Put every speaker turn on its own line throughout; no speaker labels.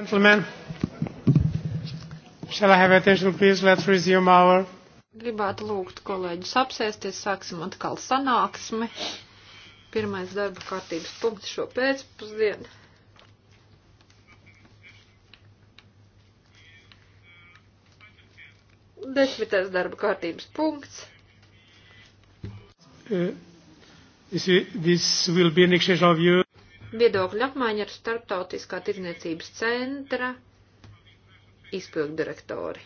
Gentlemen, shall I have attention, please? Let's resume our.
Gribētu lūgt kolēģus apsēsties, sāksim atkal sanāksmi. Pirmais darba kārtības punkts šo
pēcpusdienu.
Desmitais darba kārtības punkts.
Uh, this will be an exchange of views
viedokļu apmaiņa ar Startautiskā tirniecības centra izpilddirektori.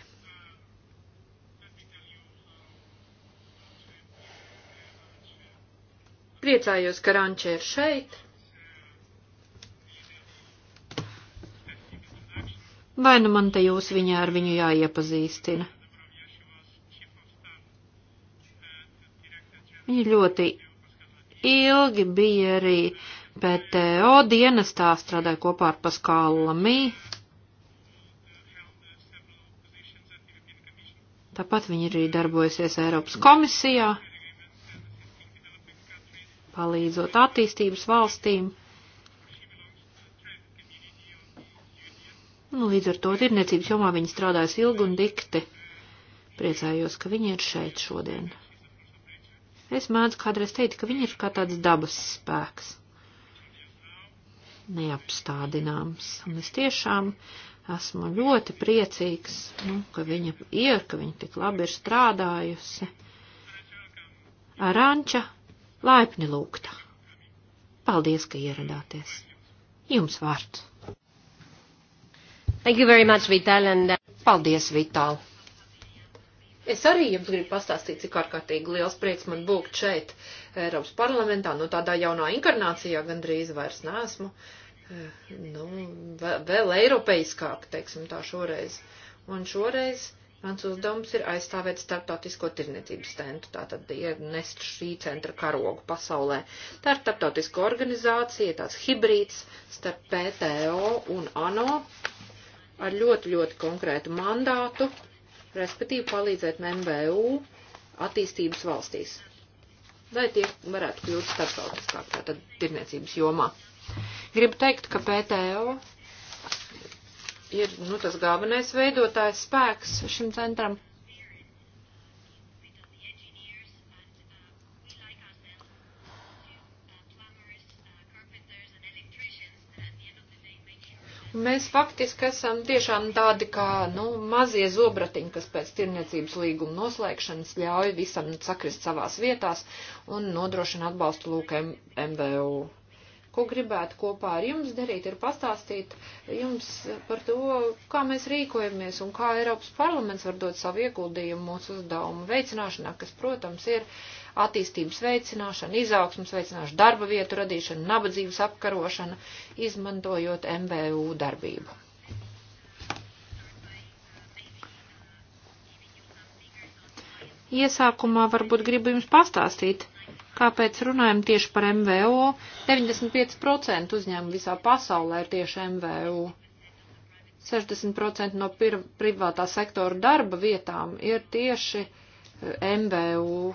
Priecājos, ka Ranče ir šeit. Vai nu man te jūs viņā ar viņu jāiepazīstina? Viņa ļoti ilgi bija arī uh, PTO dienestā strādāja kopā ar Paskālu Lamī. Tāpat viņi arī darbojusies Eiropas komisijā, palīdzot attīstības valstīm. Nu, līdz ar to tirniecības jomā viņi strādājas ilgi un dikti. Priecājos, ka viņi ir šeit šodien. Es mēdzu kādreiz teikt, ka viņi ir kā tāds dabas spēks neapstādināms. Un es tiešām esmu ļoti priecīgs, nu, ka viņa ir, ka viņa tik labi ir strādājusi. Aranča laipni lūgta. Paldies, ka ieradāties. Jums vārds. Thank you very much, Vital. And... Uh, Paldies, Vital. Es arī jums gribu pastāstīt, cik ārkārtīgi liels prieks man būt šeit. Uh, Eiropas parlamentā, nu tādā jaunā inkarnācijā gandrīz vairs nesmu, eh, nu, vēl eiropeiskāk, teiksim tā šoreiz. Un šoreiz mans uzdevums ir aizstāvēt starptautisko tirniecības centru, tātad nest šī centra karogu pasaulē. Tā ir starptautiska organizācija, tāds hibrīds starp PTO un ANO ar ļoti, ļoti konkrētu mandātu, respektīvi palīdzēt MVU attīstības valstīs lai tie varētu kļūt starptautiskāk tātad tirniecības jomā. Gribu teikt, ka PTO ir nu, tas galvenais veidotājs spēks šim centram. Mēs faktiski esam tiešām tādi kā, nu, mazie zobratiņi, kas pēc tirniecības līguma noslēgšanas ļauj visam sakrist savās vietās un nodrošina atbalstu lūkiem MVU. Ko gribētu kopā ar jums darīt, ir pastāstīt jums par to, kā mēs rīkojamies un kā Eiropas parlaments var dot savu ieguldījumu mūsu uzdevumu veicināšanā, kas, protams, ir uh, attīstības veicināšana, izaugsmas veicināšana, darba vietu radīšana, nabadzības apkarošana, izmantojot MBU darbību. Iesākumā varbūt gribu jums pastāstīt, kāpēc runājam tieši par MVO. 95% uzņēmumu visā pasaulē ir tieši MVO. 60% no privātā sektora darba vietām ir tieši eh, MVU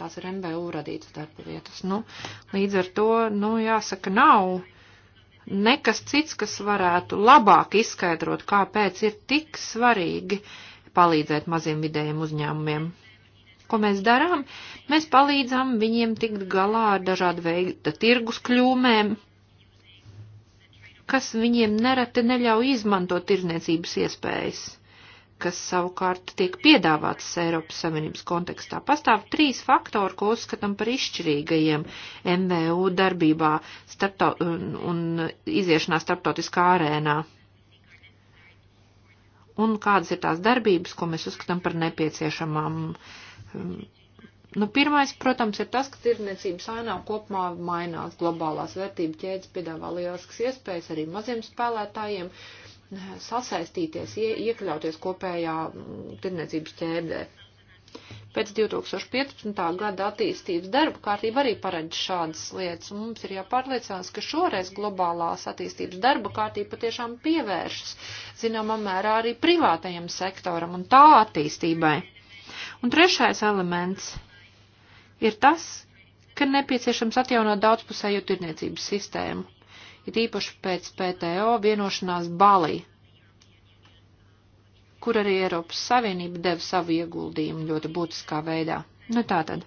tās ir MBU radītas darba vietas. Nu, līdz ar to, nu, jāsaka, nav nekas cits, kas varētu labāk izskaidrot, kāpēc ir tik svarīgi palīdzēt maziem vidējiem uzņēmumiem. Ko mēs darām? Mēs palīdzam viņiem tikt galā ar dažādu veidu tirgus kļūmēm, kas viņiem nereti neļauj izmantot tirzniecības iespējas kas savukārt tiek piedāvātas Eiropas Savienības kontekstā. Pastāv trīs faktori, ko uzskatām par izšķirīgajiem MVU darbībā starptau, un, un iziešanā starptautiskā arēnā. Un kādas ir tās darbības, ko mēs uzskatām par nepieciešamām. Hm, nu, pirmais, protams, ir tas, ka tirdzniecības ainā kopumā mainās globālās vērtību ķēdes, piedāvā lielisks iespējas arī maziem spēlētājiem. Uh, sasaistīties, ie, iekļauties kopējā mm, tirniecības ķēdē. Pēc 2015. gada attīstības darba kārtība arī paredz šādas lietas, un mums ir jāpārliecinās, ka šoreiz globālās attīstības darba kārtība patiešām pievēršas, zināmā mērā, arī privātajam sektoram un tā attīstībai. Un trešais elements ir tas, ka nepieciešams atjaunot daudzpusēju tirniecības sistēmu it īpaši pēc PTO vienošanās Balī, kur arī Eiropas Savienība deva savu ieguldījumu ļoti būtiskā veidā. Nu tā tad.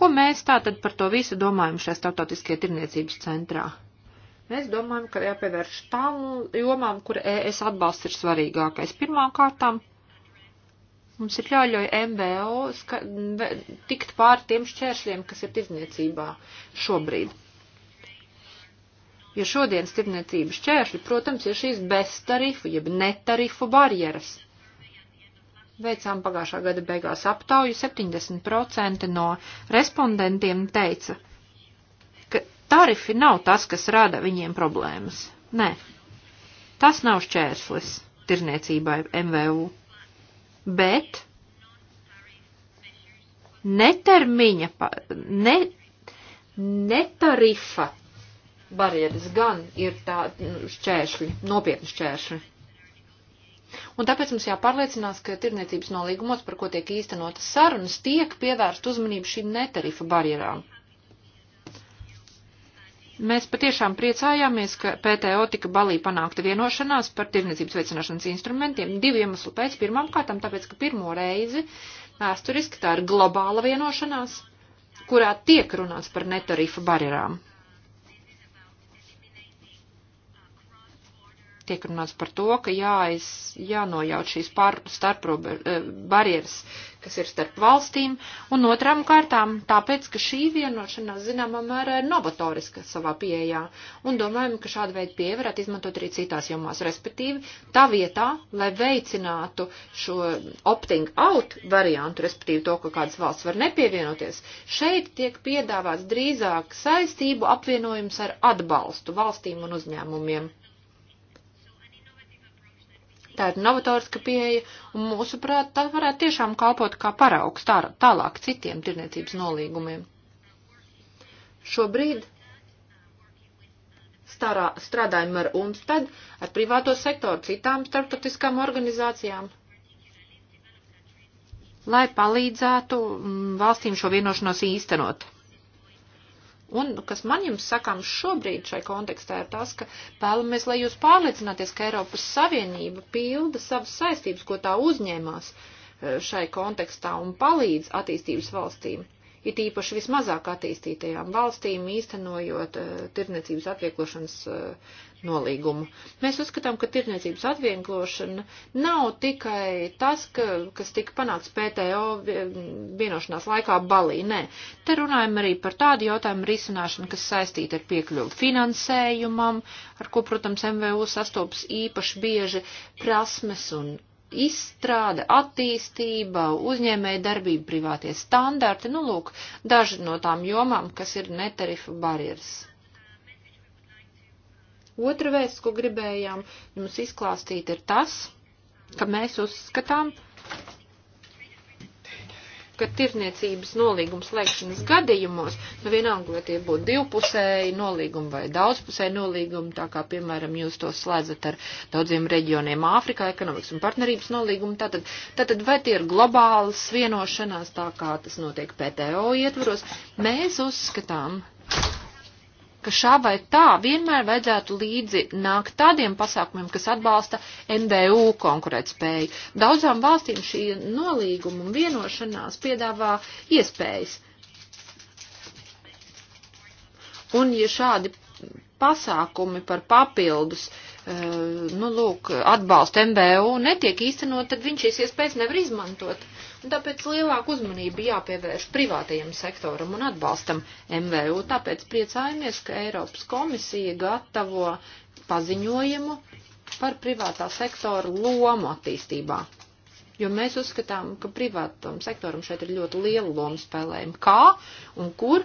Ko mēs tātad par to visu domājam šajā starptautiskajā tirniecības centrā? Mēs domājam, ka jāpievērš tām jomām, kur ES atbalsts ir svarīgākais. Pirmām kārtām Mums ir jāļauj MBO ska, tikt pār tiem šķēršļiem, kas ir tirdzniecībā šobrīd. Jo šodienas tirdzniecības šķēršļi, protams, ir šīs beztarifu, jeb netarifu barjeras. Veicām pagājušā gada beigās aptauju, 70% no respondentiem teica, ka tarifi nav tas, kas rada viņiem problēmas. Nē, tas nav šķērslis tirdzniecībai MVU bet netermiņa, ne, netarifa barjeras gan ir tā nu, šķēršļi, nopietni šķēršļi. Un tāpēc mums jāpārliecinās, ka tirniecības nolīgumos, par ko tiek īstenotas sarunas, tiek pievērst uzmanību šīm netarifa barjerām. Mēs patiešām priecājāmies, ka PTO tika balī panākta vienošanās par tirniecības veicināšanas instrumentiem. Divu iemeslu pēc. Pirmām kārtām, tāpēc, ka pirmo reizi vēsturiski tā ir globāla vienošanās, kurā tiek runāts par netarifu barjerām. Tiek runāts par to, ka jāiz, jānojauc šīs pār, starprobežu eh, barjeras, kas ir starp valstīm, un otrām kārtām tāpēc, ka šī vienošanās zināmā mērā ir novatoriska savā pieejā, un domājam, ka šāda veida pieeja varētu izmantot arī citās jomās, respektīvi tā vietā, lai veicinātu šo opting out variantu, respektīvi to, ka kādas valsts var nepievienoties, šeit tiek piedāvāts drīzāk saistību apvienojums ar atbalstu valstīm un uzņēmumiem. Tā ir novatoriska pieeja, un mūsuprāt, tā varētu tiešām kalpot kā paraugs tā, tālāk citiem tirniecības nolīgumiem. Šobrīd starā, strādājam ar UNSTED, ar privāto sektoru, citām starptautiskām organizācijām, lai palīdzētu mm, valstīm šo vienošanos īstenot. Un nu, kas man jums sakāms šobrīd šai kontekstā ir tas, ka vēlamies, lai jūs pārliecināties, ka Eiropas Savienība pilda savas saistības, ko tā uzņēmās e, šai kontekstā un palīdz attīstības valstīm it īpaši vismazāk attīstītajām valstīm, īstenojot uh, eh, tirniecības atvieglošanas uh, nolīgumu. Mēs uzskatām, ka tirniecības atvieglošana nav tikai tas, ka, kas tika panāks PTO vienošanās laikā Balī. Nē, te runājam arī par tādu jautājumu risināšanu, kas saistīta ar piekļuvu finansējumam, ar ko, protams, MVU sastopas īpaši bieži prasmes un izstrāde, attīstība, uzņēmēja darbība, privātie standarti, nu lūk, daži no tām jomām, kas ir netarifu barjeras. Otra vēsts, ko gribējām jums izklāstīt, ir tas, ka mēs uzskatām, ka tirniecības nolīgums slēgšanas gadījumos, nu vienalga, vai tie būtu divpusēji nolīgumi vai daudzpusēji nolīgumi, tā kā, piemēram, jūs to slēdzat ar daudziem reģioniem Āfrikā, ekonomikas un partnerības nolīgumi, tātad, tātad vai tie ir globālas vienošanās, tā kā tas notiek PTO ietvaros, mēs uzskatām, ka šā vai tā vienmēr vajadzētu līdzi nākt tādiem pasākumiem, kas atbalsta MBU konkurētspēju. Daudzām valstīm šī nolīguma un vienošanās piedāvā iespējas. Un ja šādi pasākumi par papildus, eh, nu lūk, atbalstu MBU netiek īstenot, tad viņš šīs iespējas nevar izmantot. Tāpēc lielāku uzmanību jāpievērš privātajam sektoram un atbalstam MVU. Tāpēc priecājamies, ka Eiropas komisija gatavo paziņojumu par privātā sektora lomu attīstībā. Jo mēs uzskatām, ka privātam sektoram šeit ir ļoti liela loma spēlējuma. Kā un kur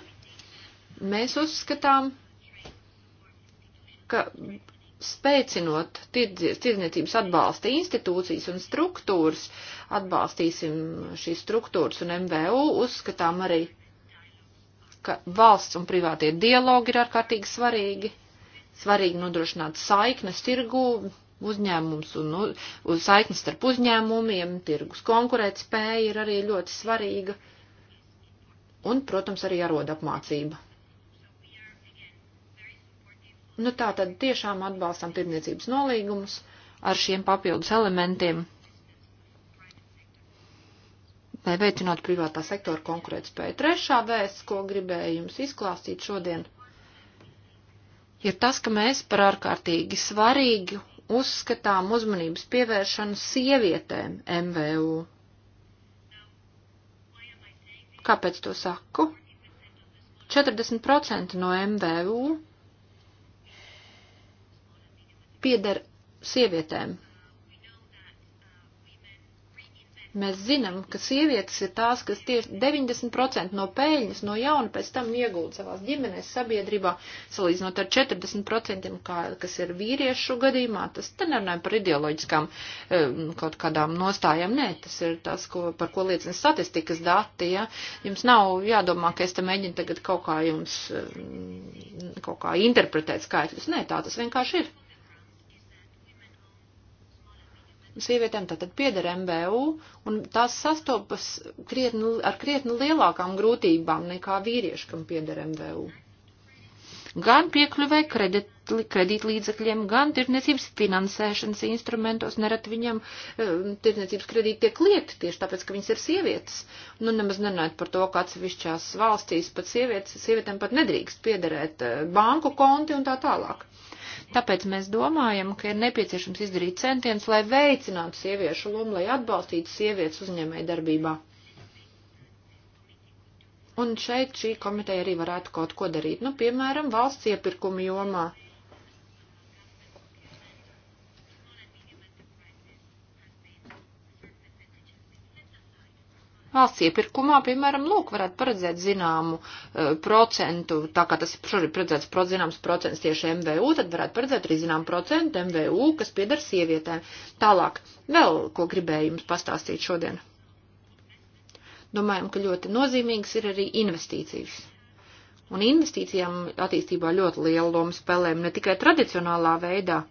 mēs uzskatām, ka spēcinot tirdzniecības atbalsta institūcijas un struktūras, atbalstīsim šīs struktūras un MVU, uzskatām arī, ka valsts un privātie dialogi ir ārkārtīgi svarīgi, svarīgi nodrošināt saiknes tirgu, uzņēmums un uz saiknes starp uzņēmumiem, tirgus konkurētspēja ir arī ļoti svarīga, un, protams, arī aroda apmācība. Nu tā tad tiešām atbalstam tirdzniecības nolīgumus ar šiem papildus elementiem, lai veicinātu privātā sektora konkurētspēju. Trešā vēsts, ko gribēju jums izklāstīt šodien, ir tas, ka mēs par ārkārtīgi svarīgu uzskatām uzmanības pievēršanu sievietēm MVU. Kāpēc to saku? 40% no MVU pieder sievietēm. Mēs zinām, ka sievietes ir tās, kas tieši 90% no peļņas no jauna pēc tam iegūda savās ģimenēs, sabiedrībā, salīdzinot ar 40%, kā, kas ir vīriešu gadījumā. Tas te nerunājam par ideoloģiskām kaut kādām nostājām. Nē, tas ir tas, ko, par ko liecina statistikas dati. Ja? Jums nav jādomā, ka es te mēģinu tagad kaut kā jums kaut kā interpretēt skaitļus. Nē, tā tas vienkārši ir. sievietēm tātad pieder MBU, un tās sastopas krietni, ar krietni lielākām grūtībām nekā vīrieši, kam pieder MBU. Gan piekļuvē kredit, kredītlīdzekļiem, gan tirniecības finansēšanas instrumentos nerad viņam eh, tirniecības kredīti tiek liekti, tieši tāpēc, ka viņas ir sievietes. Nu, nemaz nenāja par to, ka atsevišķās valstīs pat sievietes, sievietēm pat nedrīkst piederēt eh, banku konti un tā tālāk. Uh, Tāpēc mēs domājam, ka ir nepieciešams izdarīt centienus, lai veicinātu sieviešu lomu, lai atbalstītu sievietes uzņēmēju darbībā. Un šeit šī komiteja arī varētu kaut ko darīt. Nu, piemēram, valsts iepirkuma jomā. Valsts iepirkumā, piemēram, lūk, varētu paredzēt zināmu uh, procentu, tā kā tas šobrīd paredzēts pro, zināms procents tieši MVU, tad varētu paredzēt arī zinām procentu MVU, kas piedar sievietēm. Tālāk, vēl ko gribēju jums pastāstīt šodien. Domājam, ka ļoti nozīmīgas ir arī investīcijas. Un investīcijām attīstībā ļoti lielu lomu spēlēm ne tikai tradicionālā veidā,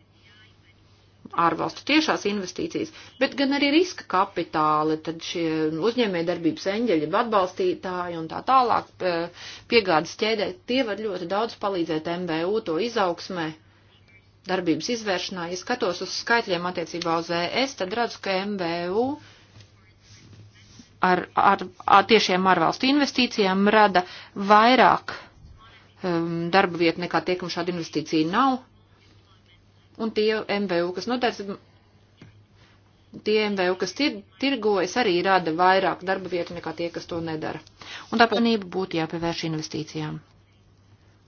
ārvalstu tiešās investīcijas, bet gan arī riska kapitāli, tad šie uzņēmē darbības eņģeļi, atbalstītāji un tā tālāk piegādas ķēdē, tie var ļoti daudz palīdzēt MVU to izaugsmē, darbības izvēršanā. Ja skatos uz skaitļiem attiecībā uz ES, tad redzu, ka MVU ar, ar, ar tiešiem ārvalstu investīcijām rada vairāk um, darba vietu nekā tiekam šāda investīcija nav un tie MVU, kas nodarbojas, tie MVU, kas tir, tirgojas, arī rada vairāk darba vietu nekā tie, kas to nedara. Un tāpēc manība būtu jāpievērš investīcijām.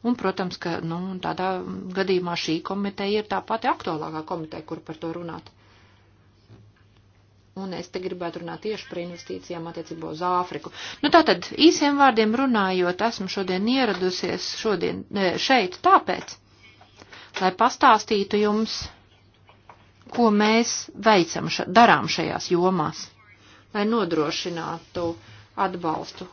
Un, protams, ka nu, tādā gadījumā šī komiteja ir tā pati aktuālākā komiteja, kur par to runāt. Un es te gribētu runāt tieši par investīcijām attiecībā uz Āfriku. Nu tātad, īsiem vārdiem runājot, esmu šodien ieradusies šodien, šeit tāpēc, lai pastāstītu jums, ko mēs veicam, ša, darām šajās jomās, lai nodrošinātu atbalstu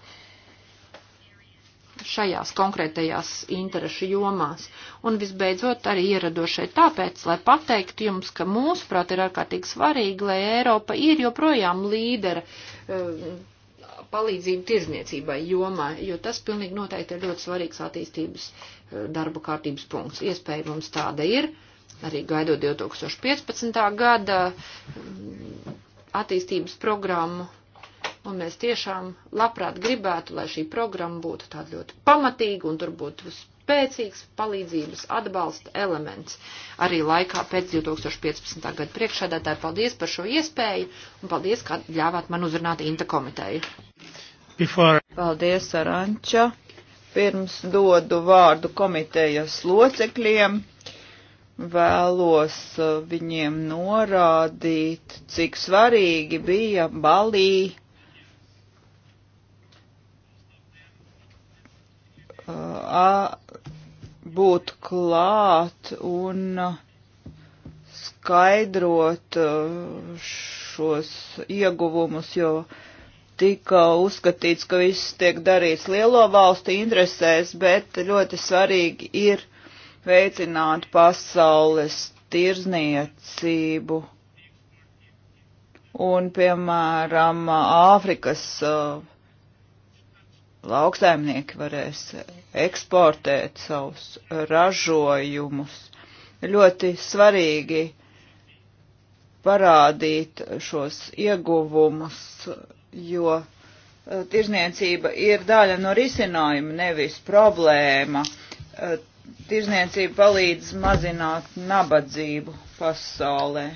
šajās konkrētajās interešu jomās. Un visbeidzot arī ieradošai tāpēc, lai pateiktu jums, ka mūsuprāt ir ārkārtīgi svarīgi, lai Eiropa ir joprojām līdera. Uh, palīdzību tirzniecībai jomā, jo tas pilnīgi noteikti ir ļoti svarīgs attīstības eh, darba kārtības punkts. Iespēja mums tāda ir, arī gaidot 2015. gada mm, attīstības programmu. Un mēs tiešām labprāt gribētu, lai šī programma būtu tāda ļoti pamatīga un tur būtu spēcīgs palīdzības atbalsta elements arī laikā pēc 2015. gada priekšsēdētāji. Paldies par šo iespēju un paldies, ka ļāvāt man uzrunāt Inta
komiteju. Before. Paldies, Aranča. Pirms dodu vārdu komitejas locekļiem vēlos uh, viņiem norādīt, cik svarīgi bija Balī uh, būt klāt un skaidrot uh, šos ieguvumus, jo tika uzskatīts, ka viss tiek darīts lielo valstu interesēs, bet ļoti svarīgi ir veicināt pasaules tirzniecību. Un, piemēram, Āfrikas uh, lauksaimnieki varēs eksportēt savus ražojumus. Ļoti svarīgi parādīt šos ieguvumus, jo eh, tirzniecība ir daļa no risinājuma, nevis problēma. Eh, tirzniecība palīdz mazināt nabadzību pasaulē.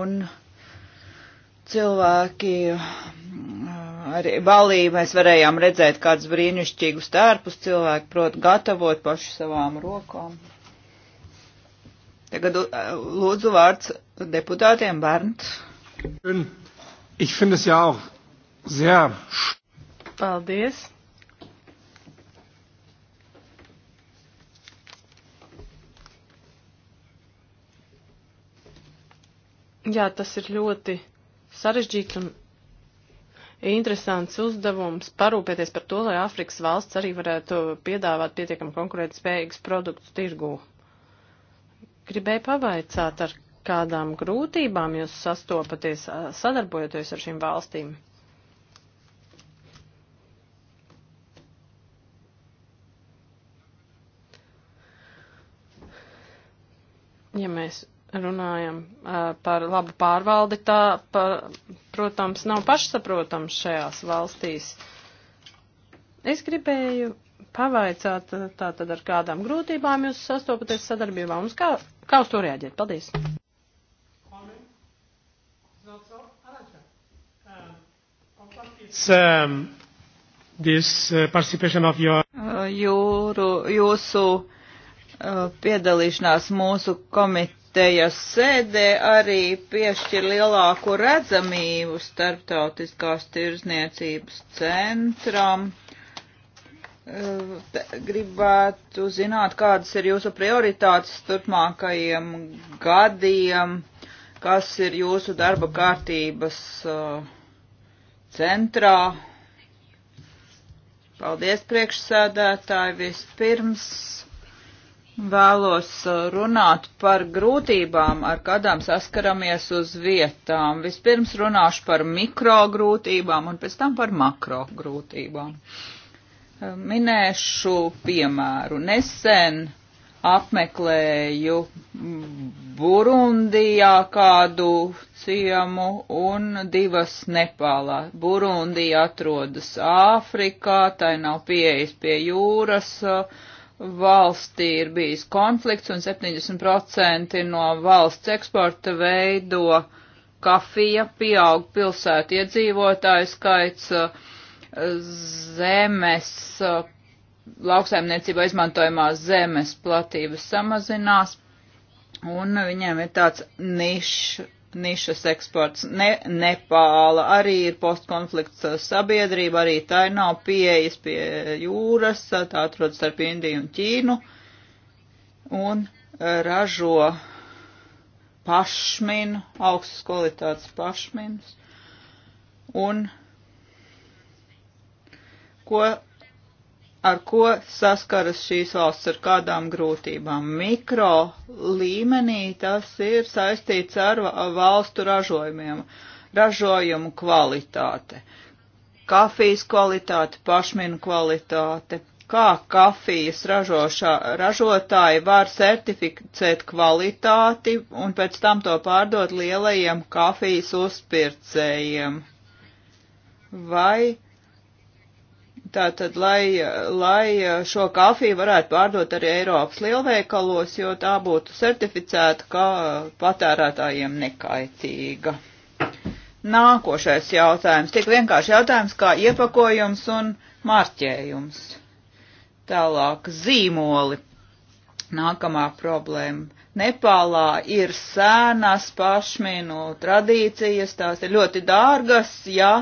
Un cilvēki arī Balī mēs varējām redzēt kādus brīnišķīgus tērpus cilvēku, prot gatavot pašu savām rokām. Tagad uh, lūdzu vārds deputātiem Bērnts. Ich finde es ja auch sehr. Paldies.
Jā, tas ir ļoti sarežģīti un interesants uzdevums parūpēties par to, lai Āfrikas valsts arī varētu piedāvāt pietiekami konkurētspējīgus produktus tirgū. Gribēju pavaicāt, ar kādām grūtībām jūs sastopaties sadarbojoties ar šīm valstīm? Ja mēs runājam par labu pārvaldi, tā, par, protams, nav pašsaprotams šajās valstīs. Es gribēju pavaicāt tātad ar kādām grūtībām jūs sastopaties sadarbībā. Mums kā, kā uz to reaģēt? Paldies!
It's, um, this uh, participation of your... Uh,
jūru, jūsu uh, piedalīšanās mūsu komitē komitejas sēdē arī piešķir lielāku redzamību starptautiskās tirzniecības centram. Uh, gribētu zināt, kādas ir jūsu prioritātes turpmākajiem gadiem, kas ir jūsu darba kārtības uh, centrā. Paldies priekšsēdētāji vispirms Vēlos uh, runāt par grūtībām, ar kādām saskaramies uz vietām. Vispirms runāšu par mikro grūtībām un pēc tam par makro grūtībām. Uh, minēšu piemēru. Nesen apmeklēju Burundijā kādu ciemu un divas Nepālā. Burundija atrodas Āfrikā, tai nav pieejas pie jūras. Uh, valstī ir bijis konflikts un 70% no valsts eksporta veido kafija, pieaug pilsētu iedzīvotāju skaits, zemes, lauksaimniecībā izmantojamās zemes platības samazinās, un viņiem ir tāds nišs nišas eksports. Ne, Nepāla arī ir postkonflikts sabiedrība, arī tā ir nav pieejas pie jūras, tā atrodas starp Indiju un Ķīnu un eh, ražo pašminu, augstas kvalitātes pašminus. Un ko ar ko saskaras šīs valsts, ar kādām grūtībām. Mikro līmenī tas ir saistīts ar valstu ražojumiem, ražojumu kvalitāte, kafijas kvalitāte, pašminu kvalitāte. Kā kafijas ražošā, ražotāji var certificēt kvalitāti un pēc tam to pārdot lielajiem kafijas uzpircējiem? Vai Tātad, lai, lai šo kafiju varētu pārdot arī Eiropas lielveikalos, jo tā būtu certificēta kā patērētājiem nekaitīga. Nākošais jautājums. Tik vienkārši jautājums kā iepakojums un marķējums. Tālāk zīmoli. Nākamā problēma. Nepālā ir sēnas pašminu tradīcijas, tās ir ļoti dārgas, jā. Ja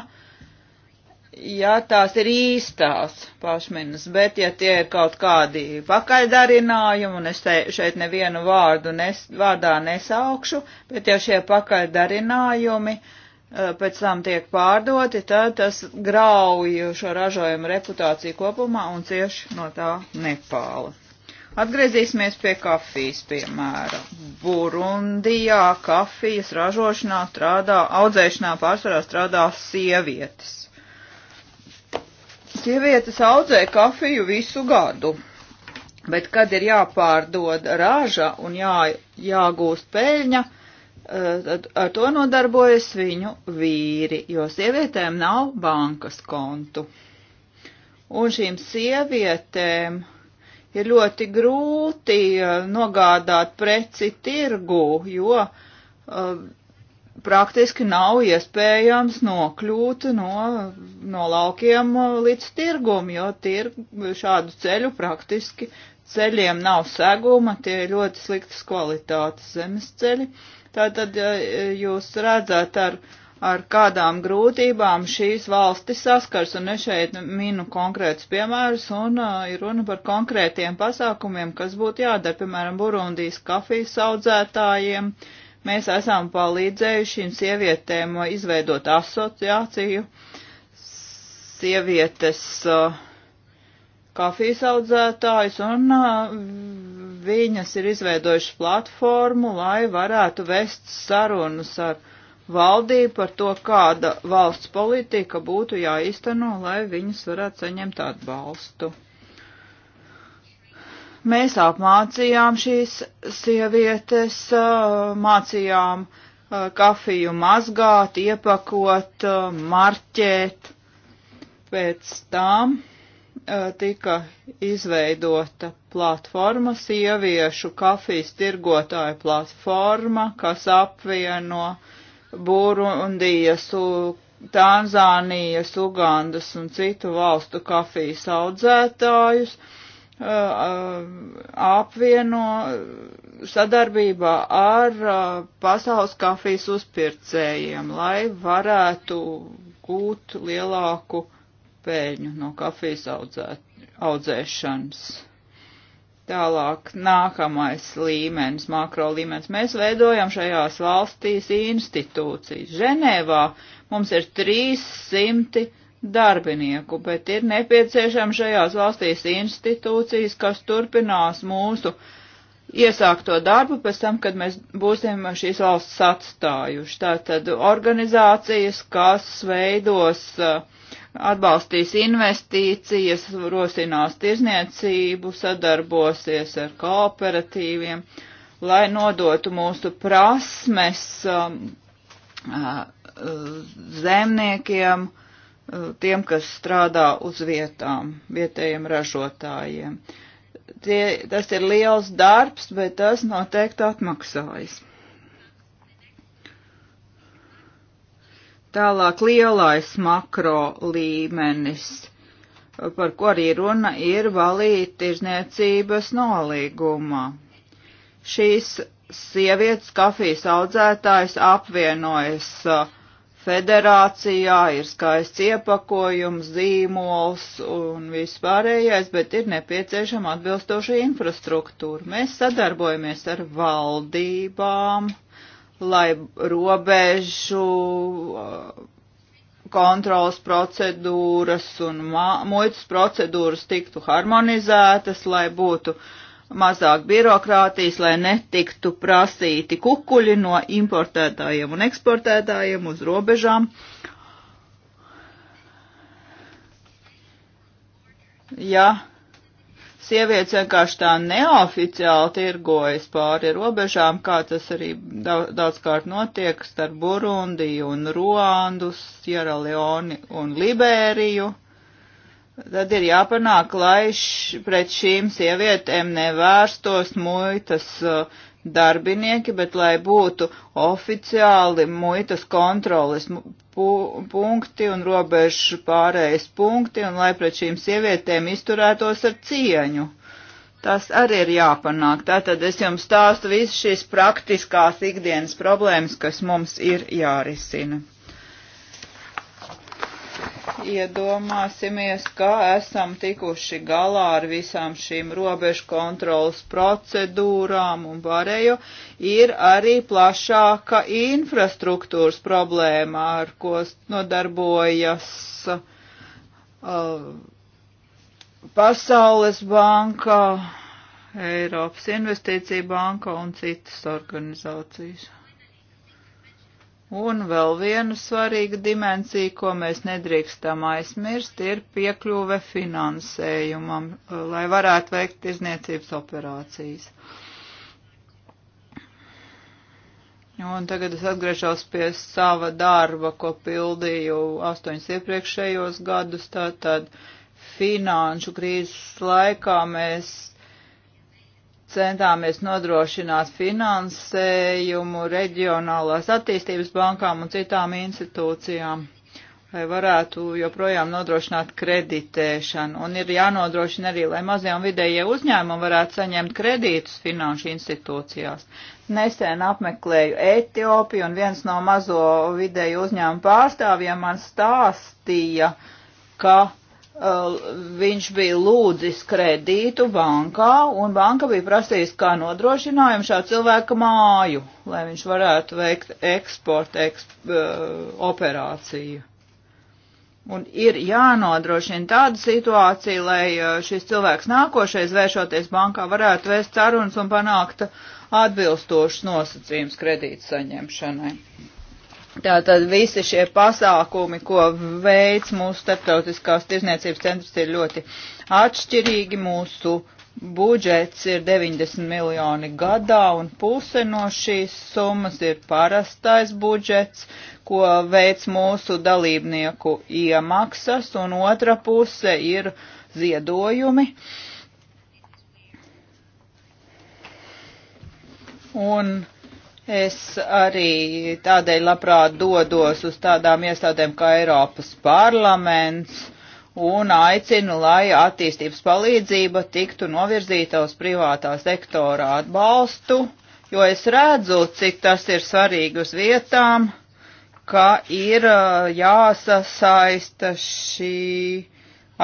ja tās ir īstās pašminas, bet ja tie ir kaut kādi pakaļdarinājumi, un es te, šeit nevienu vārdu nes, vārdā nesaukšu, bet ja šie pakaļdarinājumi eh, pēc tam tiek pārdoti, tad tas grauj šo ražojumu reputāciju kopumā un cieši no tā Nepāla. Atgriezīsimies pie kafijas, piemēram. Burundijā kafijas ražošanā strādā, audzēšanā pārsvarā strādā sievietes Sievietes audzē kafiju visu gadu, bet kad ir jāpārdod raža un jā, jāgūst peļņa, eh, ar to nodarbojas viņu vīri, jo sievietēm nav bankas kontu. Un šīm sievietēm ir ļoti grūti eh, nogādāt preci tirgu, jo uh, praktiski nav iespējams nokļūt no, no laukiem līdz tirgum, jo tir, šādu ceļu praktiski ceļiem nav seguma, tie ir ļoti sliktas kvalitātes zemes ceļi. Tātad jūs redzat ar, ar kādām grūtībām šīs valstis saskars, un es šeit minu konkrētus piemērus, un uh, ir runa par konkrētiem pasākumiem, kas būtu jādara, piemēram, Burundijas kafijas audzētājiem, uh, Mēs esam palīdzējuši šīm sievietēm uh, izveidot asociāciju sievietes uh, kafijas audzētājs un uh, viņas ir izveidojušas platformu, lai varētu vest sarunas ar valdību par to, kāda valsts politika būtu jāizteno, lai viņas varētu saņemt atbalstu. Mēs apmācījām šīs sievietes, mācījām kafiju mazgāt, iepakot, marķēt. Pēc tam tika izveidota platforma, sieviešu kafijas tirgotāja platforma, kas apvieno Burundijas, Tanzānijas, Ugandas un citu valstu kafijas audzētājus. Uh, uh, apvieno sadarbībā ar uh, pasaules kafijas uzpircējiem, lai varētu gūt lielāku pēļņu no kafijas audzē, audzēšanas. Tālāk nākamais līmenis, makro līmenis. Mēs veidojam šajās valstīs institūcijas. Ženēvā mums ir 300 darbinieku, bet ir nepieciešama šajās valstīs institūcijas, kas turpinās mūsu iesākto darbu pēc tam, kad mēs būsim šīs valsts atstājuši. Tātad organizācijas, kas veidos, uh, atbalstīs investīcijas, rosinās tirzniecību, sadarbosies ar kooperatīviem, lai nodotu mūsu prasmes um, uh, uh, zemniekiem, tiem, kas strādā uz vietām, vietējiem ražotājiem. Tie, tas ir liels darbs, bet tas noteikti atmaksājas. Tālāk lielais makro līmenis, par ko arī runa ir valīt tirzniecības nolīgumā. Šīs sievietes kafijas audzētājs apvienojas uh, federācijā ir skaists iepakojums, zīmols un vispārējais, bet ir nepieciešama atbilstoša infrastruktūra. Mēs sadarbojamies ar valdībām, lai robežu uh, kontrolas procedūras un muitas procedūras tiktu harmonizētas, lai būtu uh, mazāk birokrātijas, lai netiktu prasīti kukuļi no importētājiem un eksportētājiem uz robežām. Ja sievietes vienkārši tā neoficiāli tirgojas pāri robežām, kā tas arī daudzkārt notiek starp Burundi un Ruandu, Sierra Leoni un Liberiju Tad ir jāpanāk, lai š, pret šīm sievietēm nevērstos muitas darbinieki, bet lai būtu oficiāli muitas kontroles pu punkti un robežu pārējais punkti, un lai pret šīm sievietēm izturētos ar cieņu. Tas arī ir jāpanāk. Tātad es jums stāstu visas šīs praktiskās ikdienas problēmas, kas mums ir jārisina. Iedomāsimies, ka esam tikuši galā ar visām šīm robežu kontrolas procedūrām un pārējo. Ir arī plašāka infrastruktūras problēma, ar ko nodarbojas uh, Pasaules banka, Eiropas investīcija banka un citas organizācijas. Un vēl viena svarīga dimensija, ko mēs nedrīkstam aizmirst, ir piekļuve finansējumam, eh, lai varētu veikt izniecības operācijas. Un tagad es atgriežos pie sava darba, ko pildīju astoņus iepriekšējos gadus, tātad finanšu krīzes laikā mēs centāmies nodrošināt finansējumu reģionālās attīstības bankām un citām institūcijām, lai varētu joprojām nodrošināt kreditēšanu. Un ir jānodrošina arī, lai mazie un vidējie uzņēmumi varētu saņemt kredītus finanšu institūcijās. Nesen apmeklēju Etiopiju un viens no mazo vidēju uzņēmumu pārstāvjiem man stāstīja, ka Uh, viņš bija lūdzis kredītu bankā, un banka bija prasījusi kā nodrošinājumu šā cilvēka māju, lai viņš varētu veikt eksporta eksp, uh, operāciju. Un ir jānodrošina tāda situācija, lai uh, šis cilvēks nākošais vēršoties bankā varētu vēst sarunas un panākt atbilstošas nosacījums kredīta saņemšanai. Tātad visi šie pasākumi, ko veids mūsu starptautiskās tirzniecības centrs, ir ļoti atšķirīgi. Mūsu budžets ir 90 miljoni gadā, un puse no šīs summas ir parastais budžets, ko veids mūsu dalībnieku iemaksas, un otra puse ir ziedojumi. Un Es arī tādēļ labprāt dodos uz tādām iestādēm kā Eiropas parlaments un aicinu, lai attīstības palīdzība tiktu novirzīta uz privātā sektora atbalstu, jo es redzu, cik tas ir svarīgi uz vietām, ka ir uh, jāsasaista šī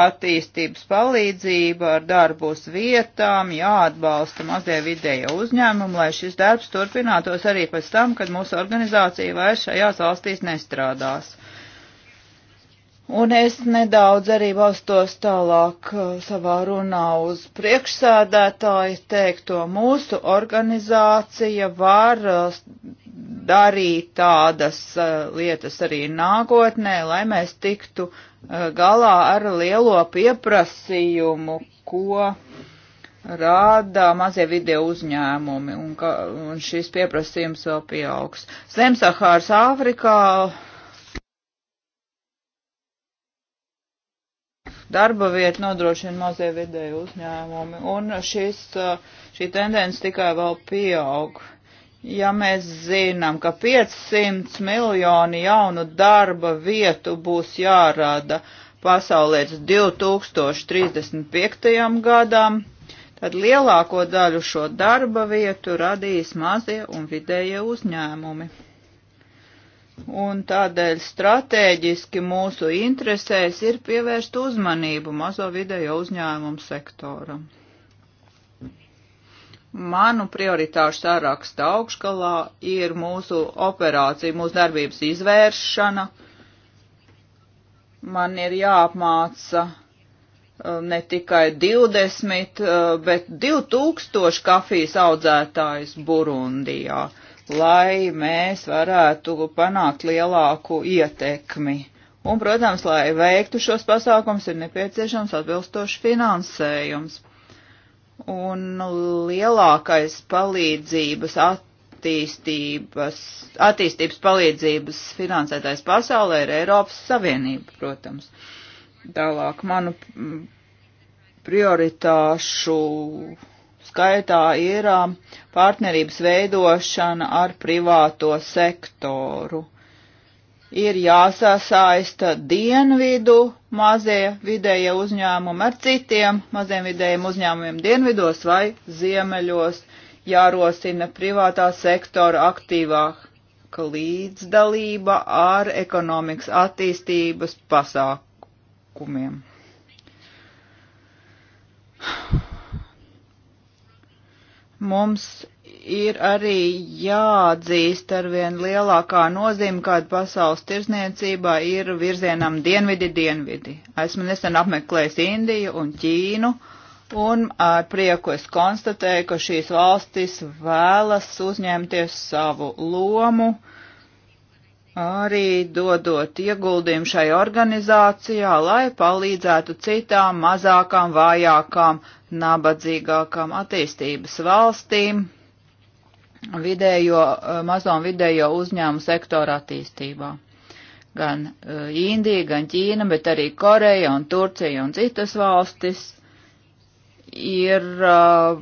attīstības palīdzība ar darbus vietām, jāatbalsta mazie vidēja uzņēmumi, lai šis darbs turpinātos arī pēc tam, kad mūsu organizācija vairs šajās valstīs nestrādās. Un es nedaudz arī balstos tālāk uh, savā runā uz priekšsēdētāju teikto. Mūsu organizācija var uh, darīt tādas uh, lietas arī nākotnē, lai mēs tiktu galā ar lielo pieprasījumu, ko rāda mazie video uzņēmumi, un, ka, un šis pieprasījums vēl pieaugs. Zemsahāras Āfrikā darba vietu nodrošina mazie vidēji uzņēmumi, un šis, uh, šī tendence tikai vēl pieaug. Ja mēs zinām, ka 500 miljoni jaunu darba vietu būs jārada pasaulē 2035. gadam, tad lielāko daļu šo darba vietu radīs mazie un vidējie uzņēmumi. Un tādēļ strateģiski mūsu interesēs ir pievērst uzmanību mazo vidējo uzņēmumu sektoram. Manu prioritāšu sāraksta augškalā ir mūsu operācija, mūsu darbības izvēršana. Man ir jāapmāca uh, ne tikai 20, uh, bet 2000 kafijas audzētājs Burundijā. Uh, lai mēs varētu panākt lielāku ietekmi. Un, protams, lai veiktu šos pasākums, ir nepieciešams atbilstošs finansējums. Un lielākais palīdzības attīstības, attīstības palīdzības finansētais pasaulē ir Eiropas Savienība, protams. Tālāk manu prioritāšu skaitā ir partnerības veidošana ar privāto sektoru. Ir jāsasaista dienvidu mazie vidējie uzņēmumi ar citiem maziem vidējiem uzņēmumiem dienvidos vai ziemeļos, jārosina privātā sektora aktīvāka līdzdalība ar ekonomikas attīstības pasākumiem. Mums ir arī jāatzīst ar vien lielākā nozīme, kāda pasaules tirzniecībā ir virzienam dienvidi, dienvidi. Esmu nesen apmeklējis Indiju un Ķīnu, un ar prieku es konstatēju, ka šīs valstis vēlas uzņemties savu lomu, uh, arī dodot ieguldījumu šai organizācijā, lai palīdzētu citām mazākām, vājākām, nabadzīgākām attīstības valstīm vidējo, eh, mazo un vidējo uzņēmu sektoru attīstībā. Gan eh, Indija, gan Ķīna, bet arī Koreja un Turcija un citas valstis ir uh,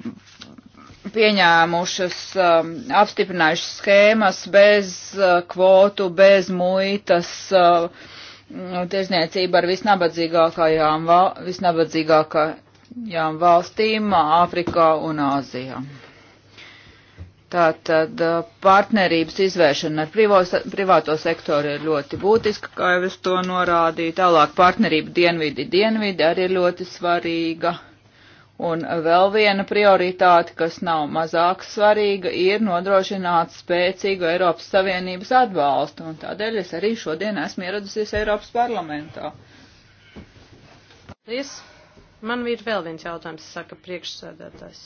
pieņēmušas, um, apstiprinājušas schēmas bez uh, kvotu, bez muitas, uh, mm, tirzniecība ar visnabadzīgākajām, visnabadzīgākajām valstīm Āfrikā un Āzijā. Tātad uh, partnerības izvēršana ar privo, privāto sektoru ir ļoti būtiska, kā jau es to norādīju. Tālāk partnerība dienvidi dienvidi arī ir ļoti svarīga. Un vēl viena prioritāte, kas nav mazāk svarīga, ir nodrošināt spēcīgu Eiropas Savienības atbalstu, un tādēļ es arī šodien esmu ieradusies Eiropas parlamentā.
Paldies! Man ir vēl viens jautājums, saka priekšsēdētājs.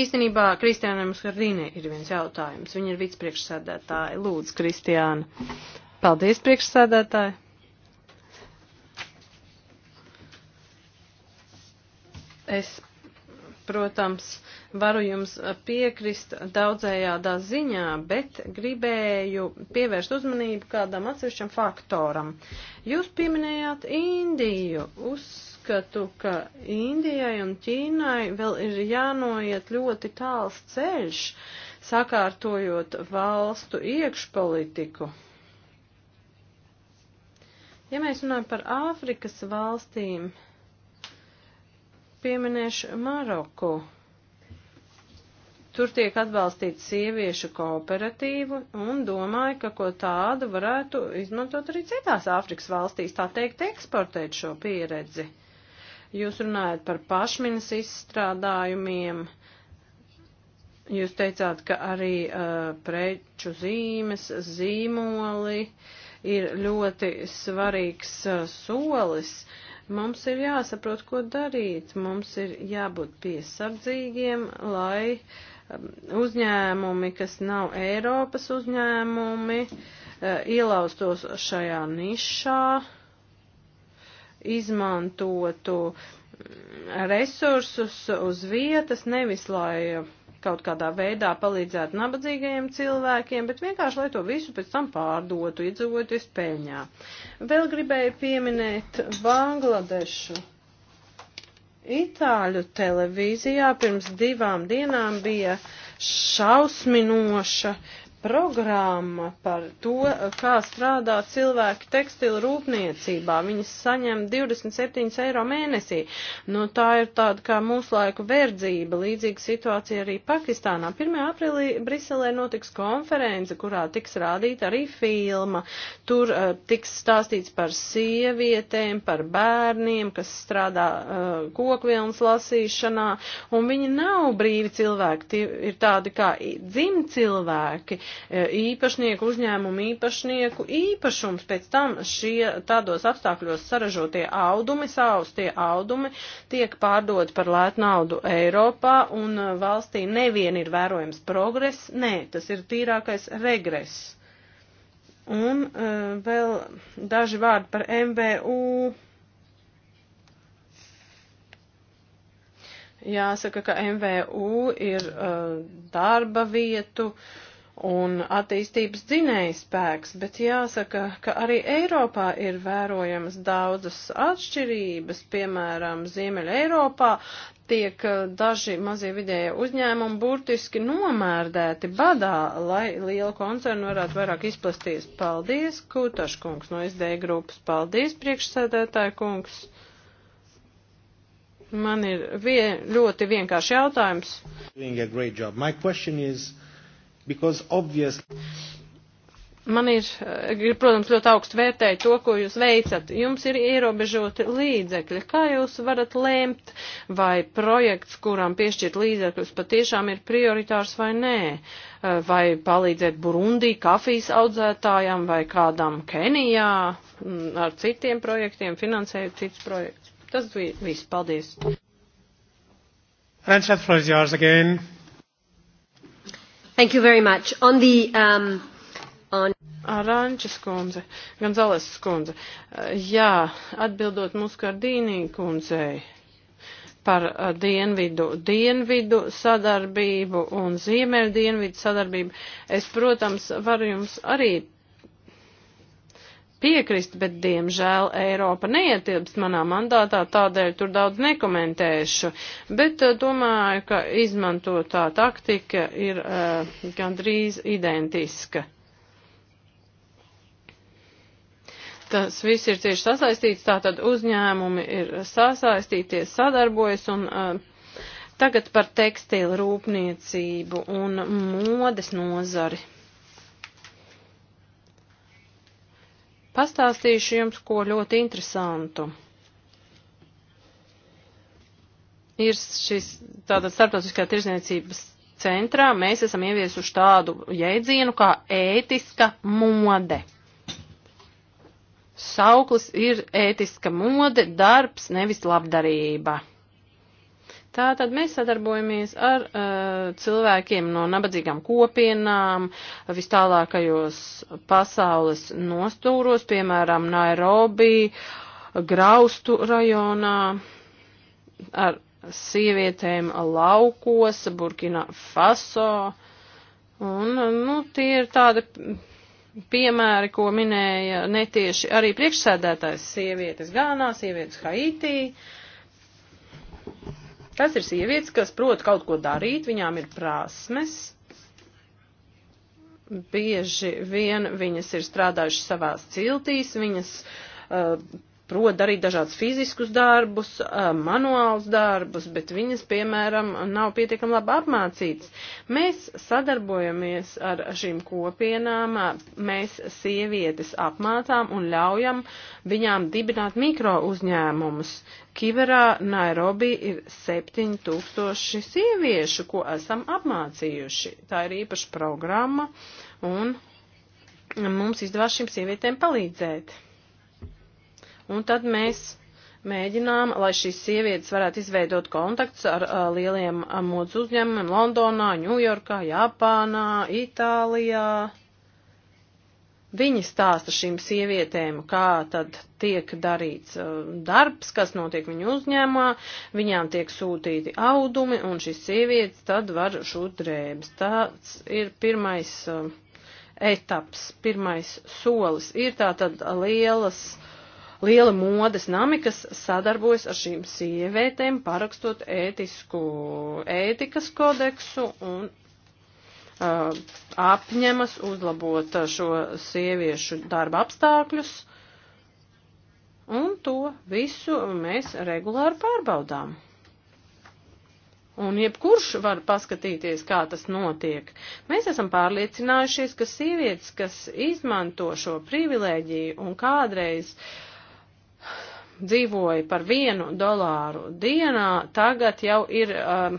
Īstenībā Kristiānai Muskarīnai ir viens jautājums. Viņa ir vicepriekšsēdētāja. Lūdzu, Kristiāna. Paldies, priekšsēdētāji. Es, protams, varu jums piekrist daudzējādā ziņā, bet gribēju pievērst uzmanību kādam atsevišķam faktoram. Jūs pieminējāt Indiju. Uzskatu, ka Indijai un Ķīnai vēl ir jānoiet ļoti tāls ceļš, sakārtojot valstu iekšpolitiku. Ja mēs runājam par Āfrikas valstīm, Pieminēšu Maroku. Tur tiek atbalstīta sieviešu kooperatīva un domāju, ka ko tādu varētu izmantot arī citās Āfrikas valstīs, tā teikt, eksportēt šo pieredzi. Jūs runājat par pašminas izstrādājumiem, jūs teicāt, ka arī uh, preču zīmes, zīmoli ir ļoti svarīgs uh, solis. Uh, Mums ir jāsaprot, ko darīt. Mums ir jābūt piesardzīgiem, lai um, uzņēmumi, kas nav Eiropas uzņēmumi, uh, ielaustos šajā nišā, izmantotu mm, resursus uz vietas, nevis lai kaut kādā veidā palīdzētu nabadzīgajiem cilvēkiem, bet vienkārši, lai to visu pēc tam pārdotu, iedzīvoties peļņā. Vēl gribēju pieminēt Bangladešu. Itāļu televīzijā pirms divām dienām bija šausminoša uh, programma par to, kā strādā cilvēki tekstilu rūpniecībā. Viņas saņem 27 eiro mēnesī. Nu, tā ir tāda kā mūslaiku verdzība. Līdzīga situācija arī Pakistānā. 1. aprīlī Briselē notiks konference, kurā tiks rādīta arī filma. Tur uh, tiks stāstīts par sievietēm, par bērniem, kas strādā uh, kokvilnas lasīšanā. Un viņi nav brīvi cilvēki, tie ir tādi kā dzimcilvēki E, īpašnieku, uzņēmumu īpašnieku īpašums. Pēc tam šie tādos apstākļos saražotie audumi, saustie audumi tiek pārdoti par lētu naudu Eiropā un e, valstī nevien ir vērojams progress, nē, tas ir tīrākais regress. Un uh, vēl daži vārdi par MVU. Jāsaka, ka MVU ir uh, darba vietu uh, un attīstības dzinējs spēks, bet jāsaka, ka arī Eiropā ir vērojamas daudzas atšķirības, piemēram, Ziemeļa Eiropā tiek eh, daži mazie vidēja uzņēmumi burtiski nomērdēti badā, lai liela koncerna varētu vairāk izplasties. Paldies, Kutaškungs no SD grupas, paldies, priekšsēdētāja kungs. Man ir vie ļoti vienkārši jautājums. Doing a great job. My question is, because obviously. Man ir, eh, protams, ļoti augstu vērtēju to, ko jūs veicat. Jums ir ierobežoti līdzekļi. Kā jūs varat lēmt, vai projekts, kuram piešķirt līdzekļus, patiešām ir prioritārs vai nē? Eh, vai palīdzēt Burundī kafijas audzētājam vai kādam Kenijā mm, ar citiem projektiem, finansējot citus projektus? Tas bija viss. Paldies. Renshat, floor is yours again. Thank you very much. On the, um, on... Arančes kundze, gan Zales kundze. Uh, jā, atbildot Muskardīnī kundzei par uh, dienvidu, dienvidu sadarbību un ziemeļu dienvidu sadarbību. Es, protams, varu jums arī piekrist, bet diemžēl Eiropa neietilpst manā mandātā, tādēļ tur daudz nekomentēšu. Bet eh, domāju, ka izmantotā taktika ir uh, gandrīz identiska. tas viss ir cieši sasaistīts, tātad uzņēmumi ir sasaistīties, sadarbojas un uh, tagad par tekstīlu rūpniecību un modes nozari. Pastāstīšu jums ko ļoti interesantu. Ir šis tātad starptautiskā tirzniecības centrā mēs esam ieviesuši tādu jēdzienu kā ētiska mode. Sauklis ir ētiska mode, darbs, nevis labdarība. Tātad mēs sadarbojamies ar uh, cilvēkiem no nabadzīgām kopienām, vistālākajos pasaules nostūros, piemēram, Nairobi, Graustu rajonā, ar sievietēm laukos, Burkina Faso. Un, nu, tie ir tādi piemēri, ko minēja netieši arī priekšsēdētājs sievietes Gānā, sievietes Haitī. Uh, Tas ir sievietes, kas prot kaut ko darīt, viņām ir prasmes. Bieži vien viņas ir strādājušas savās ciltīs, viņas uh, prot darīt dažādus fiziskus darbus, manuālus darbus, bet viņas, piemēram, nav pietiekami labi apmācītas. Mēs sadarbojamies ar šīm kopienām, mēs sievietes apmācām un ļaujam viņām dibināt mikro uzņēmumus. Kiverā, Nairobi ir 7000 sieviešu, ko esam apmācījuši. Tā ir īpaša programma un mums izdevās šīm sievietēm palīdzēt. Un tad mēs mēģinām, lai šīs sievietes varētu izveidot kontakts ar a, lieliem modes uzņēmumiem Londonā, Ņujorkā, Japānā, Itālijā. Viņi stāsta šīm sievietēm, kā tad tiek darīts a, darbs, kas notiek viņu uzņēmumā, viņām tiek sūtīti audumi, un šīs sievietes tad var šūt drēbes. Tāds ir pirmais a, etaps, pirmais solis. Ir tā tad lielas uh, liela modes nami, kas sadarbojas ar šīm sievietēm, parakstot ētisku, ētikas kodeksu un uh, apņemas uzlabot šo sieviešu darba apstākļus. Un to visu mēs regulāri pārbaudām. Un jebkurš var paskatīties, kā tas notiek. Mēs esam pārliecinājušies, ka sievietes, kas izmanto šo privilēģiju un kādreiz uh, dzīvoja par vienu dolāru dienā, tagad jau ir um,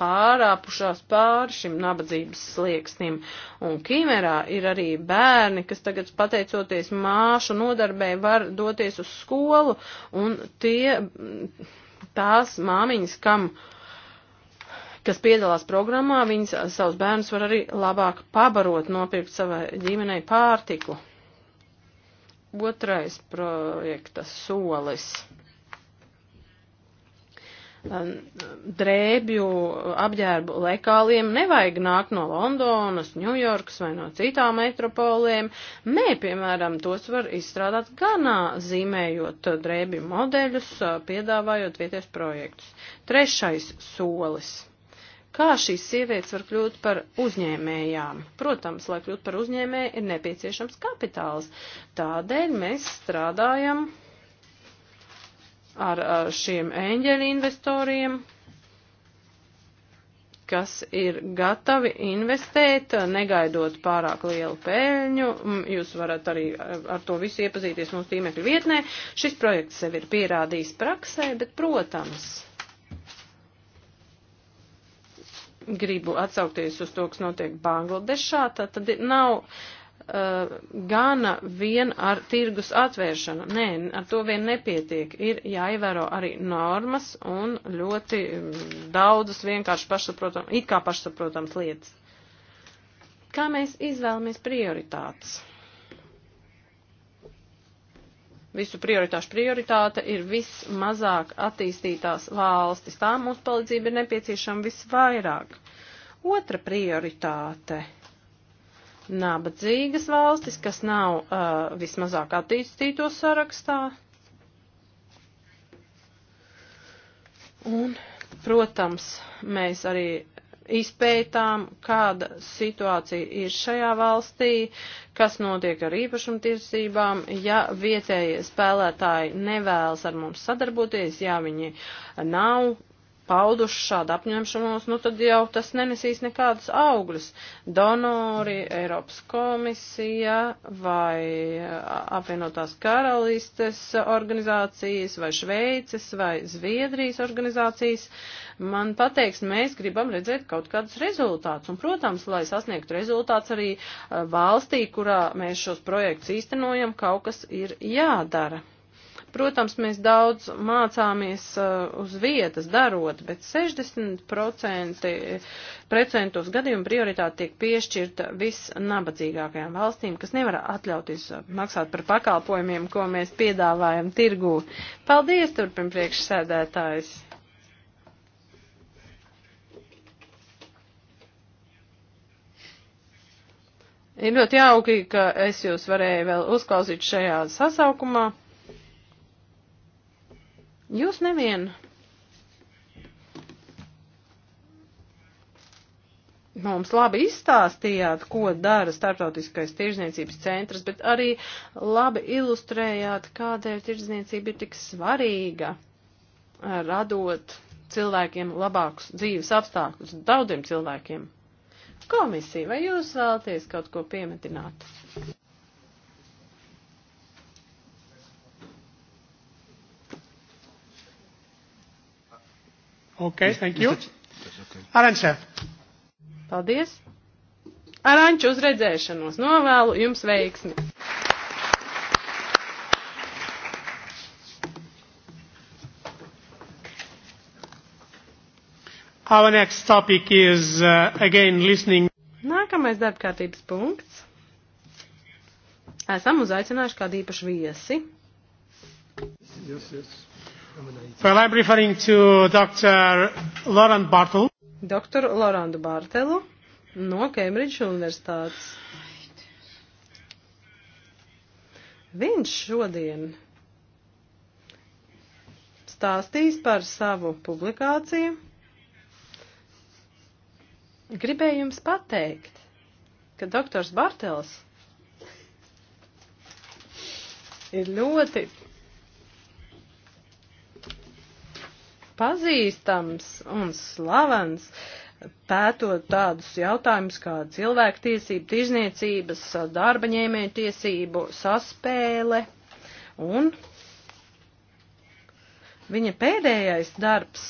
pārāpušās pāri šim nabadzības slieksnim. Un Kimerā ir arī bērni, kas tagad pateicoties māšu nodarbē var doties uz skolu, un tie, tās māmiņas, kam kas piedalās programmā, viņas savus bērnus var arī labāk pabarot, nopirkt savai ģimenei pārtiku. Otrais projekta solis drēbju apģērbu lekāliem nevajag nākt no Londonas, Ņujorkas vai no citām metropoliem. Nē, piemēram, tos var izstrādāt ganā, zīmējot drēbju modeļus, piedāvājot vieties projektus. Trešais solis. Kā šīs sievietes var kļūt par uzņēmējām? Protams, lai kļūtu par uzņēmēju, ir nepieciešams kapitāls. Tādēļ mēs strādājam ar, ar šiem eņģeļu investoriem, kas ir gatavi investēt, negaidot pārāk lielu pēļņu. Jūs varat arī e, ar to visu iepazīties mūsu tīmekļa vietnē. Šis projekts sev ir pierādījis praksē, bet, protams, gribu atsaukties uz to, kas notiek Bangladešā, tad, tad nav uh, gana vien ar tirgus atvēršanu. Nē, ar to vien nepietiek. Ir jāievēro arī normas un ļoti mm, daudzas vienkārši pašsaprotams, it kā pašsaprotams lietas. Kā mēs izvēlamies prioritātes? visu prioritāšu prioritāte ir vismazāk attīstītās valstis. Tā mums palīdzība ir nepieciešama visvairāk. Otra prioritāte - nabadzīgas valstis, kas nav uh, vismazāk attīstīto sarakstā. Un, protams, mēs arī izpētām, kāda situācija ir šajā valstī, kas notiek ar īpašumtiesībām, ja vietējie spēlētāji nevēlas ar mums sadarboties, ja viņi nav pauduši šādu apņemšanos, nu tad jau tas nenesīs nekādus augļus. Donori, Eiropas komisija vai apvienotās karalistes organizācijas vai Šveices vai Zviedrijas organizācijas man pateiks, mēs gribam redzēt kaut kādus rezultātus. Un, protams, lai sasniegtu rezultāts arī valstī, kurā mēs šos projektus īstenojam, kaut kas ir jādara. Protams, mēs daudz mācāmies uh, uz vietas darot, bet 60% procentos gadījumu prioritāte tiek piešķirta visnabadzīgākajām valstīm, kas nevar atļauties uh, maksāt par pakalpojumiem, ko mēs piedāvājam tirgū. Paldies, turpin priekšsēdētājs! Ir ļoti jauki, ka es jūs varēju vēl uzklausīt šajā sasaukumā. Jūs nevien mums labi izstāstījāt, ko dara Startautiskais tirzniecības centrs, bet arī labi ilustrējāt, kādēļ tirzniecība ir tik svarīga, radot cilvēkiem labākus dzīves apstākļus, daudziem cilvēkiem. Komisija, vai jūs vēlaties kaut ko piemetināt? Ok, thank you. Arančev. Paldies. Aranču uz redzēšanos. Novēlu jums veiksmi. Our next topic is uh, again listening. Nākamais darbkārtības punkts. Esam uzaicinājuši kādu īpašu viesi. Yes, yes. Well, I'm referring to Dr. Laurent Bartel. Dr. Laurent Bartelu no Cambridge Universitātes. Viņš šodien stāstīs par savu publikāciju. Gribēju jums pateikt, ka doktors Bartels ir ļoti pazīstams un slavens, pētot tādus jautājumus kā cilvēktiesība, tirzniecības, darba ņēmēju tiesību saspēle. Un viņa pēdējais darbs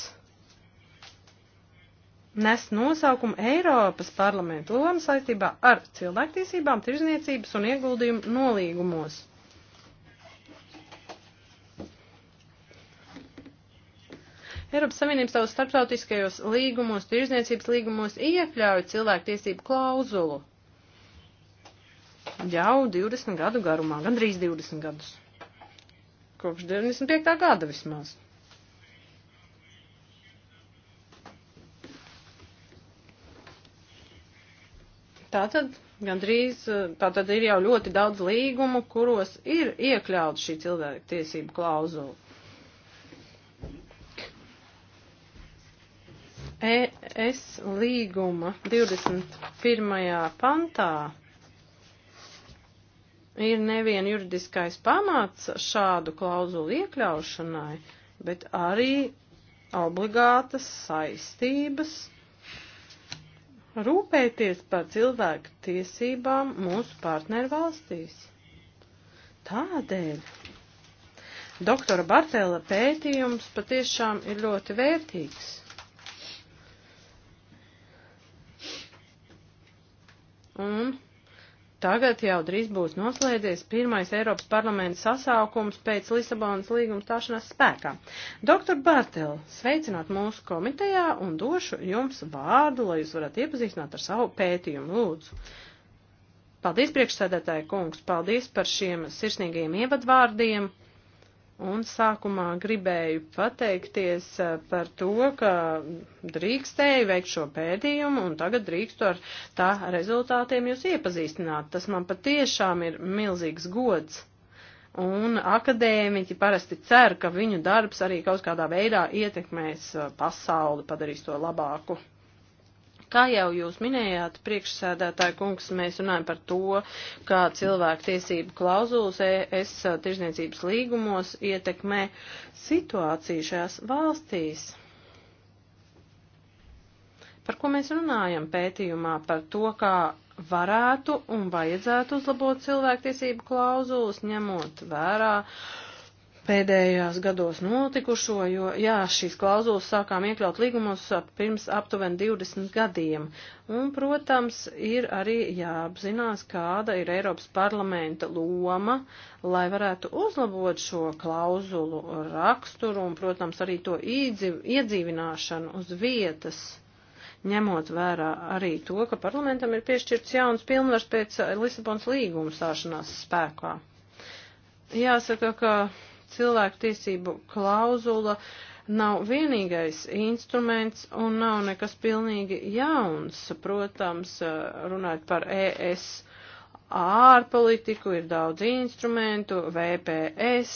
nes nosaukumu Eiropas parlamentu loma saistībā ar cilvēktiesībām, tirzniecības un ieguldījumu nolīgumos. Eiropas Savienības savus starptautiskajos līgumos, tirzniecības līgumos iekļauj cilvēktiesību klauzulu jau 20 gadu garumā, gandrīz 20 gadus. Kopš 95. gada vismaz. Tātad gandrīz, tātad ir jau ļoti daudz līgumu, kuros ir iekļauts šī cilvēku tiesību klauzula. ES līguma 21. pantā ir nevien juridiskais pamats šādu klauzulu iekļaušanai, bet arī obligātas saistības rūpēties par cilvēku tiesībām mūsu partneru valstīs. Tādēļ doktora Bartēla pētījums patiešām ir ļoti vērtīgs. Un tagad jau drīz būs noslēdzies pirmais Eiropas parlamenta sasaukums pēc Lisabonas līguma stāšanās spēkā. Doktor Bartel, sveicināt mūsu komitejā un došu jums vārdu, lai jūs varat iepazīstināt ar savu pētījumu lūdzu. Paldies, priekšsēdētāja kungs, paldies par šiem sirsnīgajiem ievadvārdiem. Un sākumā gribēju pateikties eh, par to, ka drīkstēju veikt šo pētījumu, un tagad drīkstu ar tā rezultātiem jūs iepazīstināt. Tas man patiešām ir milzīgs gods. Un akadēmiķi parasti cer, ka viņu darbs arī kaut kādā veidā ietekmēs eh, pasauli, padarīs to labāku. Kā jau jūs minējāt, priekšsēdētāja kungs, mēs runājam par to, kā cilvēku tiesību klauzulas ES tirzniecības līgumos ietekmē situāciju šajās valstīs. Par ko mēs runājam pētījumā? Par to, kā varētu un vajadzētu uzlabot cilvēktiesību klauzulas, ņemot vērā uh, pēdējās gados notikušo, jo, jā, šīs klauzulas sākām iekļaut līgumos pirms aptuveni 20 gadiem. Un, protams, ir arī jāapzinās, kāda ir Eiropas parlamenta loma, lai varētu uzlabot šo klauzulu raksturu un, protams, arī to iedzīv, iedzīvināšanu uz vietas ņemot vērā arī to, ka parlamentam ir piešķirts jauns pilnvars pēc eh, Lisabons līguma stāšanās spēkā. Jāsaka, ka cilvēktiesību klauzula nav vienīgais instruments un nav nekas pilnīgi jauns. Protams, runājot par ES ārpolitiku, ir daudz instrumentu, VPS,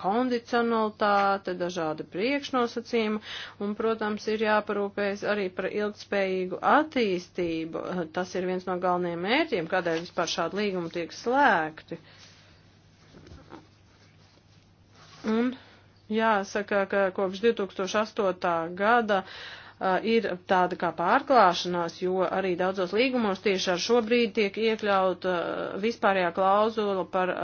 kondicionalitāte, dažādi priekšnosacījumi, un, protams, ir jāparūpējas arī par ilgspējīgu attīstību. Tas ir viens no galvenajiem mērķiem, kādēļ vispār šādi līgumi tiek slēgti. Uh, Un jāsaka, ka kopš 2008. gada ir tāda kā pārklāšanās, jo arī daudzos līgumos tieši ar šo brīdi tiek iekļauta vispārējā klauzula par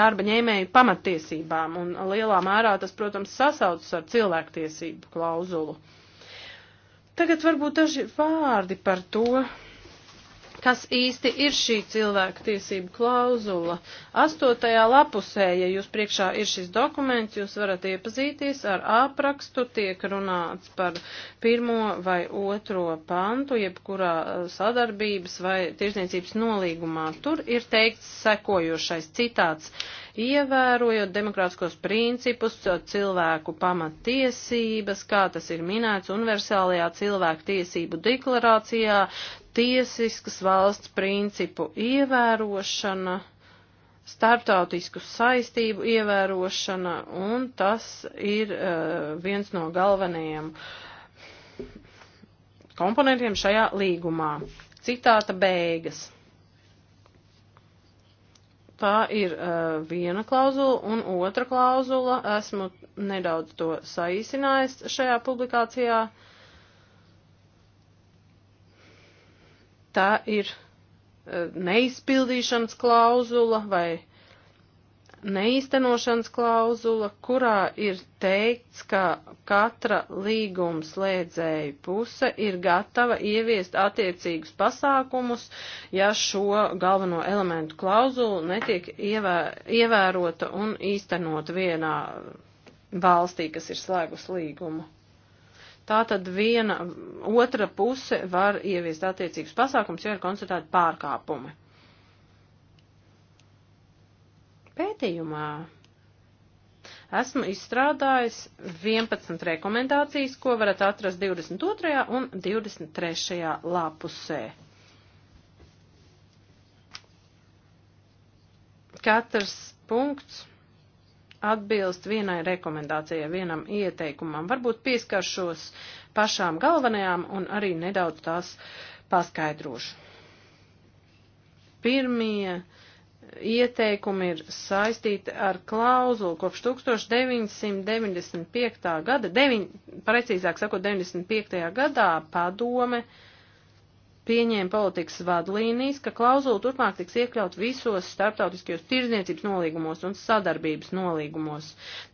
darba ņēmēju pamattiesībām, un lielā mērā tas, protams, sasaucas ar cilvēktiesību klauzulu. Tagad varbūt daži vārdi par to, kas īsti ir šī cilvēka tiesību klauzula. Astotajā lapusē, ja jūs priekšā ir šis dokuments, jūs varat iepazīties ar aprakstu, tiek runāts par pirmo vai otro pantu, jebkurā uh, sadarbības vai tirzniecības nolīgumā. Tur ir teikts sekojošais citāts ievērojot demokrātiskos principus, cilvēku pamatiesības, kā tas ir minēts universālajā cilvēku tiesību deklarācijā, tiesiskas valsts principu ievērošana starptautisku saistību ievērošana, un tas ir uh, viens no galvenajiem komponentiem šajā līgumā. Citāta beigas. Tā ir uh, viena klauzula, un otra klauzula, esmu nedaudz to saīsinājis šajā publikācijā, tā ir uh, neizpildīšanas klauzula vai uh, neīstenošanas klauzula, kurā ir teikts, ka katra līguma slēdzēja puse ir gatava ieviest attiecīgus pasākumus, ja šo galveno elementu klauzulu netiek ievē, ievērota un īstenot vienā valstī, kas ir slēgus līgumu. Tātad viena, otra puse var ieviest attiecīgus pasākumus, ja ir konstatēti pārkāpumi. Pētījumā esmu izstrādājis 11 rekomendācijas, ko varat atrast 22. un 23. lapusē. Katrs punkts atbilst vienai rekomendācijai, vienam ieteikumam. Varbūt pieskaršos pašām galvenajām un arī nedaudz tās paskaidrošu. Pirmie uh, ieteikumi ir saistīti ar klauzulu kopš 1995. gada, deviņ, precīzāk sakot, 95. gadā padome pieņēma politikas vadlīnijas, ka klauzula turpmāk tiks iekļaut visos starptautiskajos tirzniecības nolīgumos un sadarbības nolīgumos.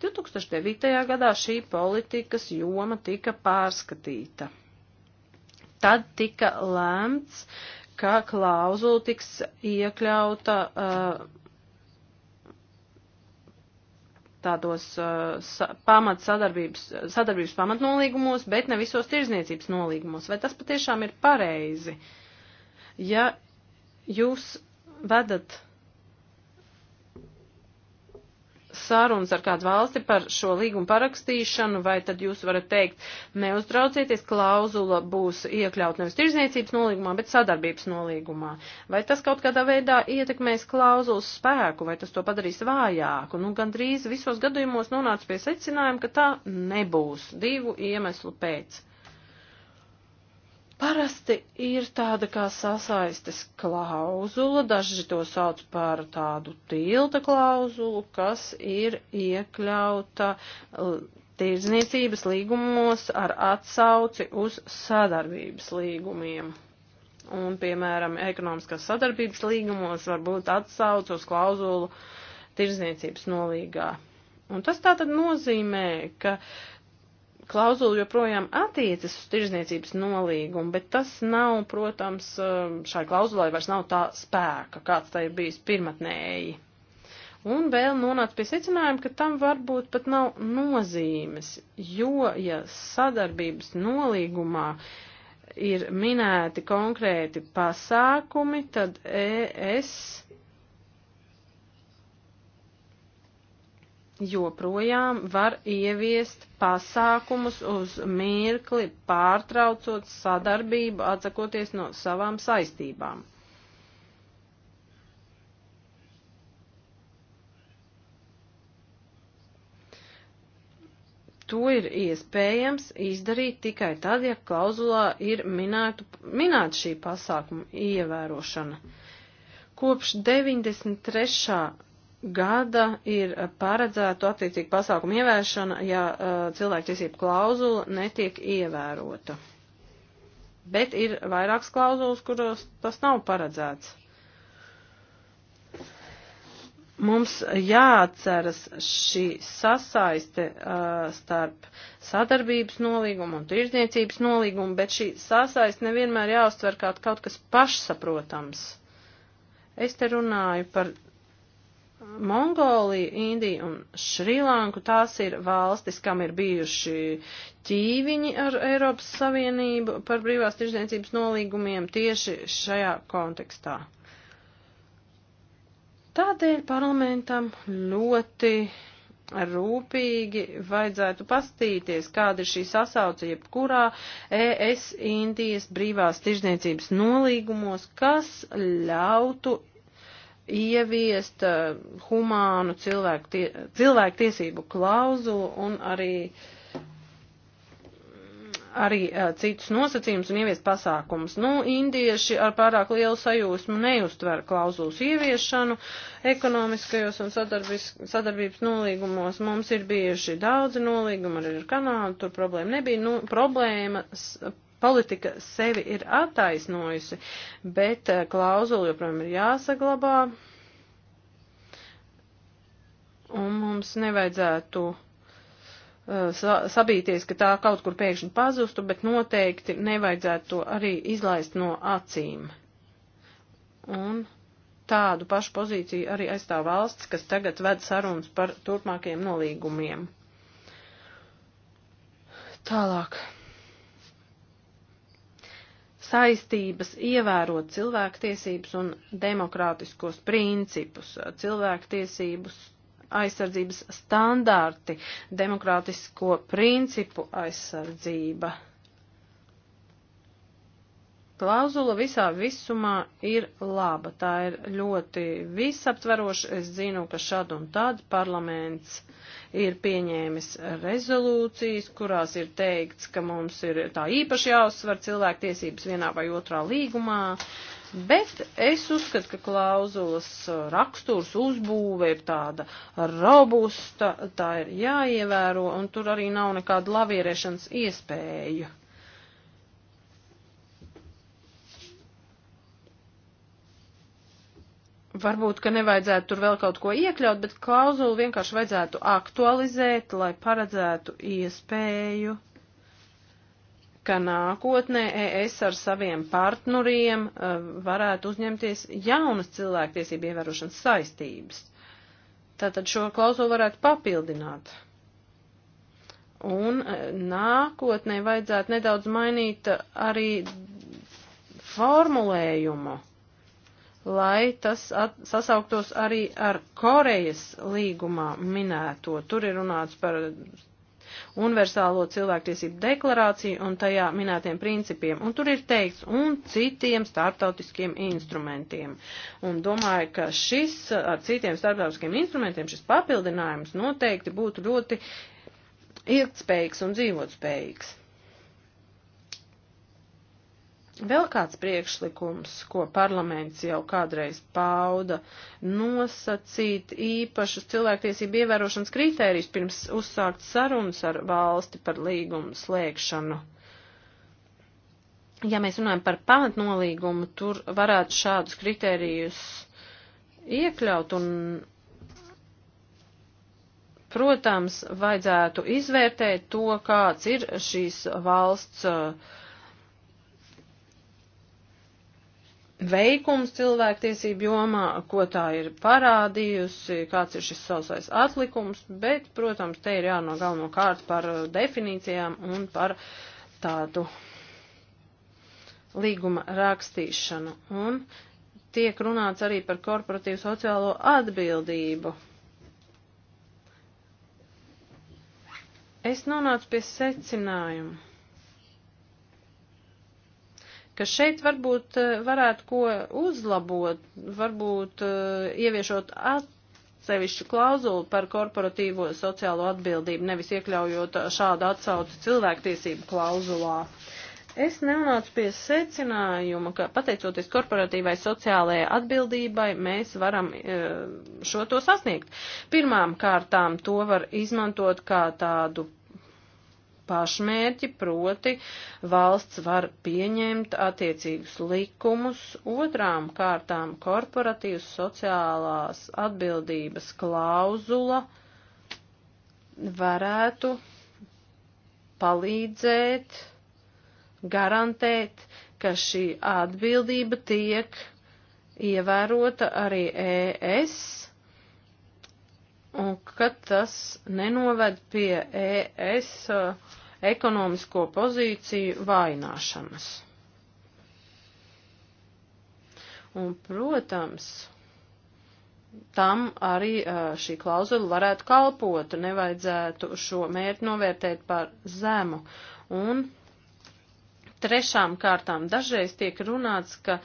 2009. gadā šī politikas joma tika pārskatīta. Tad tika lēmts, ka klauzula tiks iekļauta uh, tādos uh, pamat sadarbības, sadarbības pamatnolīgumos, bet ne visos tirzniecības nolīgumos. Vai tas patiešām ir pareizi? Ja jūs vedat sarunas ar kādu valsti par šo līgumu parakstīšanu, vai tad jūs varat teikt, neuztraucieties, klauzula būs iekļaut nevis tirzniecības nolīgumā, bet sadarbības nolīgumā. Vai tas kaut kādā veidā ietekmēs klauzulas spēku, vai tas to padarīs vājāku? Nu, gandrīz visos gadījumos nonāca pie secinājuma, ka tā nebūs divu iemeslu pēc. Parasti ir tāda kā sasaistes klauzula, daži to sauc par tādu tilta klauzulu, kas ir iekļauta tirdzniecības līgumos ar atsauci uz sadarbības līgumiem. Un, piemēram, ekonomiskās sadarbības līgumos var būt atsauce uz klauzulu tirdzniecības nolīgā. Un tas tātad nozīmē, ka uh, klauzula joprojām attiecas uz tirzniecības nolīgumu, bet tas nav, protams, um, šai klauzulai vairs nav tā spēka, kāds tai ir bijis pirmatnēji. Un vēl nonāca pie secinājuma, ka tam varbūt pat nav nozīmes, jo, ja sadarbības nolīgumā ir minēti konkrēti pasākumi, tad ES joprojām var ieviest pasākumus uz mirkli, pārtraucot sadarbību, atsakoties no savām saistībām. To ir iespējams izdarīt tikai tad, ja klauzulā ir minētu, minēta šī pasākuma ievērošana. Kopš 93 gada ir paredzēta attiecīgi pasākuma ievēršana, ja uh, cilvēktiesību klauzula netiek ievērota. Bet ir vairākas klauzulas, kuros tas nav paredzēts. Mums jāatceras šī sasaiste uh, starp sadarbības nolīgumu un tirdzniecības nolīgumu, bet šī sasaiste nevienmēr jāuztver kā kaut kas pašsaprotams. Es te runāju par Mongoliju, Indiju un Šrilanku. Tās ir valstis, kam ir bijuši ķīviņi ar Eiropas Savienību par brīvās tirdzniecības nolīgumiem tieši šajā kontekstā. Tādēļ parlamentam ļoti rūpīgi vajadzētu pastīties, kāda ir šī sasauce jebkurā ES Indijas brīvās tirzniecības nolīgumos, kas ļautu ieviest uh, humānu cilvēku, tie, cilvēku tiesību klauzulu un arī, arī uh, citus nosacījumus un ieviest pasākumus. Nu, indieši ar pārāk lielu sajūsmu neuztver klauzulas ieviešanu ekonomiskajos un sadarbības nolīgumos. Mums ir bijuši daudzi nolīgumi arī ar Kanādu, tur problēma nebija. Nu, problēmas politika sevi ir attaisnojusi, bet eh, klauzula joprojām ir jāsaglabā. Un mums nevajadzētu eh, sabīties, ka tā kaut kur pēkšņi pazustu, bet noteikti nevajadzētu to arī izlaist no acīm. Un tādu pašu pozīciju arī aizstāv valsts, kas tagad ved sarunas par turpmākajiem nolīgumiem. Tālāk saistības ievērot cilvēktiesības un demokrātiskos principus, cilvēktiesības aizsardzības standarti, demokrātisko principu aizsardzība. Klauzula visā visumā ir laba, tā ir ļoti visaptveroša, es zinu, ka šad un tad parlaments uh, ir pieņēmis rezolūcijas, kurās ir teikts, ka mums ir tā īpaši jāuzsver cilvēktiesības vienā vai otrā līgumā, bet es uzskatu, ka klauzulas raksturs uzbūve ir tāda robusta, tā ir jāievēro, un tur arī nav nekāda lavierēšanas iespēju. Varbūt, ka nevajadzētu tur vēl kaut ko iekļaut, bet klauzulu vienkārši vajadzētu aktualizēt, lai paredzētu iespēju, ka nākotnē ES ar saviem partneriem e, varētu uzņemties jaunas cilvēktiesību ievērošanas saistības. Tātad šo klauzulu varētu papildināt. Un e, nākotnē vajadzētu nedaudz mainīt arī formulējumu lai tas at, sasauktos arī ar Korejas līgumā minēto. Tur ir runāts par universālo cilvēktiesību deklarāciju un tajā minētiem principiem. Un tur ir teikts un citiem starptautiskiem instrumentiem. Un domāju, ka šis ar citiem starptautiskiem instrumentiem šis papildinājums noteikti būtu ļoti ilgtspējīgs un dzīvotspējīgs. Vēl kāds priekšlikums, ko parlaments jau kādreiz pauda, nosacīt īpašus cilvēktiesību ievērošanas kritērijus pirms uzsākt sarunas ar valsti par līgumu slēgšanu. Ja mēs runājam par pamatnolīgumu, tur varētu šādus kritērijus iekļaut un protams, vajadzētu izvērtēt to, kāds ir šīs valsts uh, veikums cilvēktiesību jomā, ko tā ir parādījusi, kāds ir šis sausais atlikums, bet, protams, te ir jāno galvenokārt par uh, definīcijām un par tādu līguma rakstīšanu. Un tiek runāts arī par korporatīvu sociālo atbildību. Es nonācu pie secinājuma ka šeit varbūt eh, varētu ko uzlabot, varbūt eh, ieviešot atsevišķu klauzulu par korporatīvo sociālo atbildību, nevis iekļaujot eh, šādu atsauci cilvēktiesību klauzulā. Es nenonācu pie secinājuma, ka pateicoties korporatīvai sociālajai atbildībai, mēs varam šo to sasniegt. Pirmām kārtām to var izmantot kā tādu pašmērķi, proti valsts var pieņemt attiecīgus likumus, otrām kārtām korporatīvas sociālās atbildības klauzula varētu palīdzēt garantēt, ka šī atbildība tiek ievērota arī ES ka tas nenoved pie ES uh, ekonomisko pozīciju vaināšanas. Un, protams, tam arī uh, šī klauzula varētu kalpot, nevajadzētu šo mērķi novērtēt par zemu. Un trešām kārtām dažreiz tiek runāts, ka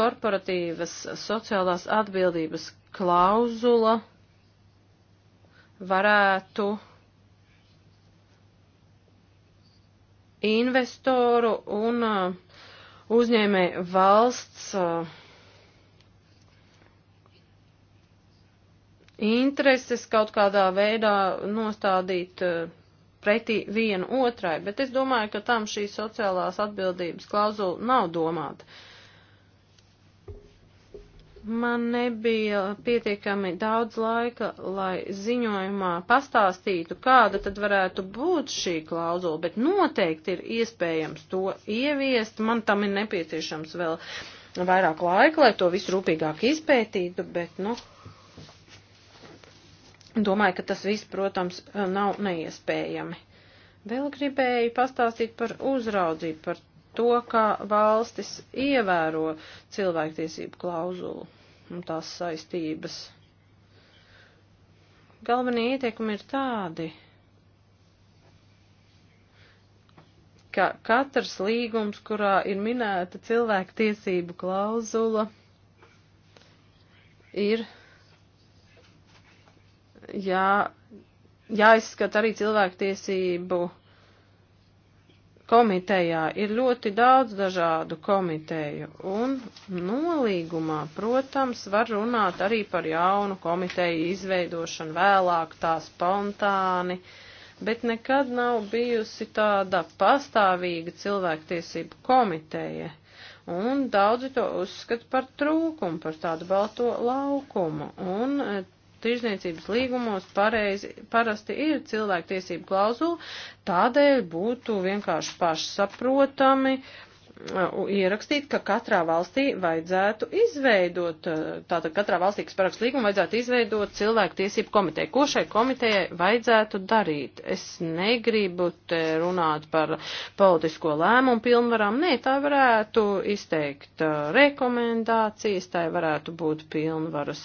korporatīvas sociālās atbildības klauzula varētu investoru un uh, uzņēmē valsts uh, intereses kaut kādā veidā nostādīt uh, pretī vienu otrai, bet es domāju, ka tam šī sociālās atbildības klauzula nav domāta. Uh, Man nebija pietiekami daudz laika, lai ziņojumā pastāstītu, kāda tad varētu būt šī klauzula, bet noteikti ir iespējams to ieviest. Man tam ir nepieciešams vēl vairāk laika, lai to visu rūpīgāk izpētītu, bet, nu, domāju, ka tas viss, protams, nav neiespējami. Vēl gribēju pastāstīt par uzraudzību, par to, kā valstis ievēro cilvēktiesību klauzulu un tās saistības. Galvenie ieteikumi ir tādi, ka katrs līgums, kurā ir minēta cilvēktiesību klauzula, ir jā, jāizskata arī cilvēktiesību klauzula komitejā ir ļoti daudz dažādu komiteju, un nolīgumā, protams, var runāt arī par jaunu komiteju izveidošanu vēlāk tā spontāni, bet nekad nav bijusi tāda pastāvīga cilvēktiesību komiteja, un daudzi to uzskata par trūkumu, par tādu balto laukumu, un tirzniecības līgumos pareizi, parasti ir cilvēktiesību klauzula, tādēļ būtu vienkārši pašsaprotami uh, ierakstīt, ka katrā valstī vajadzētu izveidot, uh, tātad katrā valstī, kas parakst līgumu, vajadzētu izveidot cilvēktiesību komiteju. Ko šai komitejai vajadzētu darīt? Es negribu te runāt par politisko lēmumu pilnvarām. Nē, tā varētu izteikt uh, rekomendācijas, tā varētu būt pilnvaras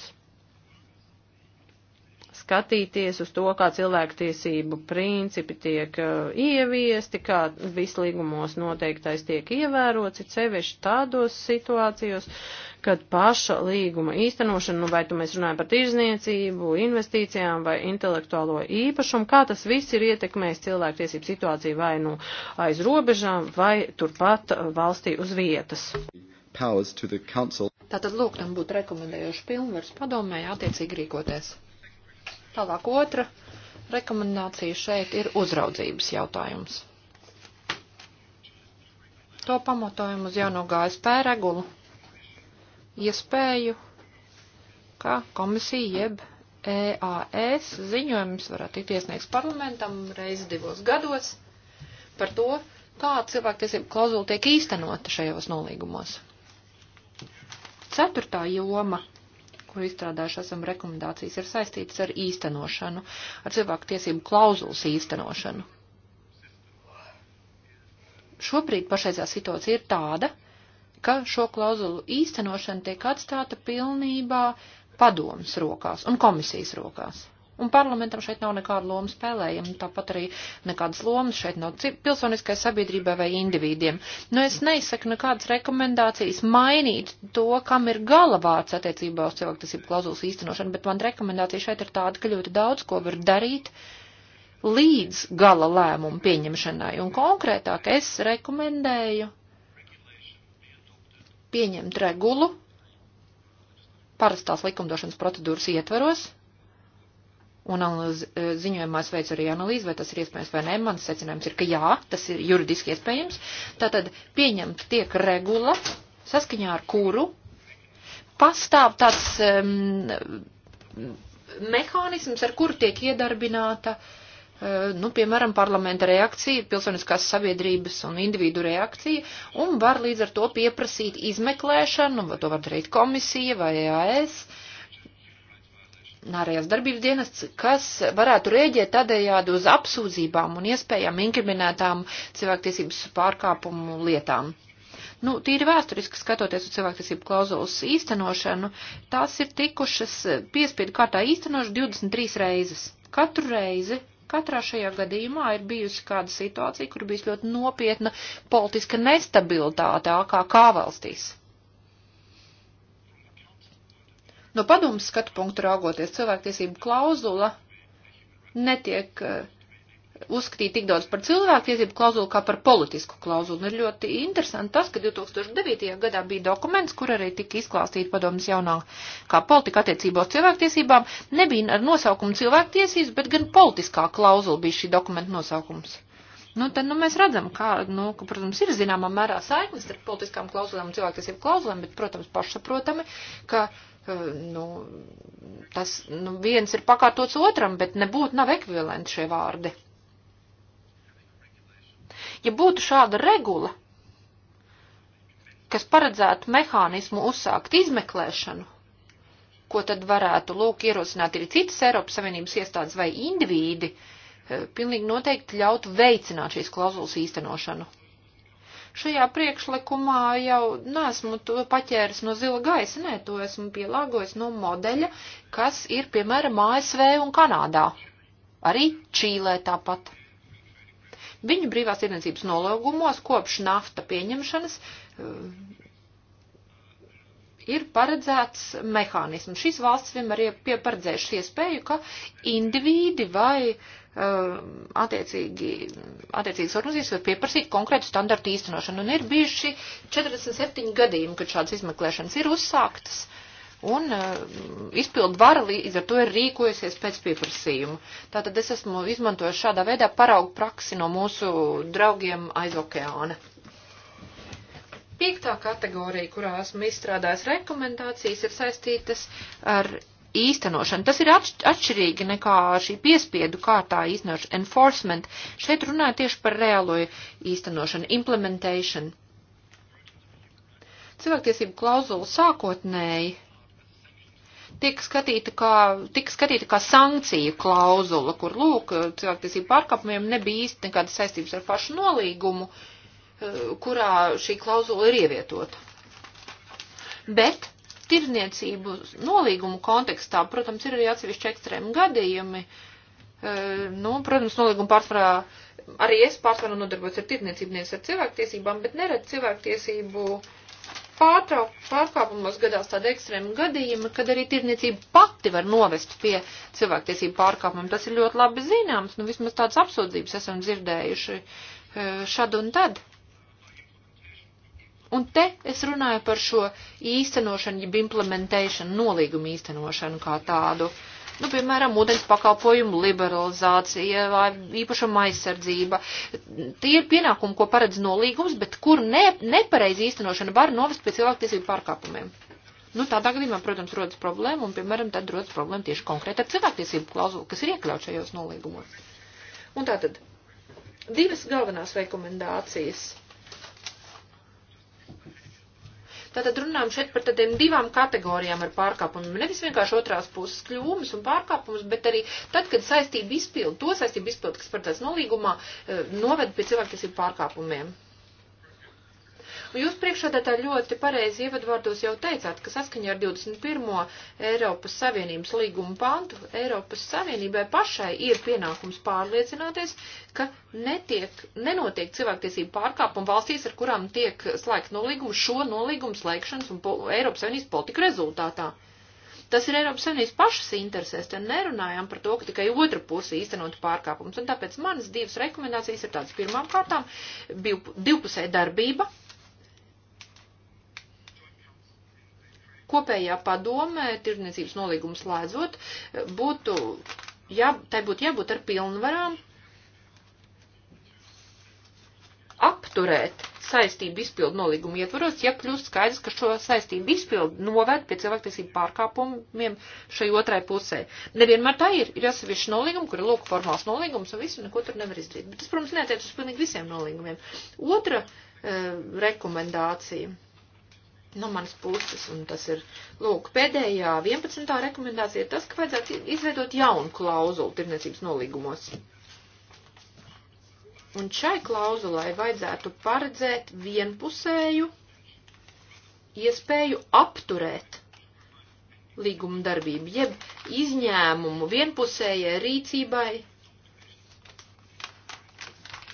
skatīties uz to, kā cilvēktiesību principi tiek uh, ieviesti, kā vislīgumos noteiktais tiek ievērots, ir sevišķi tādos situācijos, kad paša līguma īstenošana, nu vai tu mēs runājam par tirzniecību, investīcijām vai intelektuālo īpašumu, kā tas viss ir ietekmējis cilvēktiesību situāciju vai nu aiz
robežām,
vai turpat uh, valstī uz vietas.
Tātad
lūk, tam būtu rekomendējuši pilnvars padomē attiecīgi rīkoties. Tālāk otra rekomendācija šeit ir uzraudzības jautājums. To pamatojumu uz jauno GSP regulu iespēju, ka komisija jeb EAS ziņojums varētu tikt iesniegts parlamentam reizi divos gados par to, kā cilvēktiesību klauzula tiek īstenota šajos nolīgumos. Ceturtā joma ko izstrādājuši esam rekomendācijas, ir saistītas ar īstenošanu, ar cilvēku tiesību klauzulas īstenošanu. Šobrīd pašreizā situācija ir tāda, ka šo klauzulu īstenošana tiek atstāta pilnībā padomas rokās un komisijas rokās. Un parlamentam šeit nav nekāda loma spēlējama, tāpat arī nekādas lomas šeit nav pilsoniskai sabiedrībai vai individiem. Nu, es neizsaku nekādas rekomendācijas mainīt to, kam ir galavārds attiecībā uz cilvēktiesību klauzulas īstenošanu, bet man rekomendācija šeit ir tāda, ka ļoti daudz ko var darīt līdz gala lēmumu pieņemšanai. Un konkrētāk es rekomendēju pieņemt regulu parastās likumdošanas procedūras ietveros un e, ziņojumā es veicu arī analīzi, vai tas ir iespējams vai nē. Mans secinājums ir, ka jā, tas ir juridiski iespējams. Tātad pieņemta tiek regula, saskaņā ar kuru pastāv tāds um, mehānisms, ar kuru tiek iedarbināta. Uh, nu, piemēram, parlamenta reakcija, pilsoniskās sabiedrības un individu reakcija, un var līdz ar to pieprasīt izmeklēšanu, to var darīt komisija vai AS, uh, ārējās darbības dienests, kas varētu rēģēt tādējādi uz apsūdzībām un iespējām inkriminētām cilvēktiesības pārkāpumu lietām. Nu, tīri vēsturiski skatoties uz cilvēktiesību klauzulas īstenošanu, tās ir tikušas piespiedu kārtā īstenošas 23 reizes. Katru reizi Katrā šajā gadījumā ir bijusi kāda situācija, kur bijusi ļoti nopietna politiska nestabilitāte AKK valstīs. No padomus skatu punktu raugoties, cilvēktiesību klauzula netiek eh, uzskatīt tik daudz par cilvēktiesību klauzulu kā par politisku klauzulu. Un ir ļoti interesanti tas, ka 2009. gadā bija dokuments, kur arī tika izklāstīta padomas jaunā kā politika attiecībā uz cilvēktiesībām. Nebija ar nosaukumu cilvēktiesības, bet gan politiskā klauzula bija šī dokumenta nosaukums. Nu, tad, nu, mēs redzam, kā, nu, ka, protams, ir zināmā mērā saiknes starp politiskām klauzulēm un cilvēktiesību klauzulēm, bet, protams, pašsaprotami, ka nu, tas nu, viens ir pakārtots otram, bet nebūtu nav ekvivalenti šie vārdi. Ja būtu šāda regula, kas paredzētu mehānismu uzsākt izmeklēšanu, ko tad varētu lūk ierosināt arī citas Eiropas Savienības iestādes vai indivīdi, eh, pilnīgi noteikti ļautu veicināt šīs klauzulas īstenošanu. Šajā priekšlikumā jau nesmu to paķēris no zila gaisa, nē, to esmu pielāgojis no modeļa, kas ir, piemēram, ASV un Kanādā. Arī Čīlē tāpat. Viņu brīvās tirdzniecības nolūgumos kopš nafta pieņemšanas eh, ir paredzēts mehānisms. Šīs valsts vienmēr ir paredzējušas iespēju, ka indivīdi vai uh, Um, attiecīgi, attiecīgas organizācijas var pieprasīt konkrētu standartu īstenošanu. Un ir bijuši 47 gadījumi, kad šādas izmeklēšanas ir uzsāktas. Un uh, izpildu vara līdz ar to ir rīkojusies pēc pieprasījuma. Tātad es esmu izmantojis šādā veidā paraugu praksi no mūsu draugiem aiz okeāna. Piektā kategorija, kurā esmu izstrādājis rekomendācijas, ir saistītas ar īstenošana. Tas ir atšķirīgi nekā šī piespiedu kārtā īstenošana, enforcement. Šeit runāja tieši par reālo īstenošanu, implementation. Cilvēktiesību klauzula sākotnēji tiek skatīta kā, tika skatīta kā sankciju klauzula, kur, lūk, cilvēktiesību pārkāpumiem nebija īsti nekāda saistības ar pašu nolīgumu, eh, kurā šī klauzula ir ievietota. Bet tirniecību nolīgumu kontekstā, protams, ir arī atsevišķi ekstrēmi gadījumi. E, nu, protams, nolīguma pārsvarā arī es pārsvarā nodarbojos ar tirniecību, nevis ar cilvēktiesībām, bet neredz cilvēktiesību pārtrauk, pārkāpumos gadās tāda ekstrēma gadījuma, kad arī tirniecība pati var novest pie cilvēktiesību pārkāpumiem. Tas ir ļoti labi zināms, nu vismaz tādas apsūdzības esam dzirdējuši e, šad un tad. Uh, Un te es runāju par šo īstenošanu, jeb implementēšanu, nolīgumu īstenošanu kā tādu. Nu, piemēram, ūdens pakalpojumu liberalizācija vai īpašuma aizsardzība. Tie ir pienākumi, ko paredz nolīgums, bet kur ne, nepareizi īstenošana var novest pie cilvēktiesību pārkāpumiem. Nu, tādā gadījumā, protams, rodas problēma, un, piemēram, tad rodas problēma tieši konkrēti ar cilvēktiesību klauzulu, kas ir iekļaut šajos nolīgumos. Un tātad, divas galvenās rekomendācijas Tātad runājam šeit par tādiem divām kategorijām ar pārkāpumiem. Nevis vienkārši otrās puses kļūmes un pārkāpumus, bet arī tad, kad saistība izpildu, to saistību izpildu, kas paredzēts nolīgumā, eh, noved pie cilvēktiesību pārkāpumiem. Jūs priekšādātā ļoti pareizi ievadvārdos jau teicāt, ka saskaņā ar 21. Eiropas Savienības līgumu pantu Eiropas Savienībai pašai ir pienākums pārliecināties, ka netiek, nenotiek cilvēktiesību pārkāpumu valstīs, ar kurām tiek slēgt nolīgumu šo nolīgumu slēgšanas un po, Eiropas Savienības politiku rezultātā. Tas ir Eiropas Savienības pašas interesēs, te nerunājām par to, ka tikai otra puse īstenot pārkāpumus. Un tāpēc manas divas rekomendācijas ir tādas. Pirmām kārtām divpusēja darbība kopējā padomē, tirdzniecības nolīgums lēdzot, būtu, jā, tai būtu jābūt ar pilnvarām apturēt saistību izpildu nolīgumu ietvaros, ja kļūst skaidrs, ka šo saistību izpildu noved pie cilvēktiesību pārkāpumiem šai otrai pusē. Nevienmēr tā ir. Ir atsevišķi nolīgumi, kur ir lūk formāls nolīgums un visu, neko tur nevar izdarīt. Bet tas, protams, neatiec uz pilnīgi visiem nolīgumiem. Otra e, rekomendācija no manas puses, un tas ir, lūk, pēdējā 11. rekomendācija ir tas, ka vajadzētu izveidot jaunu klauzulu tirniecības nolīgumos. Un šai klauzulai vajadzētu paredzēt vienpusēju iespēju apturēt līguma darbību, jeb izņēmumu vienpusējai rīcībai,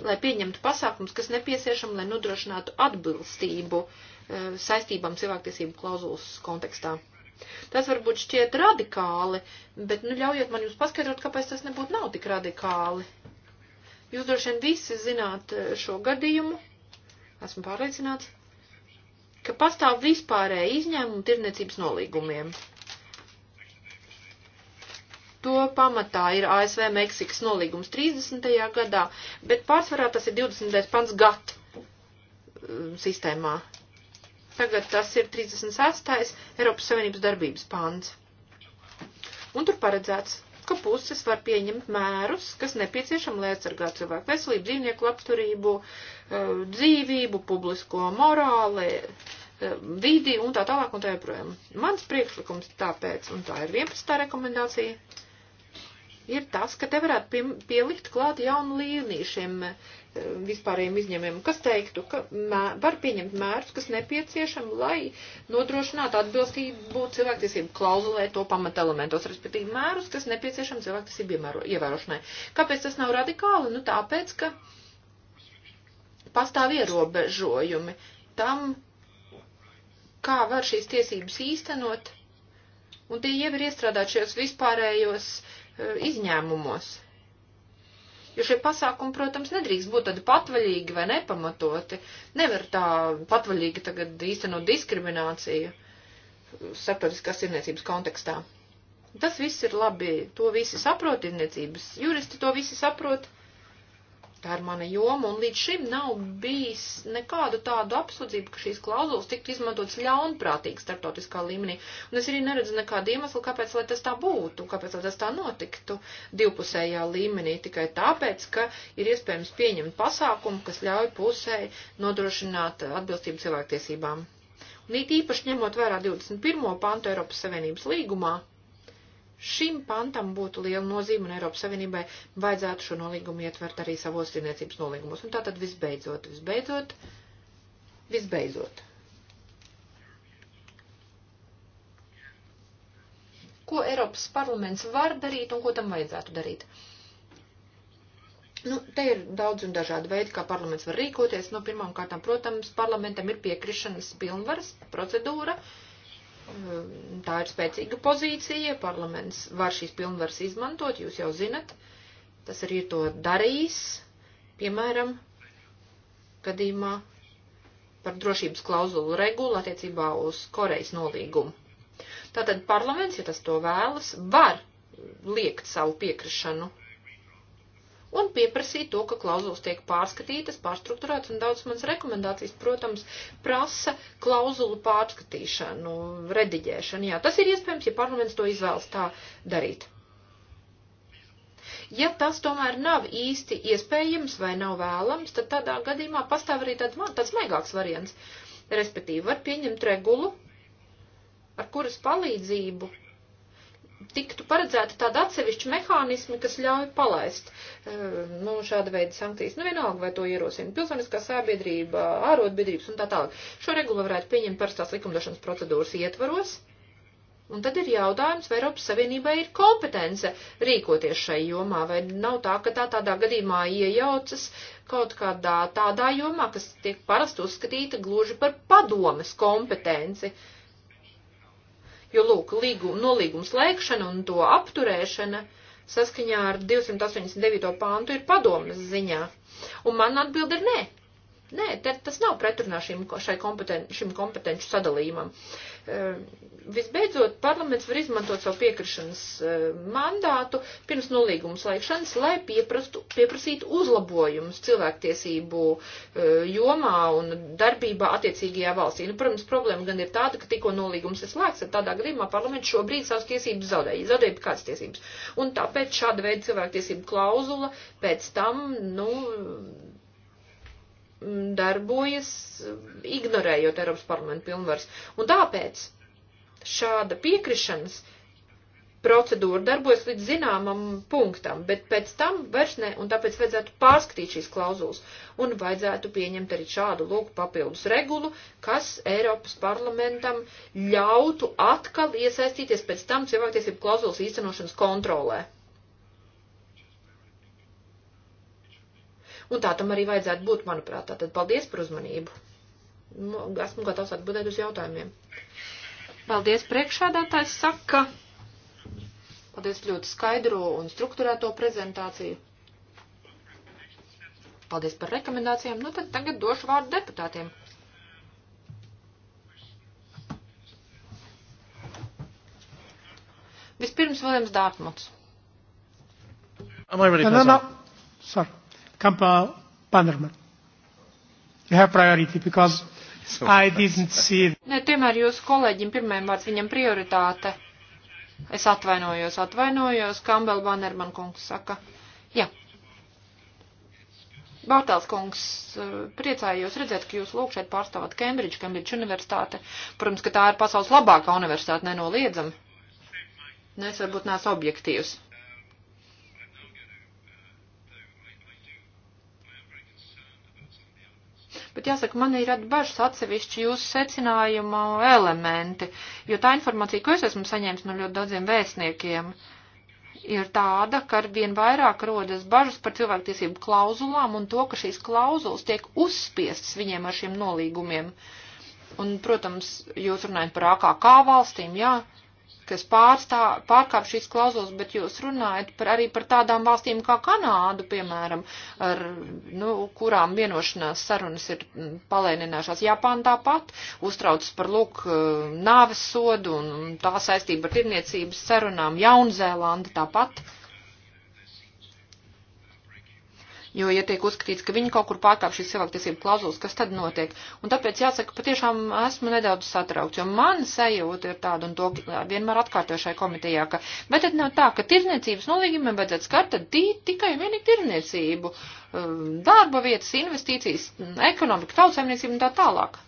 lai pieņemtu pasākums, kas nepieciešam, lai nodrošinātu atbilstību uh, Um, saistībām cilvēktiesību klauzulas kontekstā. Tas varbūt šķiet radikāli, bet nu ļaujiet man jums paskaidrot, kāpēc tas nebūtu nav tik radikāli. Jūs droši vien visi zināt uh, šo gadījumu, esmu pārliecināts, ka pastāv vispārēji izņēmumi tirniecības nolīgumiem. To pamatā ir ASV Meksikas nolīgums 30. gadā, bet pārsvarā tas ir 20. pants GATT um, sistēmā. Tagad tas ir 38. Eiropas Savienības darbības pāns. Un tur paredzēts, ka puses var pieņemt mērus, kas nepieciešami, lai aizsargātu cilvēku veselību, dzīvnieku labturību, eh, dzīvību, publisko morāli, eh, vidi un tā tālāk un tā joprojām. Mans priekšlikums tāpēc, un tā ir 11. rekomendācija, ir tas, ka te varētu pie, pielikt klāt jaunu līniju šiem eh, vispārējiem izņēmumiem, kas teiktu, ka mē, var pieņemt mērus, kas nepieciešami, lai nodrošinātu atbilstību cilvēktiesību klauzulē to pamatelementos, respektīvi mērus, kas nepieciešami cilvēktiesību ievērošanai. Kāpēc tas nav radikāli? Nu, tāpēc, ka pastāv ierobežojumi tam, kā var šīs tiesības īstenot, un tie jau ir iestrādāt šajos vispārējos uh, E, izņēmumos. Jo šie pasākumi, protams, nedrīkst būt tādi patvaļīgi vai nepamatoti. Nevar tā patvaļīgi tagad īstenot diskrimināciju starptautiskās tirniecības kontekstā. Tas viss ir labi, to visi saprot, tirniecības juristi to visi saprot. Uh, Tā ir mana joma, un līdz šim nav bijis nekādu tādu apsūdzību, ka šīs klauzulas tiktu izmantotas ļaunprātīgi starptautiskā līmenī. Un es arī neredzu nekādu iemeslu, kāpēc lai tas tā būtu, kāpēc lai tas tā notiktu divpusējā līmenī, tikai tāpēc, ka ir iespējams pieņemt pasākumu, kas ļauj pusē nodrošināt atbilstību cilvēktiesībām. Un it īpaši ņemot vērā 21. pantu Eiropas Savienības līgumā, Šim pantam būtu liela nozīme un Eiropas Savienībai vajadzētu šo nolīgumu ietvert arī savos tirniecības nolīgumos. Un tātad visbeidzot, visbeidzot, visbeidzot. Ko Eiropas parlaments var darīt un ko tam vajadzētu darīt? Nu, te ir daudz un dažādi veidi, kā parlaments var rīkoties. Nu, pirmām kārtām, protams, parlamentam ir piekrišanas pilnvaras procedūra. Uh, Um, tā ir spēcīga pozīcija, parlaments var šīs pilnvaras izmantot, jūs jau zinat, tas arī ir to darījis, piemēram, gadījumā par drošības klauzulu regulu attiecībā uz Korejas nolīgumu. Tātad parlaments, ja tas to vēlas, var liekt savu piekrišanu un pieprasīt to, ka klauzulas tiek pārskatītas, pārstruktūrētas, un daudz manas rekomendācijas, protams, prasa klauzulu pārskatīšanu, rediģēšanu. Jā, tas ir iespējams, ja parlaments to izvēlas tā darīt. Ja tas tomēr nav īsti iespējams vai nav vēlams, tad tādā gadījumā pastāv arī tāds, tāds maigāks variants. Respektīvi, var pieņemt regulu, ar kuras palīdzību tiktu paredzēta tāda atsevišķa mehānismi, kas ļauj palaist eh, nu, šāda veida sankcijas. Nu, vienalga, vai to ierosina pilsoniskā sabiedrība, ārotbiedrības un tā tālāk. Šo regulu varētu pieņemt parastās likumdošanas procedūras ietvaros. Un tad ir jautājums, vai Eiropas Savienībai ir kompetence rīkoties šai jomā, vai nav tā, ka tā tādā gadījumā iejaucas kaut kādā tādā jomā, kas tiek parasti uzskatīta gluži par padomes kompetenci. Uh, jo, lūk, līgum, nolīgums lēkšana un to apturēšana saskaņā ar 289. pāntu ir padomas ziņā. Un man atbild ir nē. Nē, te, tas nav pretrunā šim, kompeten, šim kompetenču sadalījumam. E, visbeidzot, parlaments var izmantot savu piekrišanas e, mandātu pirms nolīguma slēgšanas, lai pieprastu, pieprasītu uzlabojumus cilvēktiesību e, jomā un darbībā attiecīgajā valstī. Nu, protams, problēma gan ir tāda, ka tikko nolīgums ir slēgts, tad tādā gadījumā parlaments šobrīd savas tiesības zaudēja. Zaudēja kādas tiesības. Un tāpēc šāda veida cilvēktiesību klauzula pēc tam, nu, Mm, darbojas, mm, ignorējot Eiropas parlamenta pilnvars. Un tāpēc šāda piekrišanas procedūra darbojas līdz zināmam punktam, bet pēc tam vairs ne, un tāpēc vajadzētu pārskatīt šīs klauzulas, un vajadzētu pieņemt arī šādu lūku papildus regulu, kas Eiropas parlamentam ļautu atkal iesaistīties pēc tam cilvēktiesību klauzulas īstenošanas kontrolē. Un tā tam arī vajadzētu būt, manuprāt. Tātad paldies par uzmanību. Esmu gatavs atbildēt uz jautājumiem. Paldies priekšādātājs saka. Paldies ļoti skaidro un struktūrēto prezentāciju. Paldies par rekomendācijām. Nu tad tagad došu vārdu deputātiem. Vispirms Viljams Dārtmots. Am I ready? No, no, no. Sorry. Kampa Bannerman. You have priority because so, I didn't see. Nē, tiemēr jūsu kolēģim pirmajam vārds viņam prioritāte. Es atvainojos, atvainojos, Kambel Bannerman kungs saka. Jā. Bārtāls kungs, eh, priecājos redzēt, ka jūs lūk šeit pārstāvat Cambridge, Cambridge universitāte. Protams, ka tā ir pasaules labākā universitāte, nenoliedzami. Nu, es varbūt neesmu objektīvs. bet jāsaka, man ir atbažas atsevišķi jūsu secinājumu elementi, jo tā informācija, ko es esmu saņēmis no ļoti daudziem vēstniekiem, ir tāda, ka ar vien vairāk rodas bažas par cilvēktiesību klauzulām un to, ka šīs klauzulas tiek uzspiestas viņiem ar šiem nolīgumiem. Un, protams, jūs runājat par AKK valstīm, jā kas pārstā, pārkāp šīs klauzulas, bet jūs runājat par, arī par tādām valstīm kā Kanādu, piemēram, ar, nu, kurām vienošanās sarunas ir palēninājušās. Japāna tāpat uztraucas par, lūk, nāves sodu un tā saistība ar tirniecības sarunām. Jaunzēlanda tāpat. jo, ja tiek uzskatīts, ka viņi kaut kur pārkāp šīs cilvēktiesību klauzulas, kas tad notiek? Un tāpēc jāsaka, patiešām esmu nedaudz satraukts, jo man sajūta ir tāda un to vienmēr atkārto šai komitejā, ka, bet tad nav tā, ka tirniecības nolīgumiem vajadzētu skart tikai un vienīgi tirniecību, um, darba vietas, investīcijas, ekonomiku, tautsēmniecību un tā tālāk.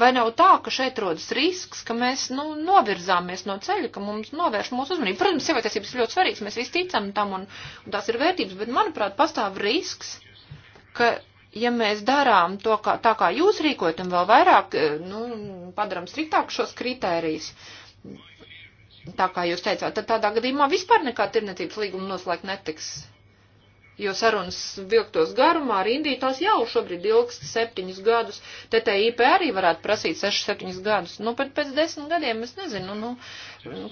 Vai nav tā, ka šeit rodas risks, ka mēs nu, novirzāmies no ceļa, ka mums novērš mūsu uzmanību? Protams, sievietes ir ļoti svarīgas, mēs visi ticam tam un, un tās ir vērtības, bet manuprāt, pastāv risks, ka ja mēs darām to kā, tā, kā jūs rīkojat, un vēl vairāk eh, nu, padaram striktāk šos kritērijus, tā kā jūs teicāt, tad tādā gadījumā vispār nekā tirnetības līguma noslēgt netiks jo sarunas vilktos garumā ar Indiju tās jau šobrīd ilgst septiņus gadus. TTIP arī varētu prasīt sešus, septiņus gadus. Nu, pat pēc desmit gadiem es nezinu, nu,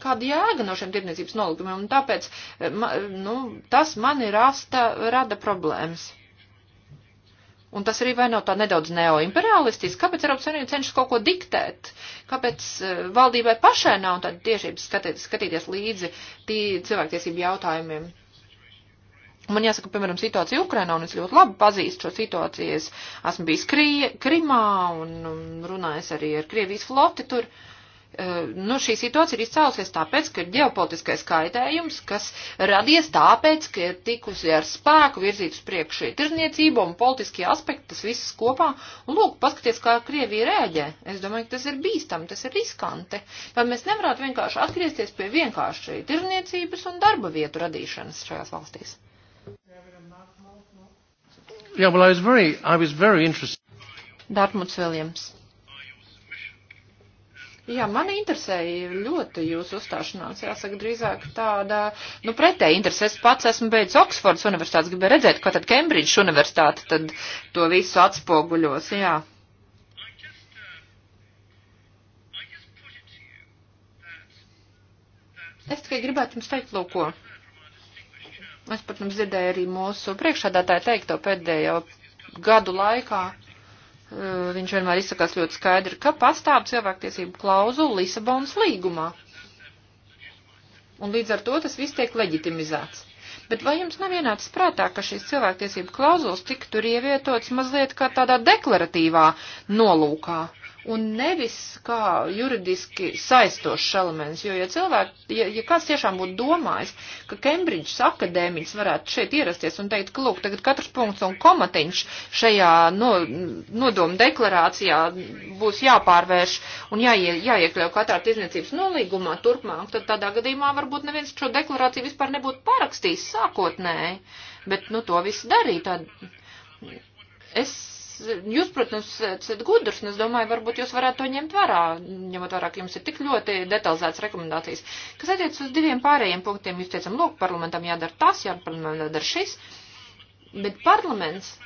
kāda jēga no šiem tirdzniecības nolikumiem. Un tāpēc, eh, nu, tas man ir rasta, rada problēmas. Un tas arī vai nav tā nedaudz neoimperialistisks? Kāpēc Eiropas Savienība cenšas kaut ko diktēt? Kāpēc eh, valdībai pašai nav tāda tiešības skatīt, skatīties līdzi tī cilvēktiesību jautājumiem? Man jāsaka, piemēram, situācija Ukrainā, un es ļoti labi pazīstu šo situāciju. Es esmu bijis Krie, Krimā un runājis arī ar Krievijas floti tur. Eh, nu, šī situācija ir izcēlusies tāpēc, ka ir ģeopolitiskais kaitējums, kas radies tāpēc, ka ir tikusi ar spēku virzīt uz priekšu tirzniecību un politiskie aspekti, tas viss kopā. Un lūk, paskaties, kā Krievija rēģē. Es domāju, ka tas ir bīstam, tas ir riskanti. Vai mēs nevarētu vienkārši atgriezties pie vienkārši tirzniecības un darba vietu radīšanas šajās valstīs?
Yeah, well, I was very, I was very interested.
Dartmuts Viljams. Jā, man interesēja ļoti jūsu uzstāšanās. Jāsaka, drīzāk tāda, nu, pretēji interesē. Es pats esmu beidzis Oksfordas universitātes, gribēju redzēt, ko tad Kembridžas universitāte tad to visu atspoguļos, jā. Es tikai gribētu jums teikt, lūko. Es, protams, dzirdēju arī mūsu priekšādātāju teikto pēdējo gadu laikā. Uh, viņš vienmēr izsakās ļoti skaidri, ka pastāv cilvēktiesību klauzula Lisabonas līgumā. Un līdz ar to tas viss tiek leģitimizēts. Bet vai jums nav ienācis prātā, ka šīs cilvēktiesību klauzulas tiktu tur ievietots mazliet kā tādā deklaratīvā nolūkā? un nevis kā juridiski saistošs elements. Jo, ja cilvēki, ja, ja kāds tiešām būtu domājis, ka Kembridžas akadēmiķis varētu šeit ierasties un teikt, ka, lūk, tagad katrs punkts un komatiņš šajā no, nodoma deklarācijā būs jāpārvērš un jāie, jāiekļauj katrā tirzniecības nolīgumā turpmāk, tad tādā gadījumā varbūt neviens šo deklarāciju vispār nebūtu parakstījis sākotnēji. Bet, nu, to viss darīja. Tad es jūs, protams, esat gudrs, un es domāju, varbūt jūs varētu to ņemt vērā, ņemot vērā, ka jums ir tik ļoti detalizētas rekomendācijas. Kas attiec uz diviem pārējiem punktiem, jūs teicam, lūk, parlamentam jādara tas, jā, parlamentam jādara šis, bet parlaments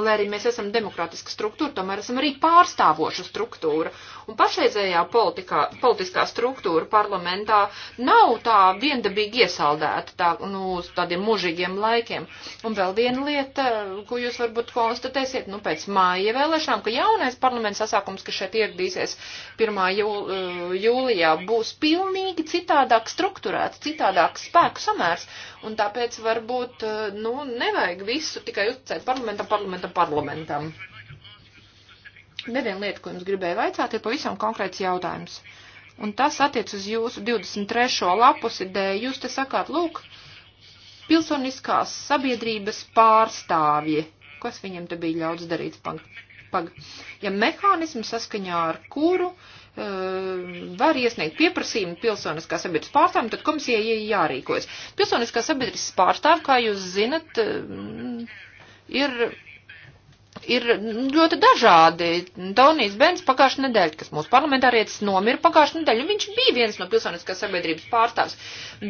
lai arī mēs esam demokrātiska struktūra, tomēr esam arī pārstāvoša struktūra. Un pašreizējā politikā, politiskā struktūra parlamentā nav tā viendabīgi iesaldēta tā, nu, uz tādiem mužīgiem laikiem. Un vēl viena lieta, ko jūs varbūt konstatēsiet, nu, pēc māja vēlēšanām, ka jaunais parlaments sasākums, kas šeit ieradīsies 1. Jūl, eh, jūlijā, būs pilnīgi citādāk strukturēts, citādāk spēku samērs. Un tāpēc varbūt, eh, nu, nevajag visu tikai uzticēt parlamentam, parlamentam parlamenta parlamentam. Neviena lieta, ko jums gribēju vaicāt, ir pavisam konkrēts jautājums. Un tas attiec uz jūsu 23. lapusi, dēļ jūs te sakāt, lūk, pilsoniskās sabiedrības pārstāvji. Kas viņam te bija ļauts darīt? Pag, pag. Ja mehānismu saskaņā ar kuru e, var iesniegt pieprasījumu pilsoniskā sabiedrības pārstāvjiem, tad komisijai jārīkojas. Pilsoniskā sabiedrības pārstāvja, kā jūs zinat, e, ir ir ļoti dažādi. Tonijs Bens pagājušā nedēļa, kas mūsu parlamentārietis nomira pagājušā nedēļa, viņš bija viens no pilsoniskās sabiedrības pārstāvis,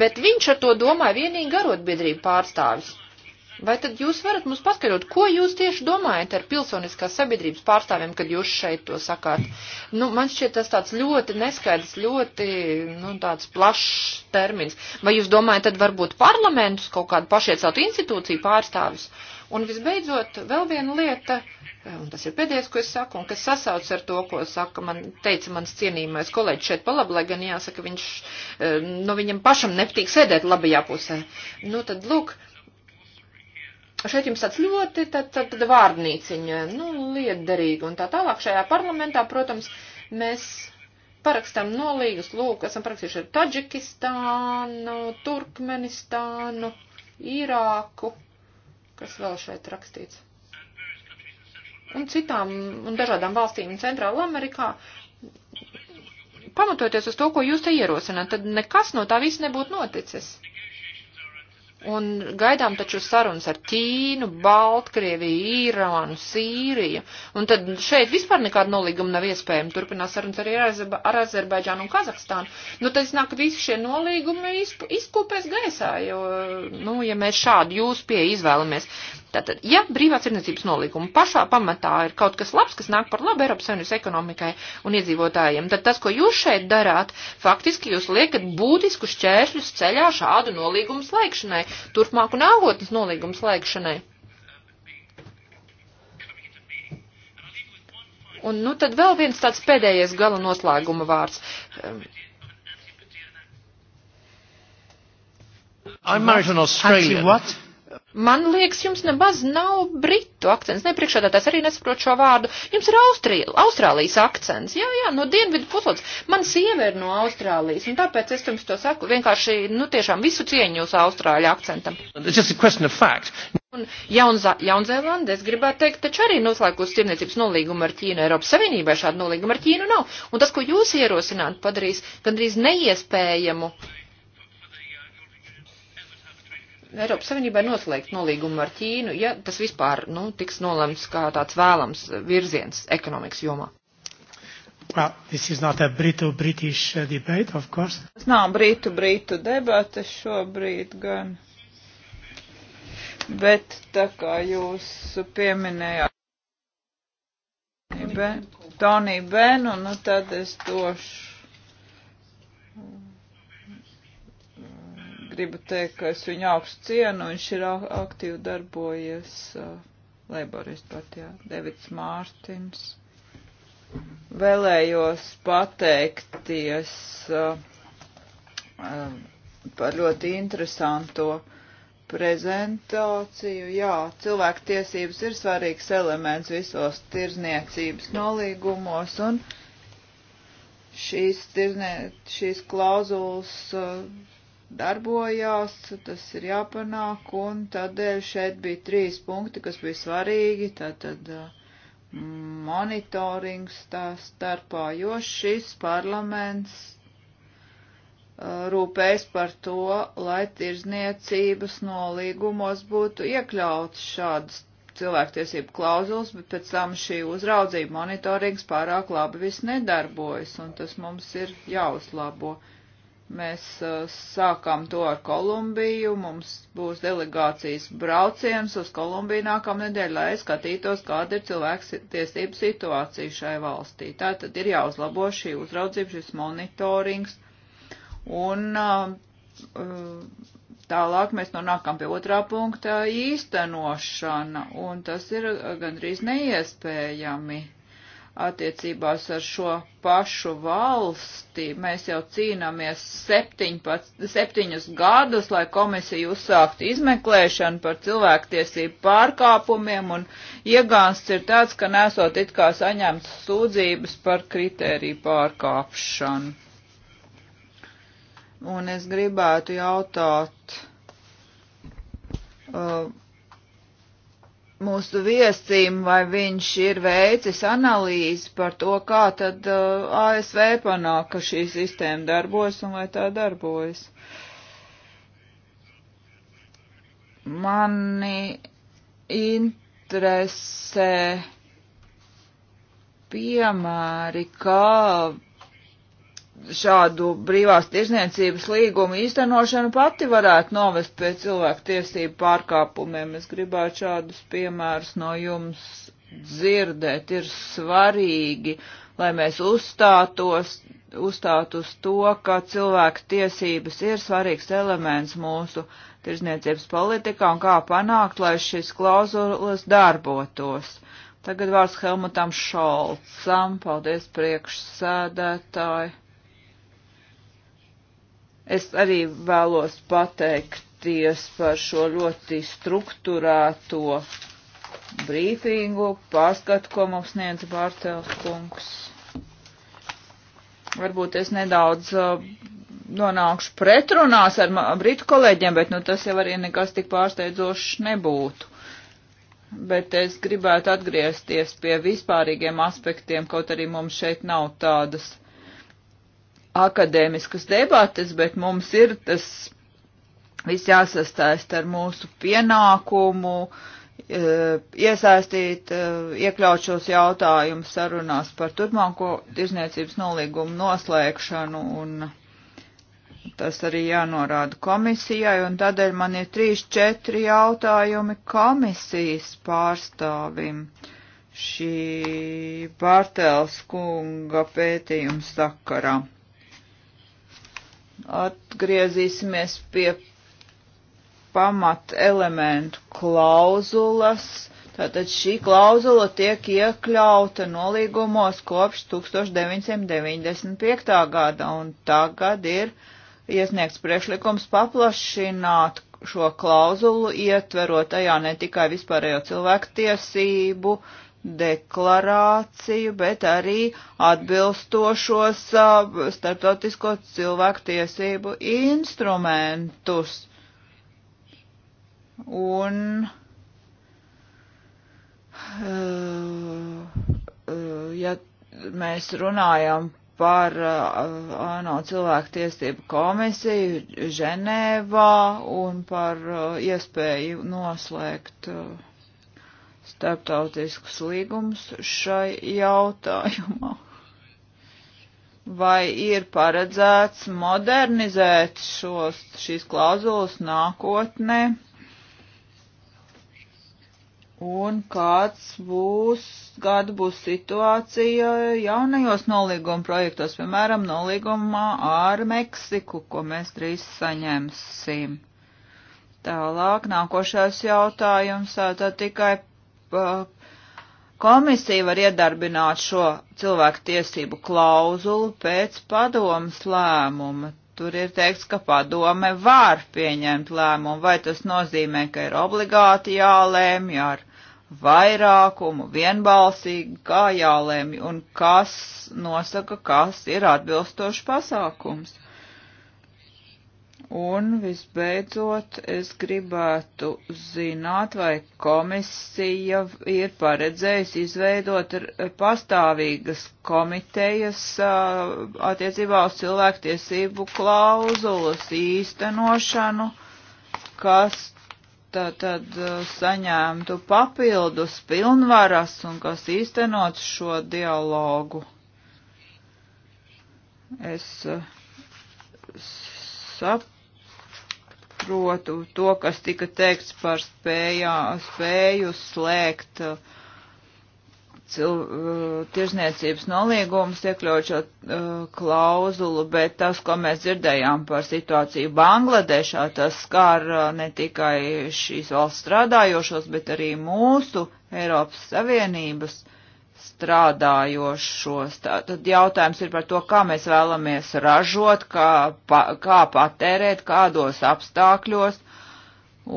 bet viņš ar to domāja vienīgi arotbiedrību pārstāvis. Vai tad jūs varat mums paskaidrot, ko jūs tieši domājat ar pilsoniskās sabiedrības pārstāvjiem, kad jūs šeit to sakāt? Nu, man šķiet tas tāds ļoti neskaidrs, ļoti, nu, tāds plašs termins. Vai jūs domājat tad varbūt parlamentus, kaut kādu pašiecelt institūciju pārstāvis? Uh, Un visbeidzot, vēl viena lieta, eh, un tas ir pēdējais, ko es saku, un kas sasauc ar to, ko saka man, teica mans cienījumais kolēģis šeit palabi, lai gan jāsaka, viņš, eh, no viņam pašam nepatīk sēdēt labajā pusē. Nu, tad, lūk, šeit jums tāds ļoti tad, tad, tad vārdnīciņa, nu, liederīga un tā tālāk šajā parlamentā, protams, mēs parakstām nolīgus, lūk, esam parakstījuši ar Taģikistānu, Turkmenistānu, Irāku kas vēl šeit rakstīts. Un citām un dažādām valstīm Centrāla Amerikā pamatoties uz to, ko jūs te ierosināt, tad nekas no tā viss nebūtu noticis. Un gaidām taču sarunas ar Ķīnu, Baltkrieviju, Īrānu, Sīriju. Un tad šeit vispār nekāda nolīguma nav iespējama. Turpinās sarunas arī ar, Azerba ar Azerbaidžānu un Kazahstānu. Nu, tad iznāk, ka visi šie nolīgumi izp izkūpēs gaisā, jo, nu, ja mēs šādu jūs pie izvēlamies. Tātad, ja brīvā tirdzniecības nolīguma pašā pamatā ir kaut kas labs, kas nāk par labu Eiropas Savienības ekonomikai un iedzīvotājiem, tad tas, ko jūs šeit darāt, faktiski jūs liekat būtisku šķēršļus ceļā šādu nolīgumu slēgšanai, turpmāku nākotnes nolīgumu slēgšanai. Un, nu, tad vēl viens tāds pēdējais gala noslēguma vārds. Ehm.
I'm married in Australia. Actually,
what? Man liekas, jums nemaz nav britu akcents. Nepriekšādātājs arī nesaprot šo vārdu. Jums ir Austrija, Austrālijas akcents. Jā, jā, no dienvidu puslodes. Man sieva ir no Austrālijas, un tāpēc es jums to saku. Vienkārši, nu tiešām visu cieņu jūsu Austrāļu akcentam. Un Jaunzā, Jaunzēlanda, es gribētu teikt, taču arī noslēgus tirniecības nolīgumu ar Ķīnu. Eiropas Savienībā šāda nolīguma ar Ķīnu nav. Un tas, ko jūs ierosināt, padarīs gandrīz neiespējamu Eiropas Savienībai noslēgt nolīgumu ar Ķīnu, ja tas vispār nu, tiks nolemts kā tāds vēlams
virziens ekonomikas jomā?
Well, this is not a Britu-British uh, debate, of course.
Tas nav Britu-Britu debate šobrīd gan. Bet tā kā jūs pieminējāt Tonī Benu, nu tad es došu gribu teikt, ka es viņu augstu cienu, viņš ir aktīvi darbojies uh, Leiboristu partijā, Devits Mārtins. Vēlējos pateikties uh, uh, par ļoti interesanto prezentāciju. Jā, cilvēktiesības ir svarīgs elements visos tirzniecības nolīgumos un šīs, tirznie, šīs klauzulas uh, darbojās, tas ir jāpanāk, un tādēļ šeit bija trīs punkti, kas bija svarīgi, tātad uh, monitorings tā starpā, jo šis parlaments uh, rūpēs par to, lai tirzniecības nolīgumos būtu iekļauts šādas cilvēktiesību klauzulas, bet pēc tam šī uzraudzība monitorings pārāk labi viss nedarbojas, un tas mums ir jāuzlabo. Mēs uh, sākām to ar Kolumbiju, mums būs delegācijas brauciens uz Kolumbiju nākamnedēļ, lai skatītos, kāda ir cilvēks tiesību situācija šai valstī. Tā tad ir jāuzlabo šī uzraudzība, šis monitorings. Un uh, uh tālāk mēs nonākam pie otrā punkta īstenošana, un tas ir gandrīz neiespējami attiecībās ar šo pašu valsti. Mēs jau cīnāmies 17, 7 gadus, lai komisija uzsāktu izmeklēšanu par cilvēktiesību pārkāpumiem, un iegānsts ir tāds, ka nesot it kā saņemts sūdzības par kritēriju pārkāpšanu. Un es gribētu jautāt. Uh, mūsu viesim, vai viņš ir veicis analīzi par to, kā tad uh, ASV panāk, ka šī sistēma darbojas un vai tā darbojas. Mani interesē piemēri, kā šādu brīvās tirzniecības līgumu īstenošana pati varētu novest pie cilvēku tiesību pārkāpumiem. Es gribētu šādus piemērus no jums dzirdēt. Ir svarīgi, lai mēs uzstātos, uzstāt uz to, ka cilvēku tiesības ir svarīgs elements mūsu tirzniecības politikā un kā panākt, lai šis klauzulas darbotos. Tagad vārds Helmutam Šolcam. Paldies priekšsēdētāji. Es arī vēlos pateikties par šo ļoti strukturēto brīfingu, pārskatu, ko mums sniedz Bārtels kungs. Varbūt es nedaudz uh, nonākšu pretrunās ar britu kolēģiem, bet nu, tas jau arī nekas tik pārsteidzošs nebūtu. Bet es gribētu atgriezties pie vispārīgiem aspektiem, kaut arī mums šeit nav tādas akadēmiskas debates, bet mums ir tas viss jāsastāst ar mūsu pienākumu, e, iesaistīt, e, iekļaut šos jautājumus sarunās par turpmāko tirzniecības nolīgumu noslēgšanu un tas arī jānorāda komisijai un tādēļ man ir trīs, četri jautājumi komisijas pārstāvim. Šī Bārtels kunga pētījums sakarā. Atgriezīsimies pie pamat elementu klauzulas. Tātad šī klauzula tiek iekļauta nolīgumos kopš 1995. gada, un tagad ir iesniegts priekšlikums paplašināt šo klauzulu, ietverot tajā ne tikai vispārējo cilvēku tiesību uh, deklarāciju, bet arī atbilstošos uh, starptautisko cilvēku tiesību instrumentus. Un uh, uh, ja mēs runājam par ANO cilvēktiesību komisiju Ženēvā un par iespēju noslēgt uh, starptautiskus līgumus šai jautājumā. Vai ir paredzēts modernizēt šos, šīs klauzulas nākotnē? Un kāds būs, kāda būs situācija jaunajos nolīguma projektos, piemēram, nolīgumā ar Meksiku, ko mēs drīz saņemsim? Tālāk nākošais jautājums, tā tikai komisija var iedarbināt šo cilvēku tiesību klauzulu pēc padomas lēmuma. Tur ir teikts, ka padome var pieņemt lēmumu, vai tas nozīmē, ka ir obligāti jālēmj ar vairākumu, vienbalsīgi, kā jālēmj un kas nosaka, kas ir atbilstošs pasākums. Un visbeidzot, es gribētu zināt, vai komisija ir paredzējusi izveidot pastāvīgas komitejas attiecībā uz cilvēktiesību klauzulas īstenošanu, kas tātad saņemtu papildus pilnvaras un kas īstenot šo dialogu. Es saprotu saprotu to, kas tika teikts par spējā, spēju slēgt uh, cil, uh, tirzniecības noliegumus, iekļaut šo uh, klauzulu, bet tas, ko mēs dzirdējām par situāciju Bangladešā, tas skar uh, ne tikai šīs valsts strādājošos, bet arī mūsu Eiropas Savienības strādājošos. Tad jautājums ir par to, kā mēs vēlamies ražot, kā, pa, kā patērēt, kādos apstākļos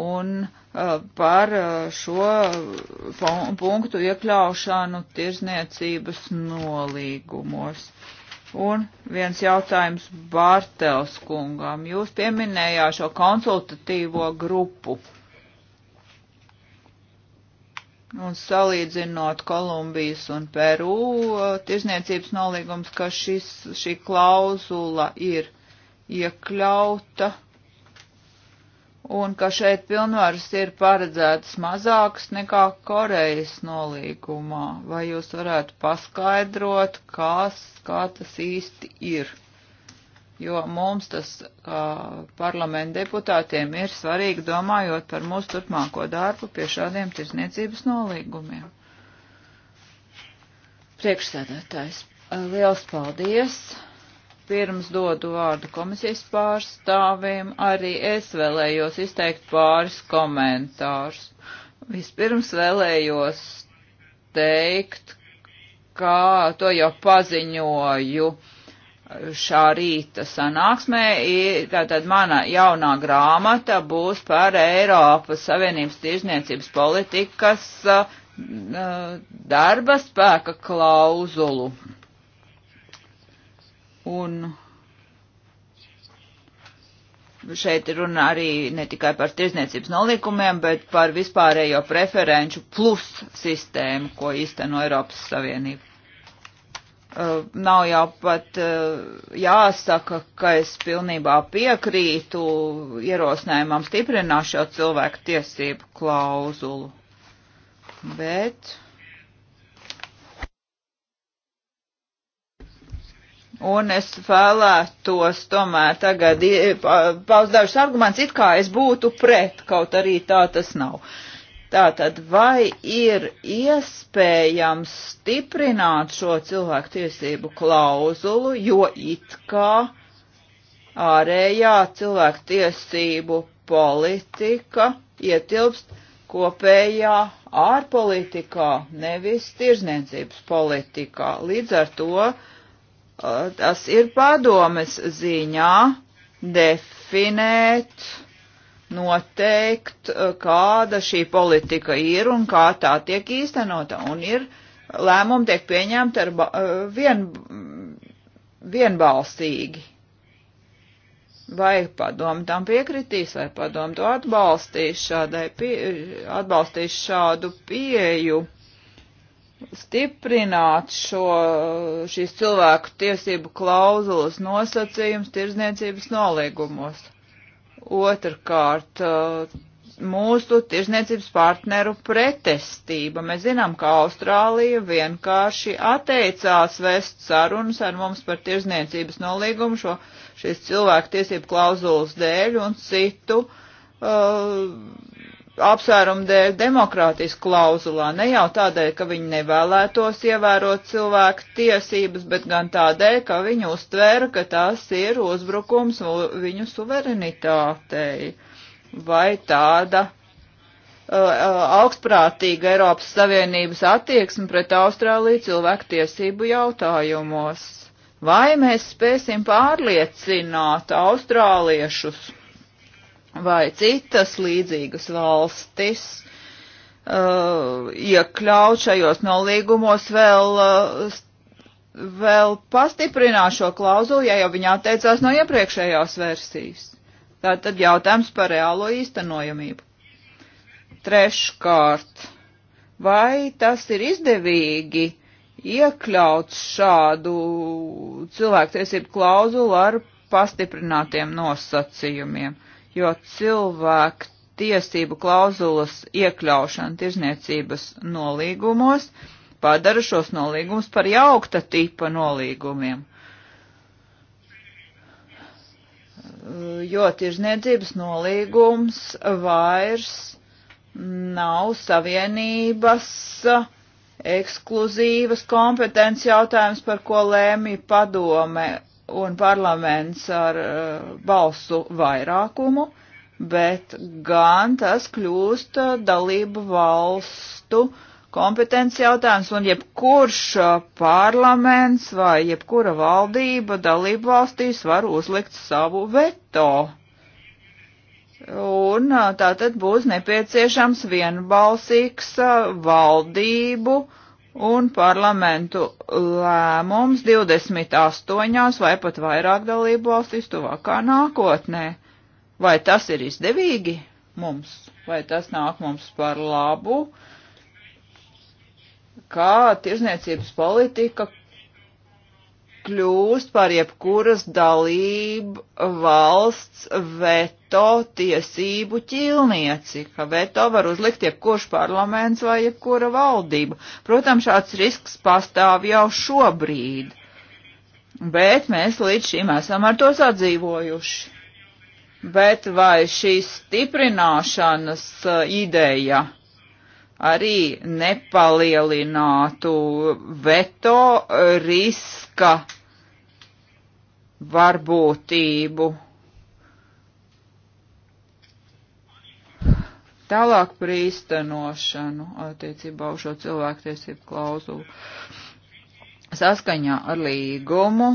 un uh, par uh, šo punktu iekļaušanu tirzniecības nolīgumos. Un viens jautājums Bārtels kungam. Jūs pieminējāt šo konsultatīvo grupu. Uh, Un salīdzinot Kolumbijas un Peru uh, tirzniecības nolīgums, ka šis, šī klauzula ir iekļauta un ka šeit pilnvaras ir paredzētas mazākas nekā Korejas nolīgumā. Vai jūs varētu paskaidrot, kas, kā tas īsti ir? jo mums tas kā parlamenta deputātiem ir svarīgi domājot par mūsu turpmāko darbu pie šādiem tirzniecības nolīgumiem. Priekšsēdētājs, eh, liels paldies! Pirms dodu vārdu komisijas pārstāvim, arī es vēlējos izteikt pāris komentārus. Vispirms vēlējos teikt, kā to jau paziņoju šā rīta sanāksmē. Tātad mana jaunā grāmata būs par Eiropas Savienības tirzniecības politikas uh, darba spēka klauzulu. Un šeit runa arī ne tikai par tirzniecības nolīkumiem, bet par vispārējo preferenču plus sistēmu, ko īsteno Eiropas Savienība. Eh, nav jau pat eh, jāsaka, ka es pilnībā piekrītu ierosinājumam stiprināt šo cilvēku tiesību klauzulu. Bet. Un es vēlētos tomēr tagad paust dažus argumentus, it kā es būtu pret, kaut arī tā tas nav. Uh, Tātad, vai ir iespējams stiprināt šo cilvēku tiesību klauzulu, jo it kā ārējā cilvēku tiesību politika ietilpst kopējā ārpolitikā, nevis tirzniecības politikā. Līdz ar to uh, tas ir padomes ziņā definēt noteikt, eh, kāda šī politika ir un kā tā tiek īstenota. Un ir lēmumi tiek pieņemti ar eh, vien, vienbalstīgi. Vai padomu tam piekritīs, vai padomu to atbalstīs, šādai, pie, atbalstīs šādu pieju, stiprināt šo, šīs cilvēku tiesību klauzulas nosacījums tirzniecības nolīgumos. Otrkārt, mūsu tirzniecības partneru pretestība. Mēs zinām, ka Austrālija vienkārši atteicās vest sarunas ar mums par tirzniecības nolīgumu šo šīs cilvēku tiesību klauzulas dēļ un citu uh, apsvērumu dēļ demokrātijas klauzulā, ne jau tādēļ, ka viņi nevēlētos ievērot cilvēku tiesības, bet gan tādēļ, ka viņi uztvēra, ka tas ir uzbrukums viņu suverenitātei. Vai tāda uh, uh, augstprātīga Eiropas Savienības attieksme pret Austrāliju cilvēku tiesību jautājumos? Vai mēs spēsim pārliecināt austrāliešus vai citas līdzīgas valstis uh, iekļaut šajos nolīgumos vēl, uh, vēl pastiprināt šo klauzulu, ja jau viņi atteicās no iepriekšējās versijas. Tātad jautājums par reālo īstenojamību. Treškārt, vai tas ir izdevīgi iekļaut šādu cilvēktiesību klauzulu ar pastiprinātiem nosacījumiem? Uh, jo cilvēku tiesību klauzulas iekļaušana tirzniecības nolīgumos padara šos nolīgumus par jaukta tipa nolīgumiem. Jo tirzniecības nolīgums vairs nav savienības ekskluzīvas kompetences jautājums, par ko lēmīja padome un parlaments ar uh, balsu vairākumu, bet gan tas kļūst uh, dalību valstu kompetenci jautājums, un jebkurš uh, parlaments vai jebkura valdība dalību valstīs var uzlikt savu veto. Un tātad būs nepieciešams vienbalsīgs valdību uh, un parlamentu lēmums 28 vai pat vairāk dalību valstīs tuvākā nākotnē. Vai tas ir izdevīgi mums, vai tas nāk mums par labu, kā tirzniecības politika kļūst par jebkuras dalību valsts vetu? veto tiesību ķilnieci, ka veto var uzlikt jebkurš parlaments vai jebkura valdība. Protams, šāds risks pastāv jau šobrīd, bet mēs līdz šim esam ar to sadzīvojuši. Bet vai šī stiprināšanas eh, ideja arī nepalielinātu veto eh, riska varbūtību? Tālāk par īstenošanu attiecībā uz šo cilvēktiesību klauzulu. Saskaņā ar līgumu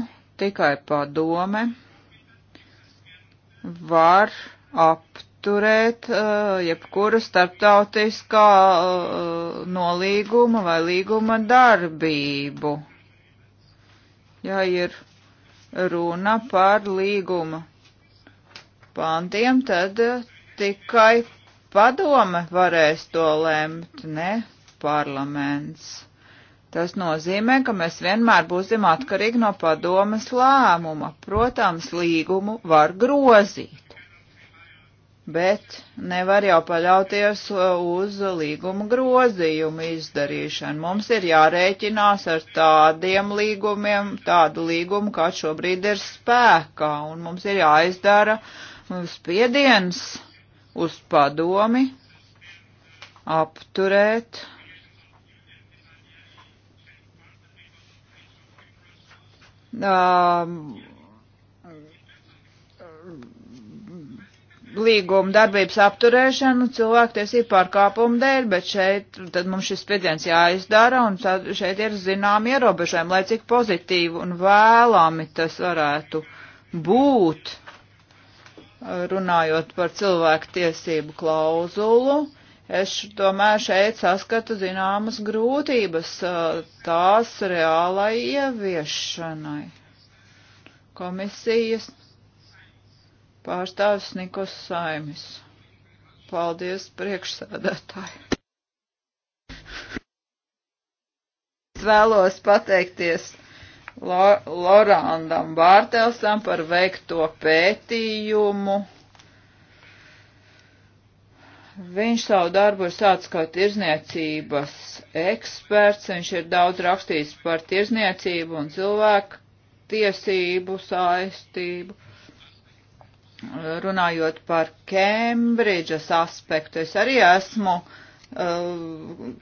tikai padome var apturēt uh, jebkuru starptautiskā uh, nolīguma vai līguma darbību. Ja ir runa par līguma pantiem, tad tikai padome varēs to lemt, ne parlaments. Tas nozīmē, ka mēs vienmēr būsim atkarīgi no padomes lēmuma. Protams, līgumu var grozīt, bet nevar jau paļauties uz līgumu grozījumu izdarīšanu. Mums ir jārēķinās ar tādiem līgumiem, tādu līgumu, kāds šobrīd ir spēkā, un mums ir jāizdara spiediens uz padomi apturēt um, līguma darbības apturēšanu cilvēktiesību pārkāpumu dēļ, bet šeit tad mums šis spiediens jāizdara un šeit ir zinām ierobežojumi, lai cik pozitīvi un vēlami tas varētu būt runājot par cilvēku tiesību klauzulu, es tomēr šeit saskatu zināmas grūtības tās reālai ieviešanai. Komisijas pārstāvis Nikos Saimis. Paldies priekšsēdētāji. Es vēlos pateikties Lorandam Bārtelsam par veikto pētījumu. Viņš savu darbu ir sācis kā tirzniecības eksperts, viņš ir daudz rakstījis par tirzniecību un cilvēku tiesību saistību. Runājot par Kembridžas aspektu, es arī esmu uh,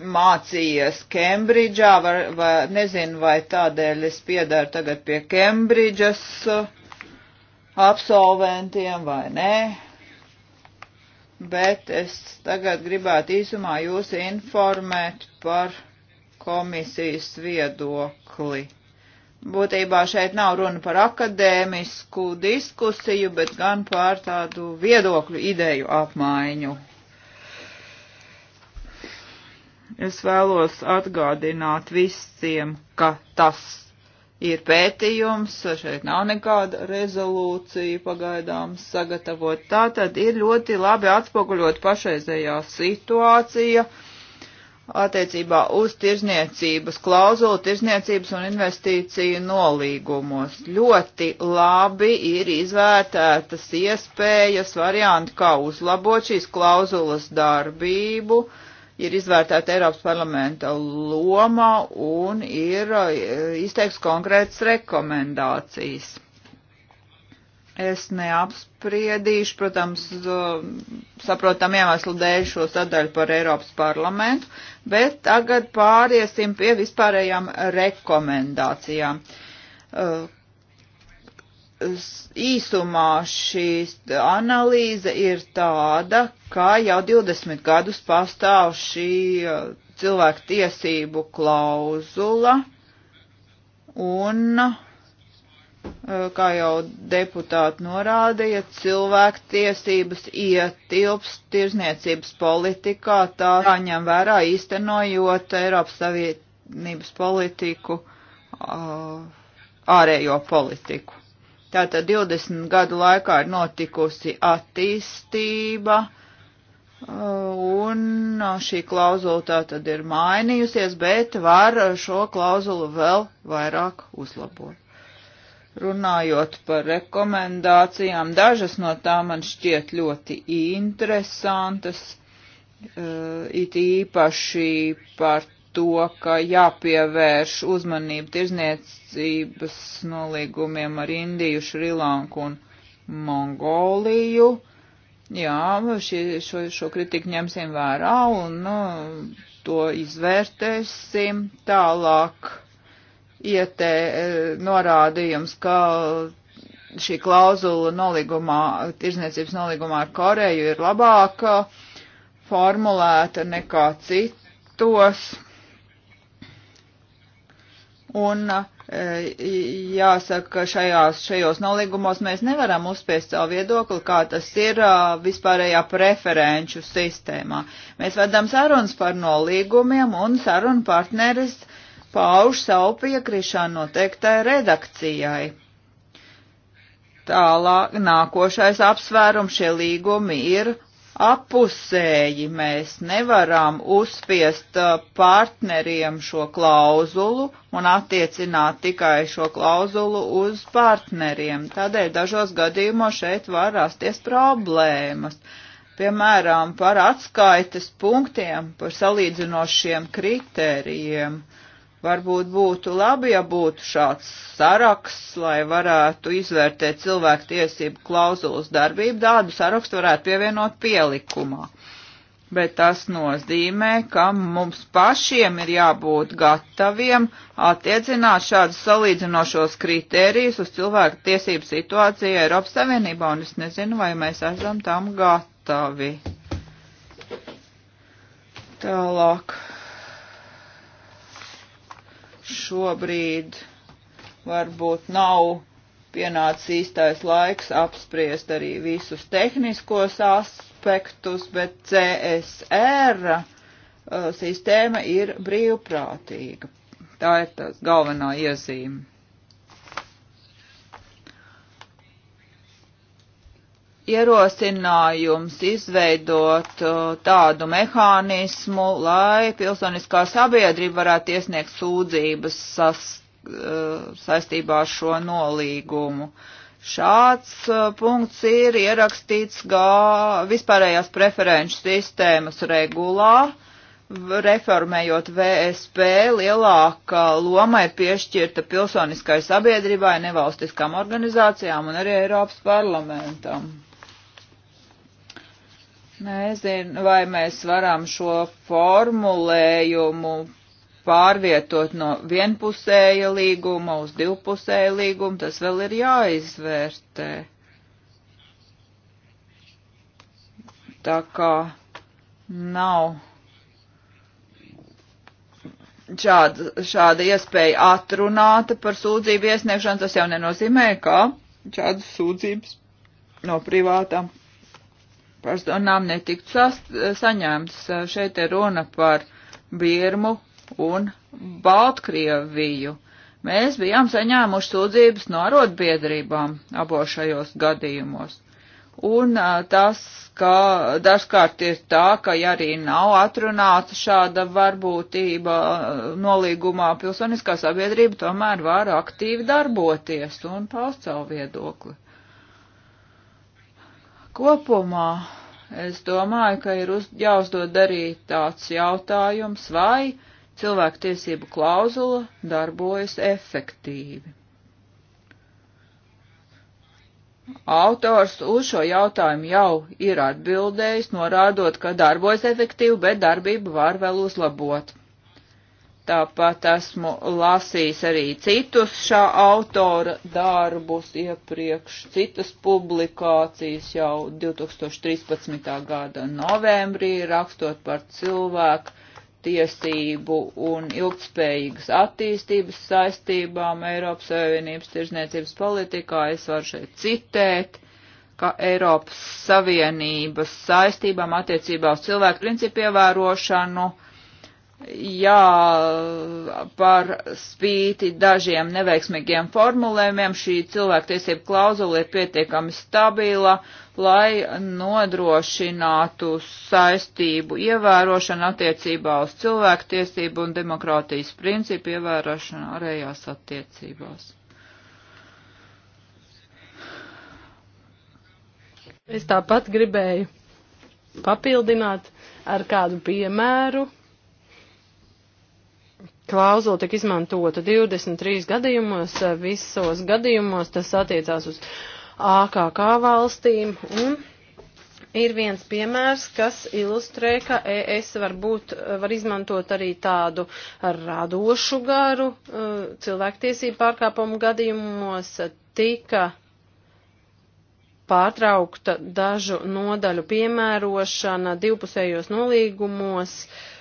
mācījies Kembridžā, var, vai, nezinu, vai tādēļ es piedaru tagad pie Kembridžas uh, absolventiem vai nē, bet es tagad gribētu īsumā jūs informēt par komisijas viedokli. Būtībā šeit nav runa par akadēmisku diskusiju, bet gan par tādu viedokļu ideju apmaiņu. Es vēlos atgādināt visiem, ka tas ir pētījums, šeit nav nekāda rezolūcija pagaidām sagatavot. Tā tad ir ļoti labi atspoguļot pašreizējā situācija attiecībā uz tirzniecības klauzulu, tirzniecības un investīciju nolīgumos. Ļoti labi ir izvērtētas iespējas, varianti, kā uzlabot šīs klauzulas darbību. Uh, ir izvērtēta Eiropas parlamenta loma un ir e, izteikts konkrētas rekomendācijas. Es neapspriedīšu, protams, e, saprotam iemeslu dēļ šo sadaļu par Eiropas parlamentu, bet tagad pāriesim pie vispārējām rekomendācijām e, īsumā šī analīze ir tāda, ka jau 20 gadus pastāv šī uh, cilvēku tiesību klauzula un, uh, kā jau deputāti norādīja, cilvēku tiesības ietilps tirzniecības politikā, tā jāņem vērā īstenojot Eiropas Savienības politiku, uh, ārējo politiku. Tātad 20 gadu laikā ir notikusi attīstība, un šī klauzula tātad ir mainījusies, bet var šo klauzulu vēl vairāk uzlabot. Runājot par rekomendācijām, dažas no tām man šķiet ļoti interesantas, eh, it īpaši par to, ka jāpievērš uzmanību tirzniecības nolīgumiem ar Indiju, Šrilanku un Mongoliju. Jā, šie, šo, šo kritiku ņemsim vērā un nu, to izvērtēsim tālāk. Ietē norādījums, ka šī klauzula nolīgumā, tirzniecības nolīgumā ar Koreju ir labāka formulēta nekā citos. Un e, jāsaka, ka šajās, šajos nolīgumos mēs nevaram uzspiest savu viedokli, kā tas ir e, vispārējā preferenču sistēmā. Mēs vedam sarunas par nolīgumiem un sarunu partneris pauž savu piekrišanu noteiktai redakcijai. Tālāk nākošais apsvērums šie līgumi ir apusēji mēs nevaram uzspiest uh, partneriem šo klauzulu un attiecināt tikai šo klauzulu uz partneriem. Tādēļ dažos gadījumos šeit var rasties problēmas. Piemēram, par atskaites punktiem, par salīdzinošiem kritērijiem. Uh, Varbūt būtu labi, ja būtu šāds saraksts, lai varētu izvērtēt cilvēku tiesību klauzulas darbību. Tādu sarakstu varētu pievienot pielikumā. Bet tas nozīmē, ka mums pašiem ir jābūt gataviem attiecināt šādus salīdzinošos kritērijus uz cilvēku tiesību situāciju Eiropas Savienībā, un es nezinu, vai mēs esam tam gatavi. Tālāk šobrīd varbūt nav pienācis īstais laiks apspriest arī visus tehniskos aspektus, bet CSR uh, sistēma ir brīvprātīga. Tā ir tās galvenā iezīme. ierosinājums izveidot uh, tādu mehānismu, lai pilsoniskā sabiedrība varētu iesniegt sūdzības sas, uh, saistībā ar šo nolīgumu. Šāds uh, punkts ir ierakstīts gā vispārējās preferenču sistēmas regulā, reformējot VSP, lielāka loma ir piešķirta pilsoniskai sabiedrībai, nevalstiskām organizācijām un arī Eiropas parlamentam. Nezinu, vai mēs varam šo formulējumu pārvietot no vienpusēja līguma uz divpusēja līguma, tas vēl ir jāizvērtē. Tā kā nav šāda, šāda iespēja atrunāta par sūdzību iesniegšanu, tas jau nenozīmē, ka šādas sūdzības no privātām personām netiktu sas, saņemts. Eh, šeit ir runa par Birmu un Baltkrieviju. Mēs bijām saņēmuši sūdzības no arotbiedrībām abos šajos gadījumos. Un eh, tas, ka dažkārt ir tā, ka ja arī nav atrunāta šāda varbūtība eh, nolīgumā, pilsoniskā sabiedrība tomēr var aktīvi darboties un paust savu viedokli. Kopumā es domāju, ka ir uz, jāuzdod arī tāds jautājums, vai cilvēktiesību klauzula darbojas efektīvi. Autors uz šo jautājumu jau ir atbildējis, norādot, ka darbojas efektīvi, bet darbību var vēl uzlabot. Tāpat esmu lasījis arī citus šā autora darbus iepriekš, citas publikācijas jau 2013. gada novembrī rakstot par cilvēku tiesību un ilgtspējīgas attīstības saistībām Eiropas Savienības tirzniecības politikā. Es varu šeit citēt ka Eiropas Savienības saistībām attiecībā uz cilvēku principu ievērošanu uh, jā, par spīti dažiem neveiksmīgiem formulējumiem šī cilvēktiesība klauzula ir pietiekami stabila, lai nodrošinātu saistību ievērošanu attiecībā uz cilvēktiesību un demokrātijas principu ievērošanu arējās attiecībās.
Es tāpat gribēju papildināt ar kādu piemēru klauzula tika izmantota 23 gadījumos, eh, visos gadījumos tas attiecās uz AKK valstīm un ir viens piemērs, kas ilustrē, ka ES var būt, eh, var izmantot arī tādu radošu garu eh, cilvēktiesību pārkāpumu gadījumos tika pārtraukta dažu nodaļu piemērošana divpusējos nolīgumos, uh,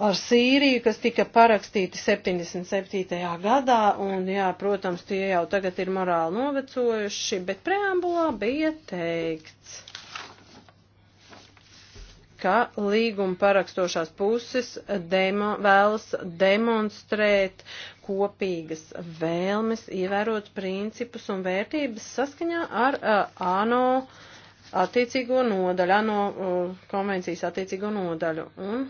ar Sīriju, kas tika parakstīti 77. gadā, un jā, protams, tie jau tagad ir morāli novecojuši, bet preambulā bija teikts, ka līguma parakstošās puses demo, vēlas demonstrēt kopīgas vēlmes, ievērot principus un vērtības saskaņā ar uh, ANO attiecīgo nodaļu, ANO uh, konvencijas attiecīgo nodaļu. Un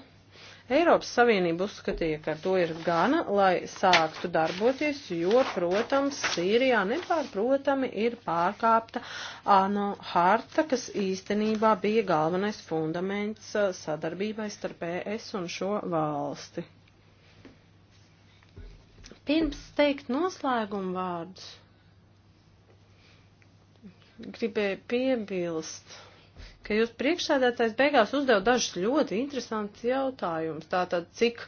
Eiropas Savienība uzskatīja, ka to ir gana, lai sāktu darboties, jo, protams, Sīrijā nepārprotami ir pārkāpta ANO harta, kas īstenībā bija galvenais fundaments uh, sadarbībai starp ES un šo valsti. Pirms teikt noslēgumu vārdus, gribēju piebilst ka jūs priekšsēdētājs beigās uzdev dažus ļoti interesantus jautājumus. Tātad, cik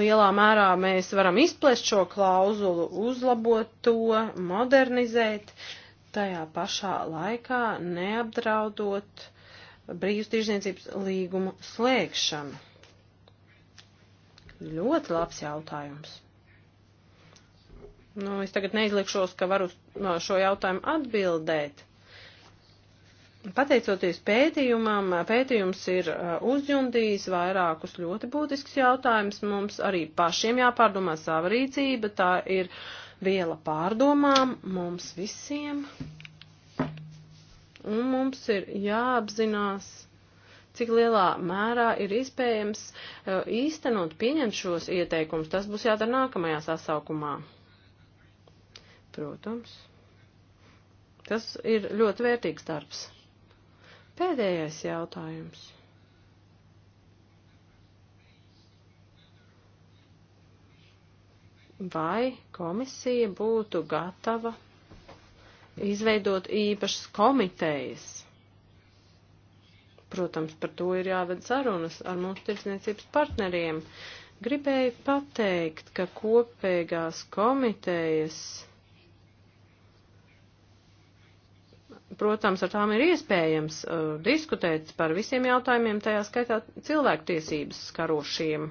lielā mērā mēs varam izplest šo klauzulu, uzlabot to, modernizēt, tajā pašā laikā neapdraudot brīvas tirzniecības līgumu slēgšanu. Ļoti labs jautājums. Nu, es tagad neizlikšos, ka varu no šo jautājumu atbildēt, Pateicoties pētījumam, pētījums ir uh, uzjundījis vairākus ļoti būtiskus jautājumus. Mums arī pašiem jāpārdomā sava rīcība, tā ir viela pārdomām mums visiem. Un mums ir jāapzinās, cik lielā mērā ir iespējams uh, īstenot pieņemt šos ieteikumus. Tas būs jādara nākamajā sasaukumā. Protams. Tas ir ļoti vērtīgs darbs. Pēdējais jautājums. Vai komisija būtu gatava izveidot īpašas komitejas? Protams, par to ir jāved sarunas ar mūsu tirdzniecības partneriem. Gribēju pateikt, ka kopējās komitejas protams, ar tām ir iespējams uh, diskutēt par visiem jautājumiem, tajā skaitā cilvēktiesības skarošiem.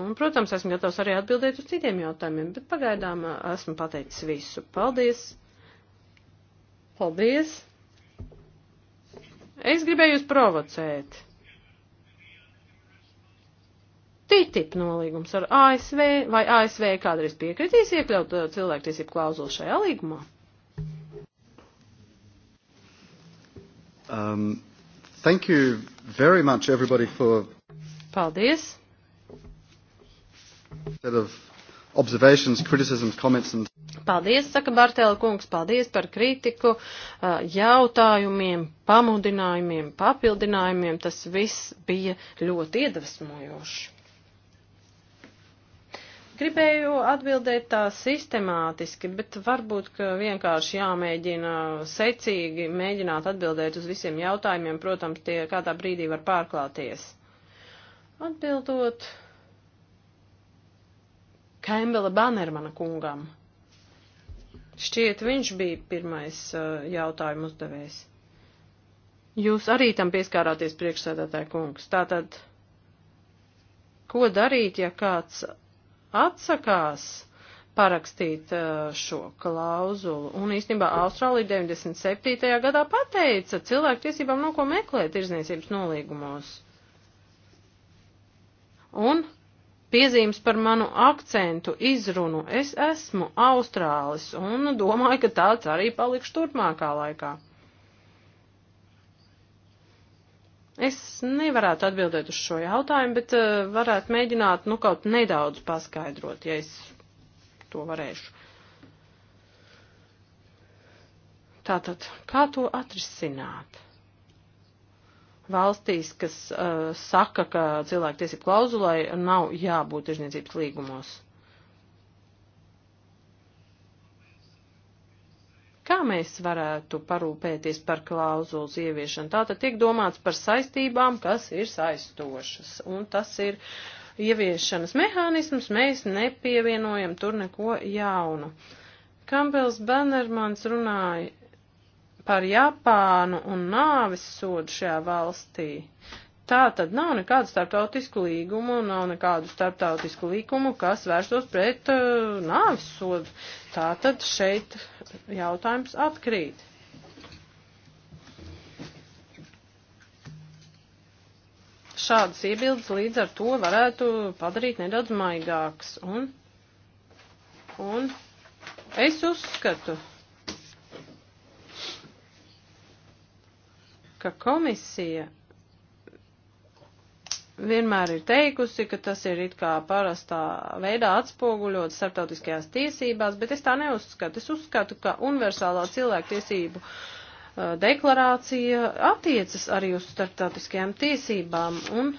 Un, protams, esmu gatavs arī atbildēt uz citiem jautājumiem, bet pagaidām uh, esmu pateicis visu. Paldies! Paldies! Es gribēju jūs provocēt. TTIP nolīgums ar ASV vai ASV kādreiz piekritīs iekļaut uh, cilvēktiesību klauzulu šajā līgumā? Um, thank you very much, everybody, for. Paldies. Instead of observations, criticisms, comments and. Paldies, saka Bartēla kungs, paldies par kritiku, uh, jautājumiem, pamudinājumiem, papildinājumiem. Tas viss bija ļoti iedvesmojoši. Gribēju atbildēt tā sistemātiski, bet varbūt, ka vienkārši jāmēģina secīgi mēģināt atbildēt uz visiem jautājumiem, protams, tie kādā brīdī var pārklāties. Atbildot Kembela Banermana kungam. Šķiet, viņš bija pirmais eh, jautājumu uzdevējs. Jūs arī tam pieskārāties priekšsēdētāja kungs. Tātad, ko darīt, ja kāds atsakās parakstīt uh, šo klauzulu. Un īstenībā Austrālija 97. gadā pateica cilvēku tiesībām no ko meklēt tirzniecības nolīgumos. Un piezīmes par manu akcentu, izrunu. Es esmu Austrālis un domāju, ka tāds arī palikšu turpmākā laikā. Es nevarētu atbildēt uz šo jautājumu, bet uh, varētu mēģināt nu kaut nedaudz paskaidrot, ja es to varēšu. Tātad, kā to atrisināt? Valstīs, kas uh, saka, ka cilvēku tiesību klauzulai nav jābūt tirzniecības līgumos. Kā mēs varētu parūpēties par klauzulas ieviešanu? Tātad tiek domāts par saistībām, kas ir saistošas, un tas ir ieviešanas mehānisms, mēs nepievienojam tur neko jaunu. Kampels Bannermans runāja par Japānu un nāvis sodu šajā valstī. Tā tad nav nekādu starptautisku līgumu, nav nekādu starptautisku līgumu, kas vērstos pret uh, nāvis sodu. Tā tad šeit jautājums atkrīt. Šādas iebildes līdz ar to varētu padarīt nedaudz maigāks. Un, un es uzskatu, ka komisija vienmēr ir teikusi, ka tas ir it kā parastā veidā atspoguļot starptautiskajās tiesībās, bet es tā neuzskatu. Es uzskatu, ka universālā cilvēktiesību uh, deklarācija attiecas arī uz starptautiskajām tiesībām un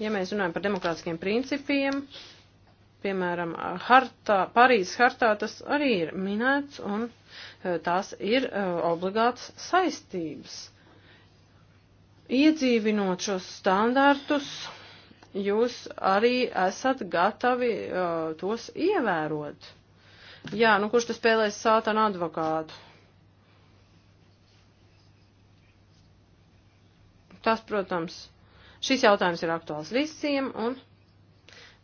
ja mēs runājam par demokrātiskiem principiem, piemēram, hartā, Parīzes hartā tas arī ir minēts un uh, tās ir uh, obligātas saistības. Iedzīvinot šos standartus, jūs arī esat gatavi uh, tos ievērot. Jā, nu kurš tas spēlēs sātana advokātu? Tas, protams, šis jautājums ir aktuāls visiem un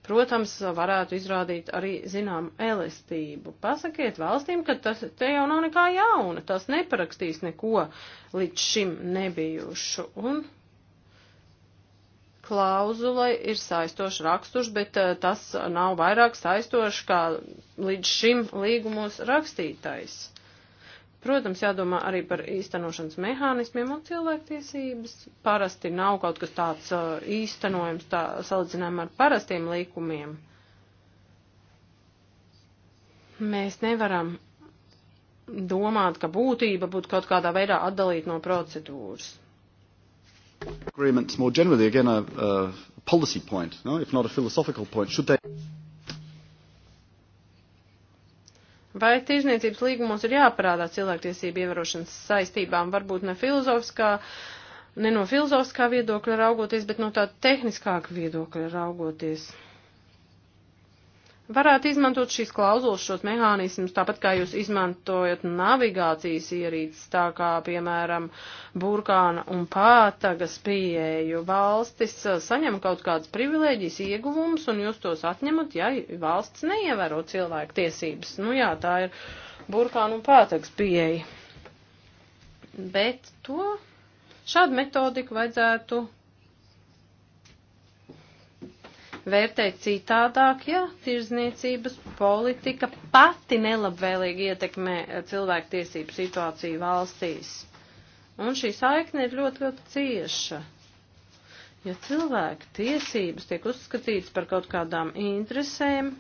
protams, varētu izrādīt arī zinām elastību. Pasakiet valstīm, ka tas te jau nav nekā jauna, tas neparakstīs neko līdz šim nebijušu. Un klauzulai ir saistoši raksturs, bet eh, tas nav vairāk saistoši kā līdz šim līgumos rakstītais. Protams, jādomā arī par īstenošanas mehānismiem un cilvēktiesības. Parasti nav kaut kas tāds uh, īstenojums tā, salīdzinājumā ar parastiem likumiem. Mēs nevaram domāt, ka būtība būtu kaut kādā veidā atdalīta no procedūras.
Agreements more generally, again, a, a policy point, no? if not a philosophical point. Should they...
Vai tirzniecības līgumos ir jāparādā cilvēktiesību ievērošanas saistībām, varbūt ne filozofiskā, ne no filozofiskā viedokļa raugoties, bet no tā tehniskāka viedokļa raugoties? varētu izmantot šīs klauzulas, šos mehānismus, tāpat kā jūs izmantojat navigācijas ierīces, tā kā, piemēram, burkāna un pātagas pieeju. Valstis uh, saņem kaut kādas privilēģijas ieguvumus, un jūs tos atņemat, ja valsts neievēro cilvēku tiesības. Nu jā, tā ir burkāna un pātagas pieeja. Bet to šādu metodiku vajadzētu vērtēt citādāk, ja tirzniecības politika pati nelabvēlīgi ietekmē eh, cilvēktiesību situāciju valstīs. Un šī saikne ir ļoti, ļoti cieša. Ja cilvēku tiesības tiek uzskatītas par kaut kādām interesēm,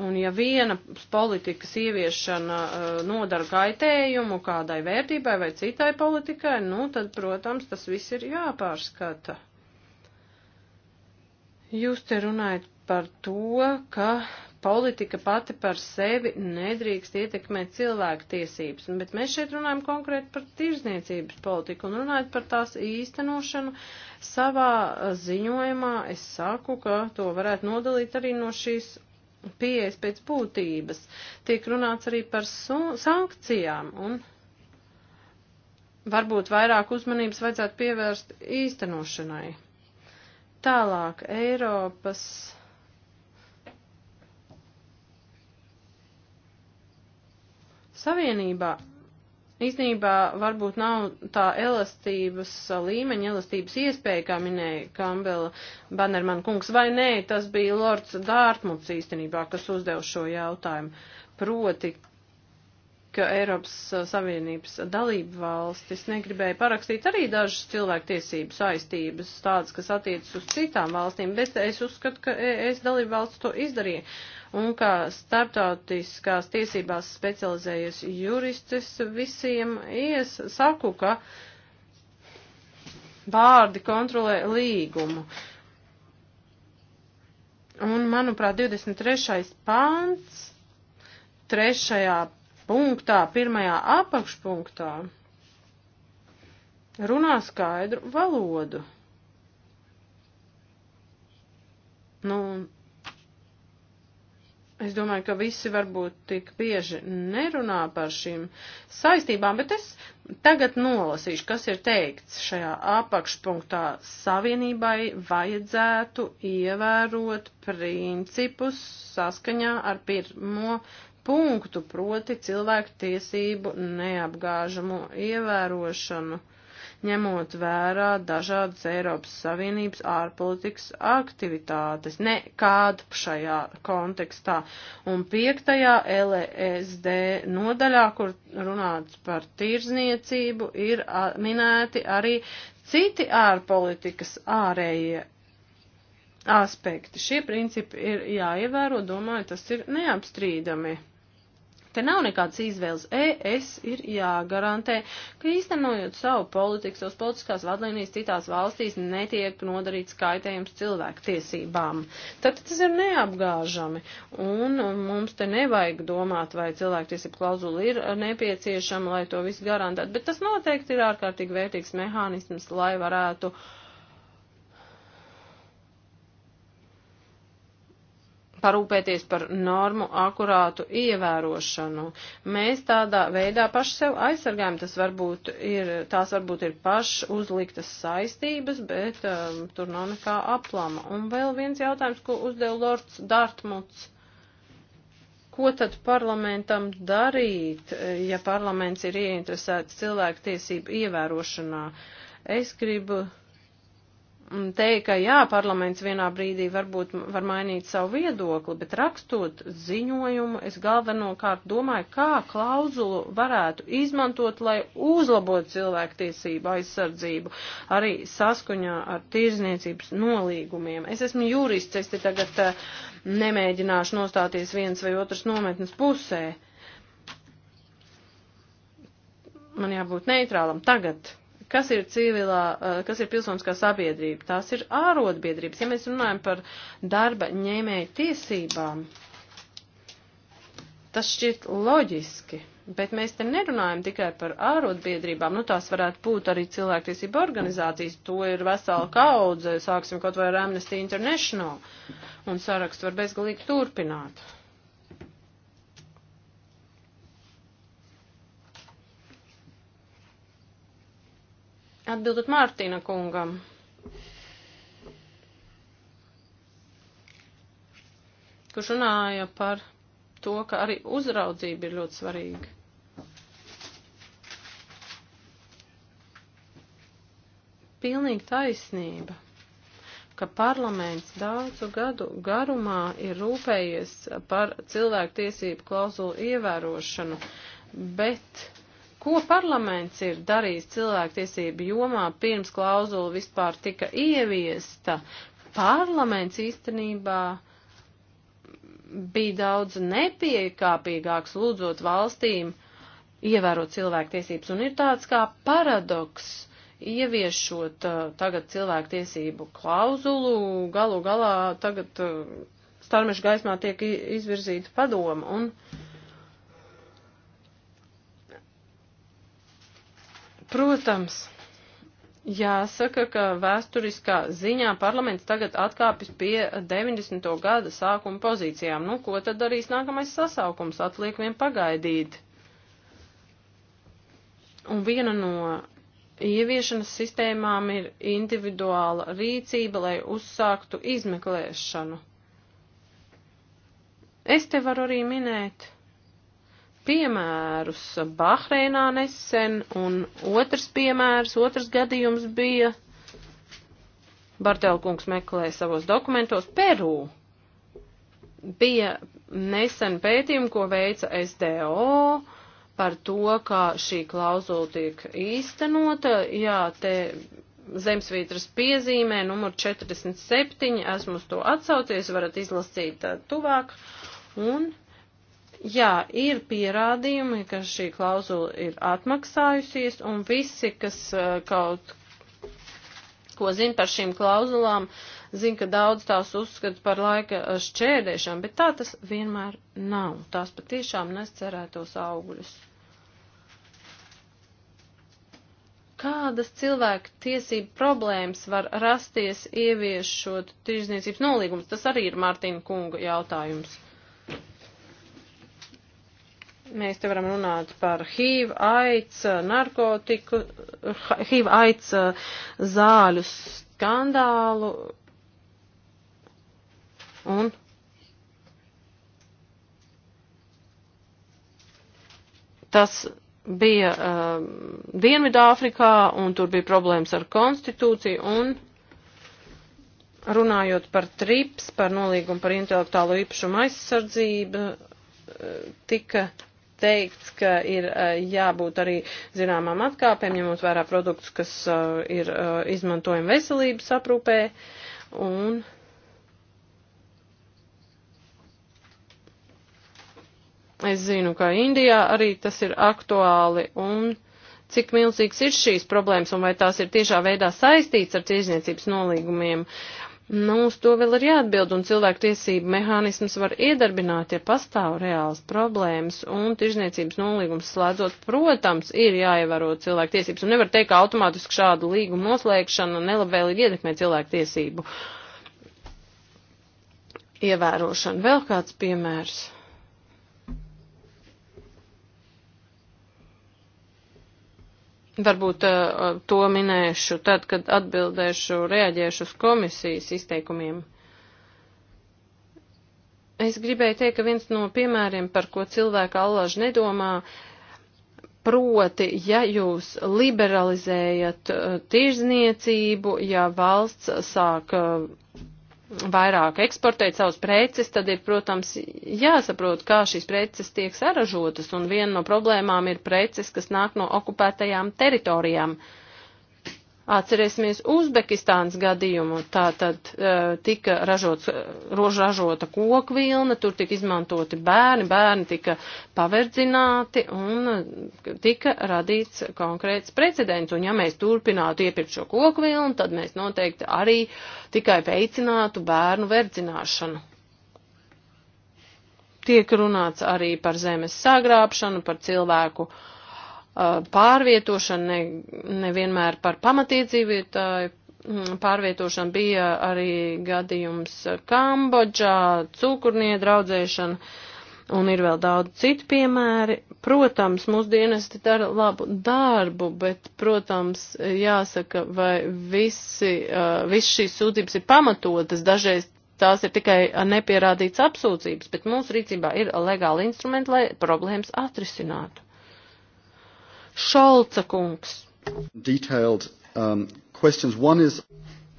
un ja viena politikas ieviešana uh, nodara kaitējumu kādai vērtībai vai citai politikai, nu tad, protams, tas viss ir jāpārskata. Jūs te runājat par to, ka politika pati par sevi nedrīkst ietekmēt cilvēku tiesības, bet mēs šeit runājam konkrēti par tirzniecības politiku un runājot par tās īstenošanu. Savā ziņojumā es saku, ka to varētu nodalīt arī no šīs pieejas pēc būtības. Tiek runāts arī par sankcijām un varbūt vairāk uzmanības vajadzētu pievērst īstenošanai. Tālāk Eiropas. Savienībā īstenībā varbūt nav tā elastības līmeņa, elastības iespēja, kā minēja Kambela Bannerman kungs, vai nē, tas bija Lords Dārtmuts īstenībā, kas uzdev šo jautājumu. Proti, ka Eiropas uh, Savienības dalību valstis negribēja parakstīt arī dažas cilvēktiesību saistības, tādas, kas attiecas uz citām valstīm, bet es uzskatu, ka es dalību valsts to izdarīju. Un kā starptautiskās tiesībās specializējies juristis visiem ies, saku, ka vārdi kontrolē līgumu. Un, manuprāt, 23. pāns trešajā punktā, pirmajā apakšpunktā, runā skaidru valodu. Nu, Es domāju, ka visi varbūt tik bieži nerunā par šīm saistībām, bet es tagad nolasīšu, kas ir teikts šajā apakšpunktā. Savienībai vajadzētu ievērot principus saskaņā ar pirmo punktu, proti cilvēku tiesību neapgāžamo ievērošanu, ņemot vērā dažādas Eiropas Savienības ārpolitikas aktivitātes, nekādu šajā kontekstā. Un piektajā LSD e nodaļā, kur runāts par tirzniecību, ir minēti arī citi ārpolitikas ārējie aspekti. Šie principi ir jāievēro, domāju, tas ir neapstrīdami. Te nav nekādas izvēles. ES ir jāgarantē, ka īstenojot savu politiku, savas politiskās vadlīnijas citās valstīs netiek nodarīts kaitējums cilvēku tiesībām. Tad tas ir neapgāžami. Un mums te nevajag domāt, vai cilvēku tiesību klauzula ir nepieciešama, lai to visu garantētu. Bet tas noteikti ir ārkārtīgi vērtīgs mehānisms, lai varētu uh, parūpēties par normu akurātu ievērošanu. Mēs tādā veidā paši sev aizsargājam, tas varbūt ir, tās varbūt ir paši uzliktas saistības, bet um, tur nav nekā aplama. Un vēl viens jautājums, ko uzdev Lords Dārtmuts. Ko tad parlamentam darīt, ja parlaments ir ieinteresēts cilvēku tiesību ievērošanā? Es gribu teikt, ka jā, parlaments vienā brīdī varbūt var mainīt savu viedokli, bet rakstot ziņojumu, es galvenokārt domāju, kā klauzulu varētu izmantot, lai uzlabotu cilvēktiesību aizsardzību, arī saskaņā ar tirzniecības nolīgumiem. Es esmu jurists, es te tagad eh, nemēģināšu nostāties viens vai otrs nometnes pusē. Man jābūt neitrālam tagad. Kas ir civilā, eh, kas ir pilsoniskā sabiedrība? Tās ir ārotbiedrības. Ja mēs runājam par darba ņēmēju tiesībām, tas šķiet loģiski. Bet mēs te nerunājam tikai par ārotbiedrībām, nu tās varētu būt arī cilvēktiesība organizācijas, to ir vesela kaudze, sāksim kaut vai ar Amnesty International, un saraksts var bezgalīgi turpināt. Atbildot Mārtina kungam. Kurš runāja par to, ka arī uzraudzība ir ļoti svarīga. Pilnīgi taisnība, ka parlaments daudzu gadu garumā ir rūpējies par cilvēku tiesību klauzulu ievērošanu, bet ko parlaments ir darījis cilvēktiesību jomā pirms klauzula vispār tika ieviesta. Parlaments īstenībā bija daudz nepiekāpīgāks lūdzot valstīm ievērot cilvēktiesības, un ir tāds kā paradoks ieviešot uh, tagad cilvēktiesību klauzulu, galu galā tagad uh, starmešu gaismā tiek izvirzīta padoma, un uh, Protams, jāsaka, ka vēsturiskā ziņā parlaments tagad atkāpjas pie 90. gada sākuma pozīcijām. Nu, ko tad darīs nākamais sasaukums? Atliek vien pagaidīt. Un viena no ieviešanas sistēmām ir individuāla rīcība, lai uzsāktu izmeklēšanu. Es te varu arī minēt piemērus Bahreinā nesen, un otrs piemērs, otrs gadījums bija, Bartelkungs meklē savos dokumentos, Peru. Bija nesen pētījumi, ko veica SDO par to, kā šī klauzula tiek īstenota. Jā, te zemesvītras piezīmē numur 47, esmu uz to atsaucies, varat izlasīt uh, tuvāk. Un Jā, ir pierādījumi, ka šī klauzula ir atmaksājusies, un visi, kas uh, kaut ko zina par šīm klauzulām, zina, ka daudz tās uzskata par laika uh, šķērdēšanu, bet tā tas vienmēr nav. Tās patiešām nescerētos augļus. kādas cilvēku tiesību problēmas var rasties ieviešot tirzniecības nolīgumus? Tas arī ir Mārtiņa kunga jautājums. Mēs te varam runāt par HIV, aids, narkotiku, HIV, aids, zāļu skandālu un tas bija uh, Dienvidāfrikā un tur bija problēmas ar konstitūciju un runājot par trips, par nolīgumu par intelektuālo īpašumu aizsardzību, uh, tika teikts, ka ir jābūt arī zināmām atkāpēm, ņemot vērā produktus, kas ir izmantojami veselības aprūpē. Un es zinu, ka Indijā arī tas ir aktuāli un cik milzīgs ir šīs problēmas un vai tās ir tiešā veidā saistīts ar tirzniecības nolīgumiem. Nu, uz to vēl ir jāatbild, un cilvēku tiesību mehānismus var iedarbināt, ja pastāv reāls problēmas, un tirzniecības nolīgums slēdzot, protams, ir jāievēro cilvēku tiesības, un nevar teikt, ka automātiski šādu līgumu noslēgšana nelabvēlīgi ietekmē cilvēku tiesību ievērošanu. Vēl kāds piemērs. Varbūt uh, to minēšu tad, kad atbildēšu, reaģēšu uz komisijas izteikumiem. Es gribēju teikt, ka viens no piemēriem, par ko cilvēka allaž nedomā, proti, ja jūs liberalizējat uh, tirzniecību, ja valsts sāk uh, vairāk eksportēt savus preces, tad ir, protams, jāsaprot, kā šīs preces tiek saražotas, un viena no problēmām ir preces, kas nāk no okupētajām teritorijām. Uh, Atcerēsimies Uzbekistānas gadījumu. Tā tad e, tika ražots, e, ražota kokvilna, tur tika izmantoti bērni, bērni tika paverdzināti un e, tika radīts konkrēts precedents. Un ja mēs turpinātu iepirkt šo kokvilnu, tad mēs noteikti arī tikai veicinātu bērnu verdzināšanu tiek runāts arī par zemes sagrābšanu, par cilvēku Uh, pārvietošana ne, nevienmēr par pamatiedzīvotāju mm, pārvietošana bija arī gadījums Kambodžā, cukurniedraudzēšana un ir vēl daudz citu piemēri. Protams, mūsu dienesti dara labu darbu, bet, protams, jāsaka, vai visi, uh, viss šīs sūdzības ir pamatotas, dažreiz tās ir tikai nepierādīts apsūdzības, bet mūsu rīcībā ir legāli instrumenti, lai problēmas atrisinātu. Šolca kungs. Detailed, um, questions. One is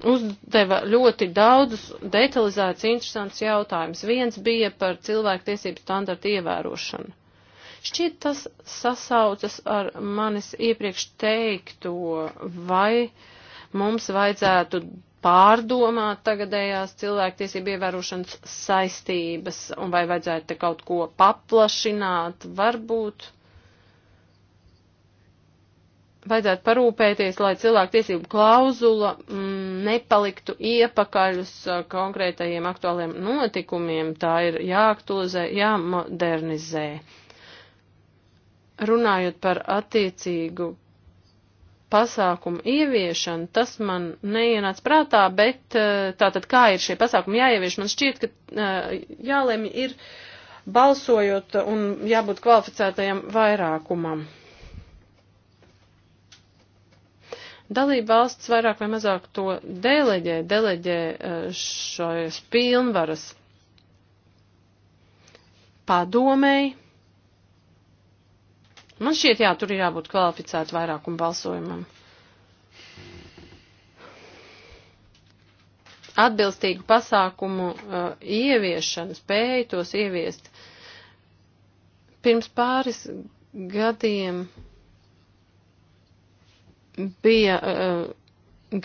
uzdeva ļoti daudzus detalizētus, interesants jautājumus. Viens bija par cilvēktiesību standartu ievērošanu. Šķiet, tas sasaucas ar manis iepriekš teikto, vai mums vajadzētu pārdomāt tagadējās cilvēktiesību ievērošanas saistības, un vai vajadzētu te kaut ko paplašināt, varbūt vajadzētu parūpēties, lai cilvēku tiesību klauzula mm, nepaliktu iepakaļus uh, konkrētajiem aktuāliem notikumiem. Tā ir jāaktualizē, jāmodernizē. Runājot par attiecīgu pasākumu ieviešanu, tas man neienāca prātā, bet uh, tātad kā ir šie pasākumi jāievieš, man šķiet, ka uh, jālēmi ir balsojot un jābūt kvalificētajam vairākumam. Dalība valsts vairāk vai mazāk to deleģē, deleģē eh, šojas pilnvaras padomēji. Man šķiet, jā, tur ir jābūt kvalificētu vairākumu balsojumam. Atbilstīgu pasākumu uh, ieviešanu, spēju tos ieviest. Pirms pāris gadiem uh, bija uh,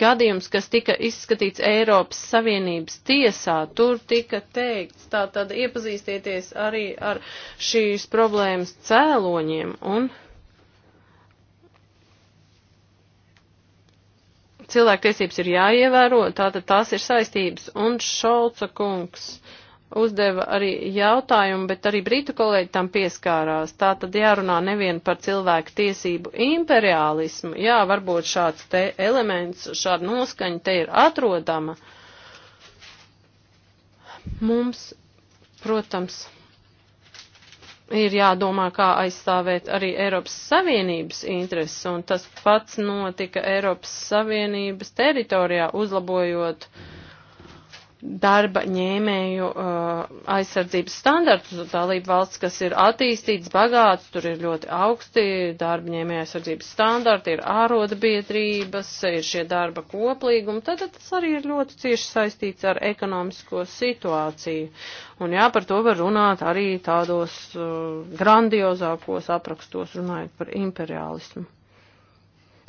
gadījums, kas tika izskatīts Eiropas Savienības tiesā. Tur tika teikts, tā tad iepazīstieties arī ar šīs problēmas cēloņiem un cilvēktiesības ir jāievēro, tātad tās ir saistības. Un Šolca kungs. Uh, uzdeva arī jautājumu, bet arī brītu kolēģi tam pieskārās. Tā tad jārunā nevien par cilvēku tiesību imperialismu, jā, varbūt šāds te elements, šāda noskaņa te ir atrodama. Mums, protams, ir jādomā, kā aizstāvēt arī Eiropas Savienības intereses, un tas pats notika Eiropas Savienības teritorijā, uzlabojot uh, darba ņēmēju uh, aizsardzības standartus. Dalība valsts, kas ir attīstīts, bagāts, tur ir ļoti augsti darba ņēmēju aizsardzības standarti, ir ārodbiedrības, ir šie darba koplīgumi. Tad tas arī ir ļoti cieši saistīts ar ekonomisko situāciju. Un jā, par to var runāt arī tādos uh, grandiozākos aprakstos, runājot par imperialismu.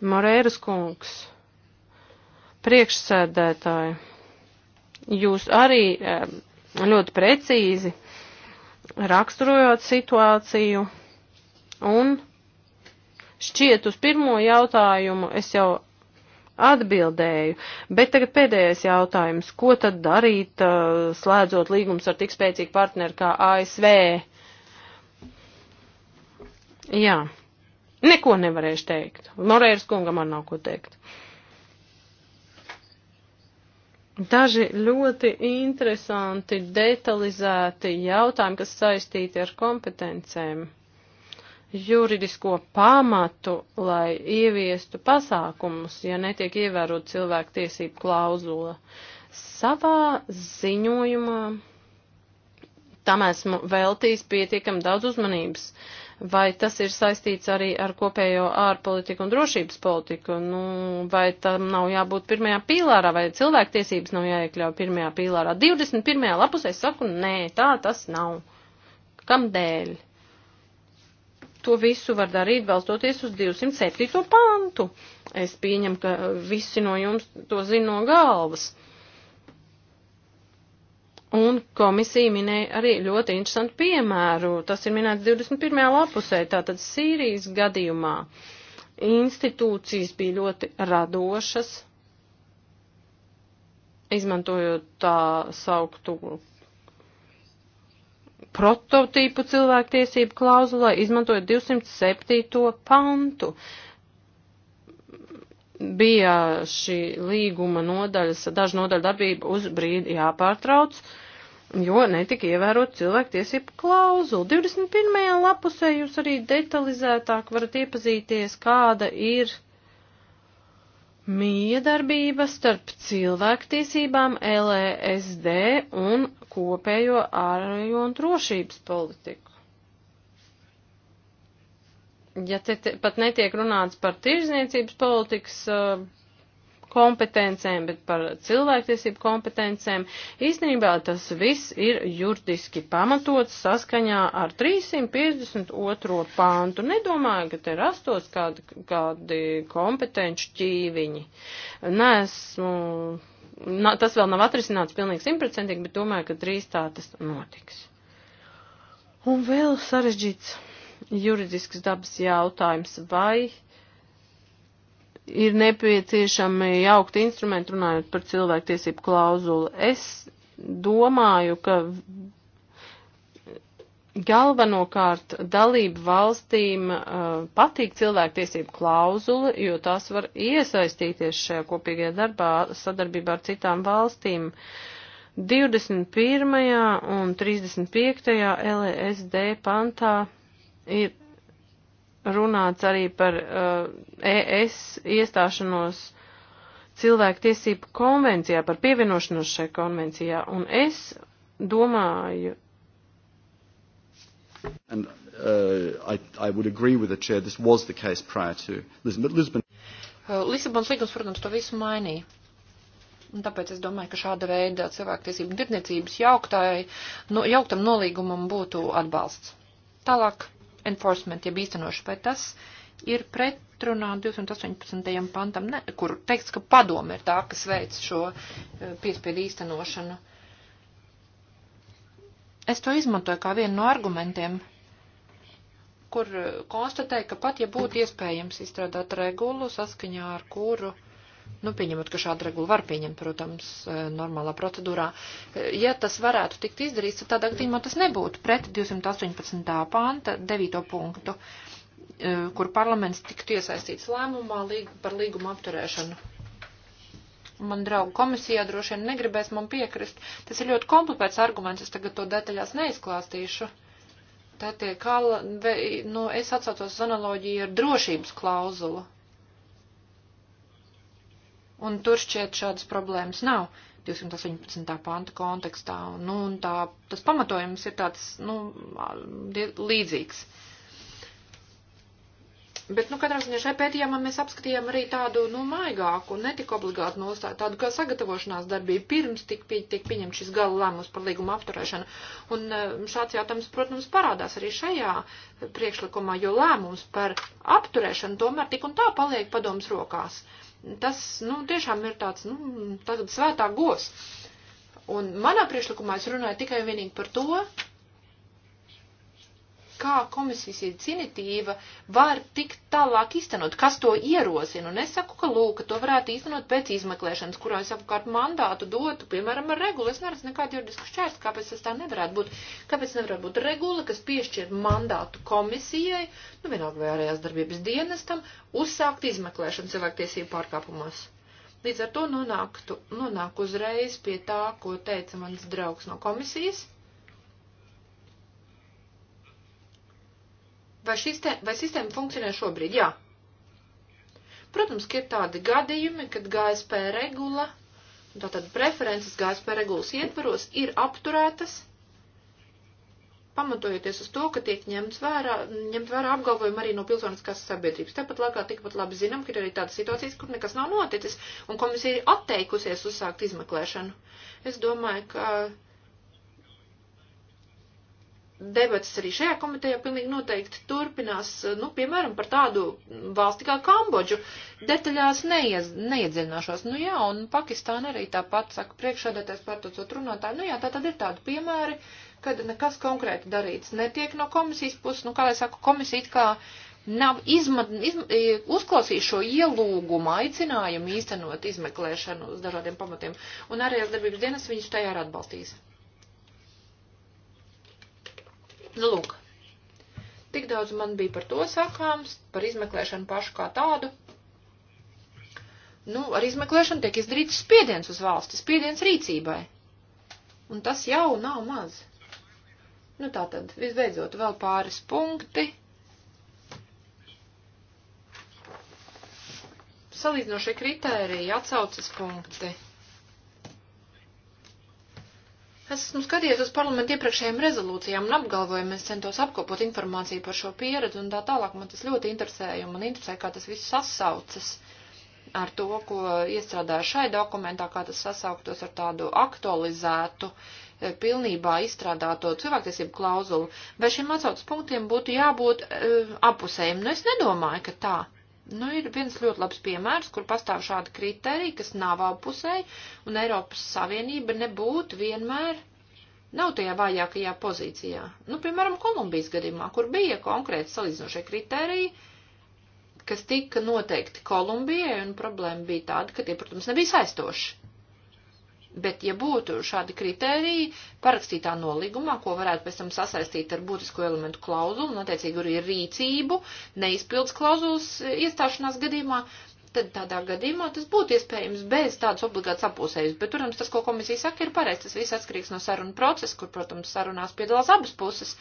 Morēras kungs, priekšsēdētāji jūs arī ļoti precīzi raksturojot situāciju un šķiet uz pirmo jautājumu es jau atbildēju, bet tagad pēdējais jautājums, ko tad darīt, eh, slēdzot līgums ar tik spēcīgu partneri kā ASV? Jā, neko nevarēšu teikt. Morēras kungam man nav ko teikt. Uh, Daži ļoti interesanti, detalizēti jautājumi, kas saistīti ar kompetencēm, juridisko pamatu, lai ieviestu pasākumus, ja netiek ievērot cilvēku tiesību klauzula. Savā ziņojumā tam esmu veltījis pietiekam daudz uzmanības. Uh, vai tas ir saistīts arī ar kopējo ārpolitiku un drošības politiku, nu, vai tam nav jābūt pirmajā pīlārā, vai cilvēktiesības nav jāiekļauj pirmajā pīlārā. 21. lapusē saku, nē, tā tas nav. Kam dēļ? To visu var darīt, balstoties uz 207. pantu. Es pieņemu, ka visi no jums to zina no galvas. Un komisija minēja arī ļoti interesantu piemēru. Tas ir minēts 21. lapusē, tātad Sīrijas gadījumā. Institūcijas bija ļoti radošas, izmantojot tā sauktu prototīpu cilvēktiesību klauzulai, izmantojot 207. pantu. Uh, bija šī līguma nodaļas, dažu nodaļu darbība uz brīdi jāpārtrauc, jo netika ievērot cilvēktiesību klauzulu. 21. lapusē jūs arī detalizētāk varat iepazīties, kāda ir miedarbība starp cilvēktiesībām LSD e un kopējo ārējo un drošības politiku ja te, te pat netiek runāts par tirzniecības politikas uh, kompetencēm, bet par cilvēktiesību kompetencēm, īstenībā tas viss ir juridiski pamatots saskaņā ar 352. pāntu. Nedomāju, ka te rastos kādi, kādi kompetenci šķīviņi. Nē, esmu. Na, tas vēl nav atrisināts pilnīgi simtprocentīgi, bet domāju, ka drīz tā tas notiks. Un vēl sarežģīts juridisks dabas jautājums, vai ir nepieciešami jaukt instrumenti runājot par cilvēktiesību klauzulu. Es domāju, ka galvenokārt dalību valstīm uh, patīk cilvēktiesību klauzula, jo tās var iesaistīties šajā kopīgajā darbā sadarbībā ar citām valstīm. 21. un 35. LSD e pantā Ir runāts arī par uh, ES iestāšanos cilvēku tiesību konvencijā, par pievienošanos šai konvencijā, un es domāju. And, uh, I, I would agree with the chair, this was the case prior to Lisbon. Lisbon.
Uh, Lisabons līgums, protams, to visu mainīja. Un tāpēc es domāju, ka šāda veida cilvēktiesību tirdzniecības jauktai, no, jauktam nolīgumam būtu atbalsts. Tālāk enforcement, jeb īstenošu, vai tas ir pretrunā 218. pantam, ne, kur teikts, ka padome ir tā, kas veic šo eh, piespiedu īstenošanu. Es to izmantoju kā vienu no argumentiem, kur eh, konstatēju, ka pat ja būtu iespējams izstrādāt regulu, saskaņā ar kuru uh, Nu, pieņemot, ka šādu regulu var pieņemt, protams, e, normālā procedūrā. E, ja tas varētu tikt izdarīts, tad tādā gadījumā tas nebūtu pret 218. panta 9. punktu, e, kur parlaments tiktu iesaistīts lēmumā par līguma apturēšanu. Man draugu komisijā droši vien negribēs man piekrist. Tas ir ļoti komplicēts arguments, es tagad to detaļās neizklāstīšu. Tā tiek, kā, nu, es atsaucos uz analoģiju ar drošības klauzulu un tur šķiet šādas problēmas nav 218. panta kontekstā. Nu, un tā, tas pamatojums ir tāds, nu, līdzīgs. Bet, nu, katrā ziņā šai pētījumā mēs apskatījām arī tādu, nu, maigāku, netik obligātu nostāju, tādu kā sagatavošanās darbību pirms tik, pie, tik pieņemt šis gala lēmums par līguma apturēšanu. Un um, šāds jautājums, protams, parādās arī šajā priekšlikumā, jo lēmums par apturēšanu tomēr tik un tā paliek padomas rokās. Uh, Tas, nu, tiešām ir tāds, nu, tāds svētā gos. Un manā priekšlikumā es runāju tikai un vienīgi par to, kā komisijas iniciatīva var tikt tālāk īstenot, kas to ierosina. Un es saku, ka lūk, to varētu īstenot pēc izmeklēšanas, kurā es savukārt mandātu dotu, piemēram, ar regulu. Es neredzu nekādu juridisku šķērstu, kāpēc tas tā nevarētu būt. Kāpēc nevarētu būt regula, kas piešķir mandātu komisijai, nu vienalga vai ārējās darbības dienestam, uzsākt izmeklēšanu cilvēktiesību pārkāpumos. Līdz ar to nonāktu, nonāk uzreiz pie tā, ko teica mans draugs no komisijas Vai, sistēma, vai sistēma funkcionē šobrīd? Jā. Protams, ka ir tādi gadījumi, kad GSP regula, tātad preferences GSP regulas ietvaros, ir apturētas, pamatojoties uz to, ka tiek ņemts vērā, ņemt vērā apgalvojumi arī no pilsoniskās sabiedrības. Tāpat laikā tikpat labi zinām, ka ir arī tādas situācijas, kur nekas nav noticis, un komisija ir atteikusies uzsākt izmeklēšanu. Es domāju, ka. Uh, debatas arī šajā komitejā pilnīgi noteikti turpinās, eh, nu, piemēram, par tādu valsti kā Kambodžu. Detaļās neiez, neiedziļināšos. Nu jā, un Pakistāna arī tāpat saka priekšādātais pārtocot runātāju. Nu jā, tā tad ir tādi piemēri, kad nekas konkrēti darīts netiek no komisijas puses. Nu, kā lai saku, komisija it kā nav izma, izma, uzklausīju šo ielūgumu, aicinājumu īstenot izmeklēšanu uz dažādiem pamatiem. Un arī es darbības dienas viņš tajā ir atbalstījis. Nu, lūk, tik daudz man bija par to sakāms, par izmeklēšanu pašu kā tādu. Nu, ar izmeklēšanu tiek izdarīts spiediens uz valsti, spiediens rīcībai. Un tas jau nav maz. Nu, tā tad, visbeidzot, vēl pāris punkti. Salīdzinošie kritēriji, atsaucas punkti. Esmu skatījies uz parlamentu iepriekšējiem rezolūcijām un apgalvojumu, es centos apkopot informāciju par šo pieredzi un tā tālāk. Man tas ļoti interesēja un man interesē, kā tas viss sasaucas ar to, ko iestrādāju šai dokumentā, kā tas sasauktos ar tādu aktualizētu, eh, pilnībā izstrādāto cilvēktiesību klauzulu. Vai šiem atsaucas punktiem būtu jābūt uh, apusējiem? Nu, es nedomāju, ka tā. Nu, ir viens ļoti labs piemērs, kur pastāv šādi kriteriji, kas nav apusēji, un Eiropas Savienība nebūtu vienmēr nav tajā vājākajā pozīcijā. Nu, piemēram, Kolumbijas gadījumā, kur bija konkrēti salīdzinošie kriteriji, kas tika noteikti Kolumbijai, un problēma bija tāda, ka tie, protams, nebija saistoši. Bet, ja būtu šādi kriteriji parakstītā nolīgumā, ko varētu pēc tam sasaistīt ar būtisko elementu klauzulu un, attiecīgi, arī rīcību, neizpildes klauzulas iestāšanās gadījumā, tad tādā gadījumā tas būtu iespējams bez tādas obligātas apusējas. Bet, protams, tas, ko komisija saka, ir pareizi. Tas viss atkarīgs no sarunu procesa, kur, protams, sarunās piedalās abas puses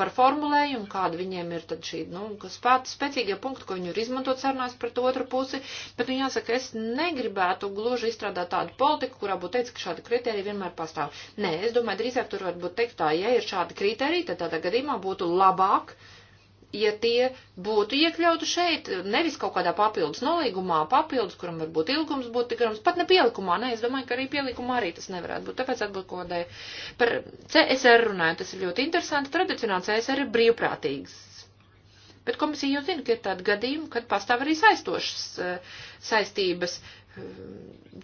par formulējumu, kāda viņiem ir tad šī, nu, spēt, spēcīgie punkti, ko viņi ir izmantot sarunās pret otru pusi. Bet, nu, jāsaka, es negribētu gluži izstrādāt tādu politiku, kurā būtu teicis, ka šādi kriteriji vienmēr pastāv. Nē, es domāju, drīzāk tur varētu būt teikt tā, ja ir šādi kriteriji, tad tādā gadījumā būtu labāk ja tie būtu iekļauti šeit, nevis kaut kādā papildus nolīgumā, papildus, kuram varbūt ilgums būtu tik garums, pat ne pielikumā, ne, es domāju, ka arī pielikumā arī tas nevarētu būt, tāpēc atbildkodēju. Par CSR runāju, tas ir ļoti interesanti, tradicionāli CSR ir brīvprātīgs. Bet komisija jau zina, ka ir tādi gadījumi, kad pastāv arī saistošas eh, saistības, eh,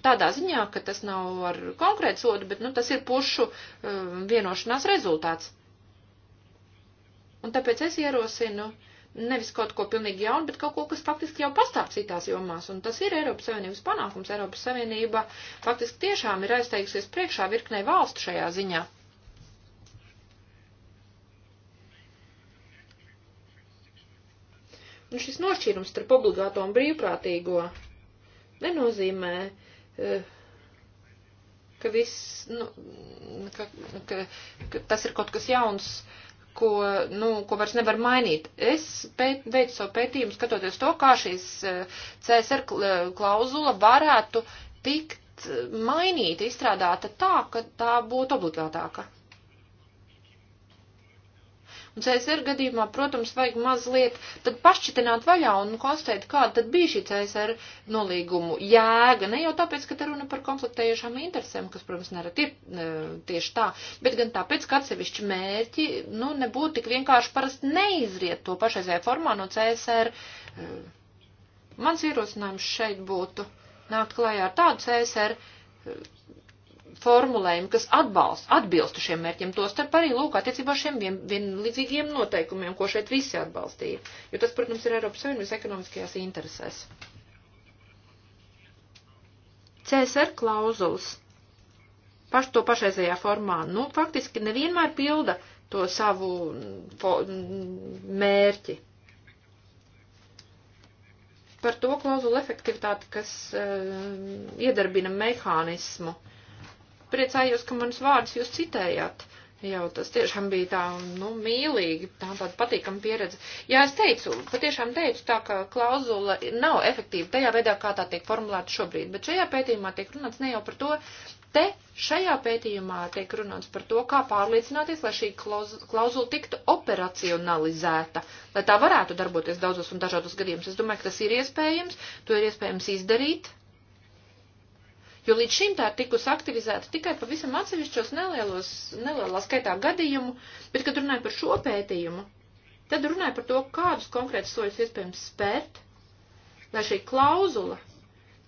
tādā ziņā, ka tas nav ar konkrētu sodu, bet, nu, tas ir pušu eh, vienošanās rezultāts. Un tāpēc es ierosinu nevis kaut ko pilnīgi jaunu, bet kaut ko, kas faktiski jau pastāv citās jomās. Un tas ir Eiropas Savienības panākums. Eiropas Savienība faktiski tiešām ir aizteikusies priekšā virknei valstu šajā ziņā. Un šis nošķīrums starp obligāto un brīvprātīgo nenozīmē, eh, ka, viss, nu, ka, ka, ka tas ir kaut kas jauns. Uh, ko, nu, ko vairs nevar mainīt. Es pēt, veicu savu pētījumu skatoties to, kā šīs eh, CSR eh, klauzula varētu tikt eh, mainīta, izstrādāta tā, ka tā būtu obligātāka. Un CSR gadījumā, protams, vajag mazliet tad pašķitināt vaļā un konstatēt, kāda tad bija šī CSR nolīgumu jēga. Ne jau tāpēc, ka te runa par konfliktējušām interesēm, kas, protams, nerad ir e, tieši tā, bet gan tāpēc, ka atsevišķi mērķi, nu, nebūtu tik vienkārši parasti neizriet to pašreizējā formā no CSR. E, mans ierosinājums šeit būtu nākt klajā ar tādu CSR e, formulējumi, kas atbalst, atbilstu šiem mērķiem, to starp arī lūk attiecībā šiem vien, vienlīdzīgiem noteikumiem, ko šeit visi atbalstīja. Jo tas, protams, ir Eiropas Savienības ekonomiskajās interesēs. CSR klauzulas paš to pašreizējā formā, nu, faktiski nevienmēr pilda to savu mm, mm, mērķi. Par to klauzulu efektivitāti, kas uh, iedarbina mehānismu uh, priecājos, ka manas vārdas jūs citējāt. Jau tas tiešām bija tā, nu, mīlīgi, tā tāda patīkama pieredze. Jā, es teicu, patiešām teicu tā, ka klauzula nav efektīva tajā veidā, kā tā tiek formulēta šobrīd, bet šajā pētījumā tiek runāts ne jau par to, te šajā pētījumā tiek runāts par to, kā pārliecināties, lai šī klauzula tiktu operacionalizēta, lai tā varētu darboties daudzos un dažādos gadījumos. Es domāju, ka tas ir iespējams, to ir iespējams izdarīt jo līdz šim tā ir tikusi aktivizēta tikai pavisam atsevišķos nelielos, nelielā skaitā gadījumu, bet, kad runāju par šo pētījumu, tad runāju par to, kādus konkrētus soļus iespējams spērt, lai šī klauzula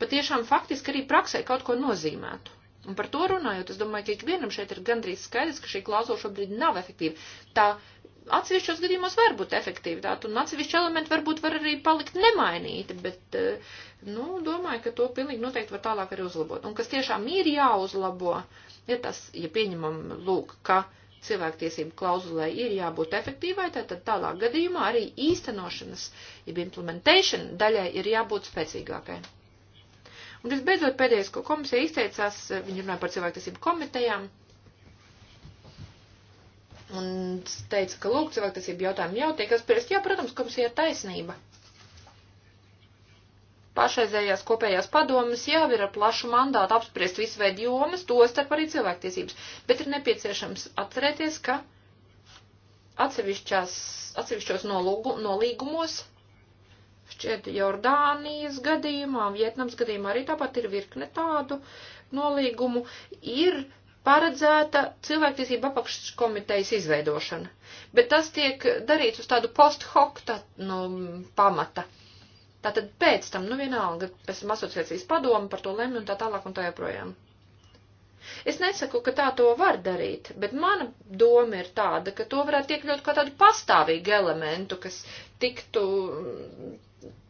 patiešām faktiski arī praksē kaut ko nozīmētu. Un par to runājot, es domāju, ka ikvienam šeit ir gandrīz skaidrs, ka šī klauzula šobrīd nav efektīva. Tā atsevišķos gadījumos var būt efektivitāte, un atsevišķi elementi varbūt var arī palikt nemainīti, bet, eh, nu, domāju, ka to pilnīgi noteikti var tālāk arī uzlabot. Un kas tiešām ir jāuzlabo, ir tas, ja pieņemam, lūk, ka cilvēktiesību klauzulē ir jābūt efektīvai, tad tālāk gadījumā arī īstenošanas, jeb implementation daļai ir jābūt spēcīgākai. Un visbeidzot pēdējais, ko komisija izteicās, eh, viņi runāja par cilvēktiesību komitejām un teica, ka lūk, cilvēktiesību jautājumi jau tiek apspriest. Jā, protams, komisija ir taisnība. Pašreizējās kopējās padomas jau ir ar plašu mandātu apspriest visu veidu jomas, tostarp arī cilvēktiesības, bet ir nepieciešams atcerēties, ka atsevišķos nolūgu, nolīgumos, šķiet Jordānijas gadījumā, Vietnams gadījumā arī tāpat ir virkne tādu nolīgumu, ir paredzēta cilvēktiesība apakškomitejas izveidošana, bet tas tiek darīts uz tādu post hoc tā, nu, pamata. Tātad pēc tam, nu vienalga, pēc tam asociācijas padoma par to lemj un tā tālāk un tā joprojām. Es nesaku, ka tā to var darīt, bet mana doma ir tāda, ka to varētu iekļaut kā tādu pastāvīgu elementu, kas tiktu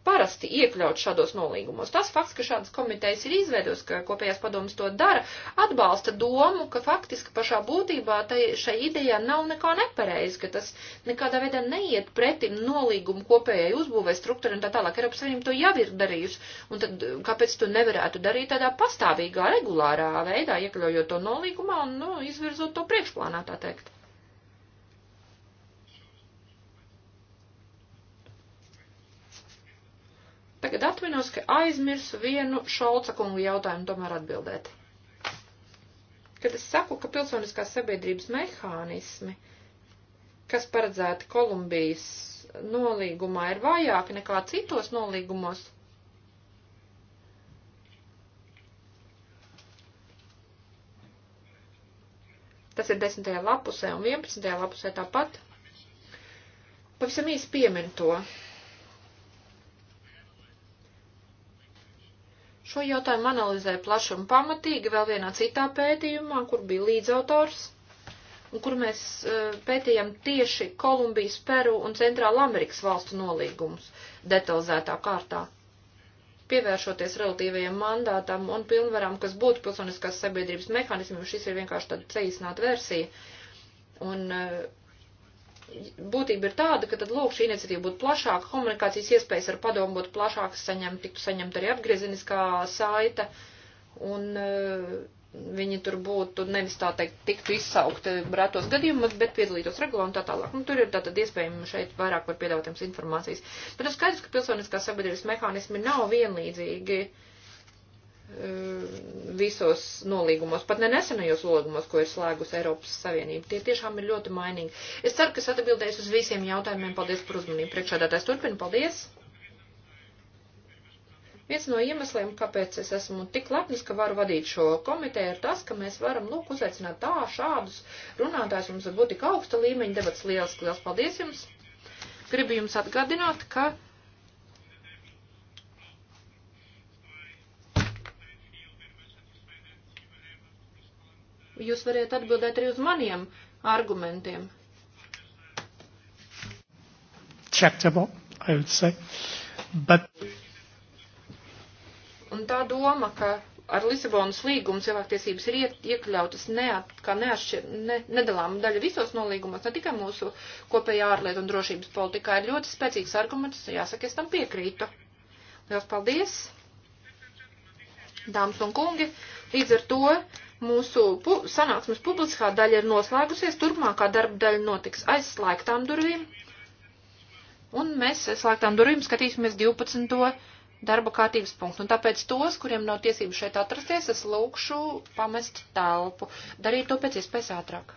parasti iekļaut šādos nolīgumos. Tas fakts, ka šādas komitejas ir izveidos, ka kopējās padomas to dara, atbalsta domu, ka faktiski pašā būtībā tai, šai idejā nav nekā nepareizi, ka tas nekādā veidā neiet pretim nolīgumu kopējai uzbūvē struktūra un tā tālāk. Eiropas Savienība to jau ir darījusi, un tad kāpēc to nevarētu darīt tādā pastāvīgā, regulārā veidā, iekļaujot to nolīgumā un, nu, izvirzot to priekšplānā, tā teikt. tagad atminos, ka aizmirsu vienu Šolca kungu jautājumu tomēr atbildēt. Kad es saku, ka pilsoniskās sabiedrības mehānismi, kas paredzēti Kolumbijas nolīgumā, ir vājāki nekā citos nolīgumos, Tas ir 10. lapusē un 11. lapusē tāpat. Pavisam īsi piemin to. Šo jautājumu analizēja plaši un pamatīgi vēl vienā citā pētījumā, kur bija līdzautors, un kur mēs e, pētījām tieši Kolumbijas, Peru un Centrāla Amerikas valstu nolīgumus detalizētā kārtā. Pievēršoties relatīvajiem mandātam un pilnvarām, kas būtu pilsoniskās sabiedrības mehānismiem, šis ir vienkārši tāda ceīsnāta versija. Un uh, būtība ir tāda, ka tad lūk šī iniciatīva būtu plašāka, komunikācijas iespējas ar padomu būtu plašākas, saņemt, tiktu saņemt arī atgriezeniskā saita, un uh, viņi tur būtu nevis tā teikt tiktu izsaukti rētos gadījumos, bet piedalītos regulāri un tā tālāk. Nu, tur ir tātad iespējami šeit vairāk par piedāvātams informācijas. Bet ir skaidrs, ka pilsoniskā sabiedrības mehānismi nav vienlīdzīgi. Uh, Eh, visos nolīgumos, pat ne nesenajos nolīgumos, ko ir slēgusi Eiropas Savienība. Tie tiešām ir ļoti mainīgi. Es ceru, ka es atbildēšu uz visiem jautājumiem. Paldies par uzmanību. Priekšādātājs turpina. Paldies! Viens no iemesliem, kāpēc es esmu tik lepnis, ka varu vadīt šo komiteju, ir tas, ka mēs varam, lūk, uzaicināt tā šādus runātājus. Mums var būt tik augsta līmeņa debats. Liels, liels paldies jums! Gribu jums atgādināt, ka. jūs varētu atbildēt arī uz maniem argumentiem.
Tractable, I would say. But...
Un tā doma, ka ar Lisabonas līgumu cilvēktiesības ir iet, iekļautas neat, kā neatšķir, ne, nedalāma daļa visos nolīgumos, ne tikai mūsu kopējā ārlietu un drošības politikā, ir ļoti spēcīgs arguments, jāsaka, es tam piekrītu. Lielas paldies, dāmas un kungi, līdz ar to Mūsu pu sanāksmes publiskā daļa ir noslēgusies, turpmākā darba daļa notiks aizslēgtām durvīm. Un mēs aizslēgtām durvīm skatīsimies 12. darba kārtības punktu. Un tāpēc tos, kuriem nav tiesības šeit atrasties, es lūkšu pamest telpu. Darīt to pēc iespējas ātrāk.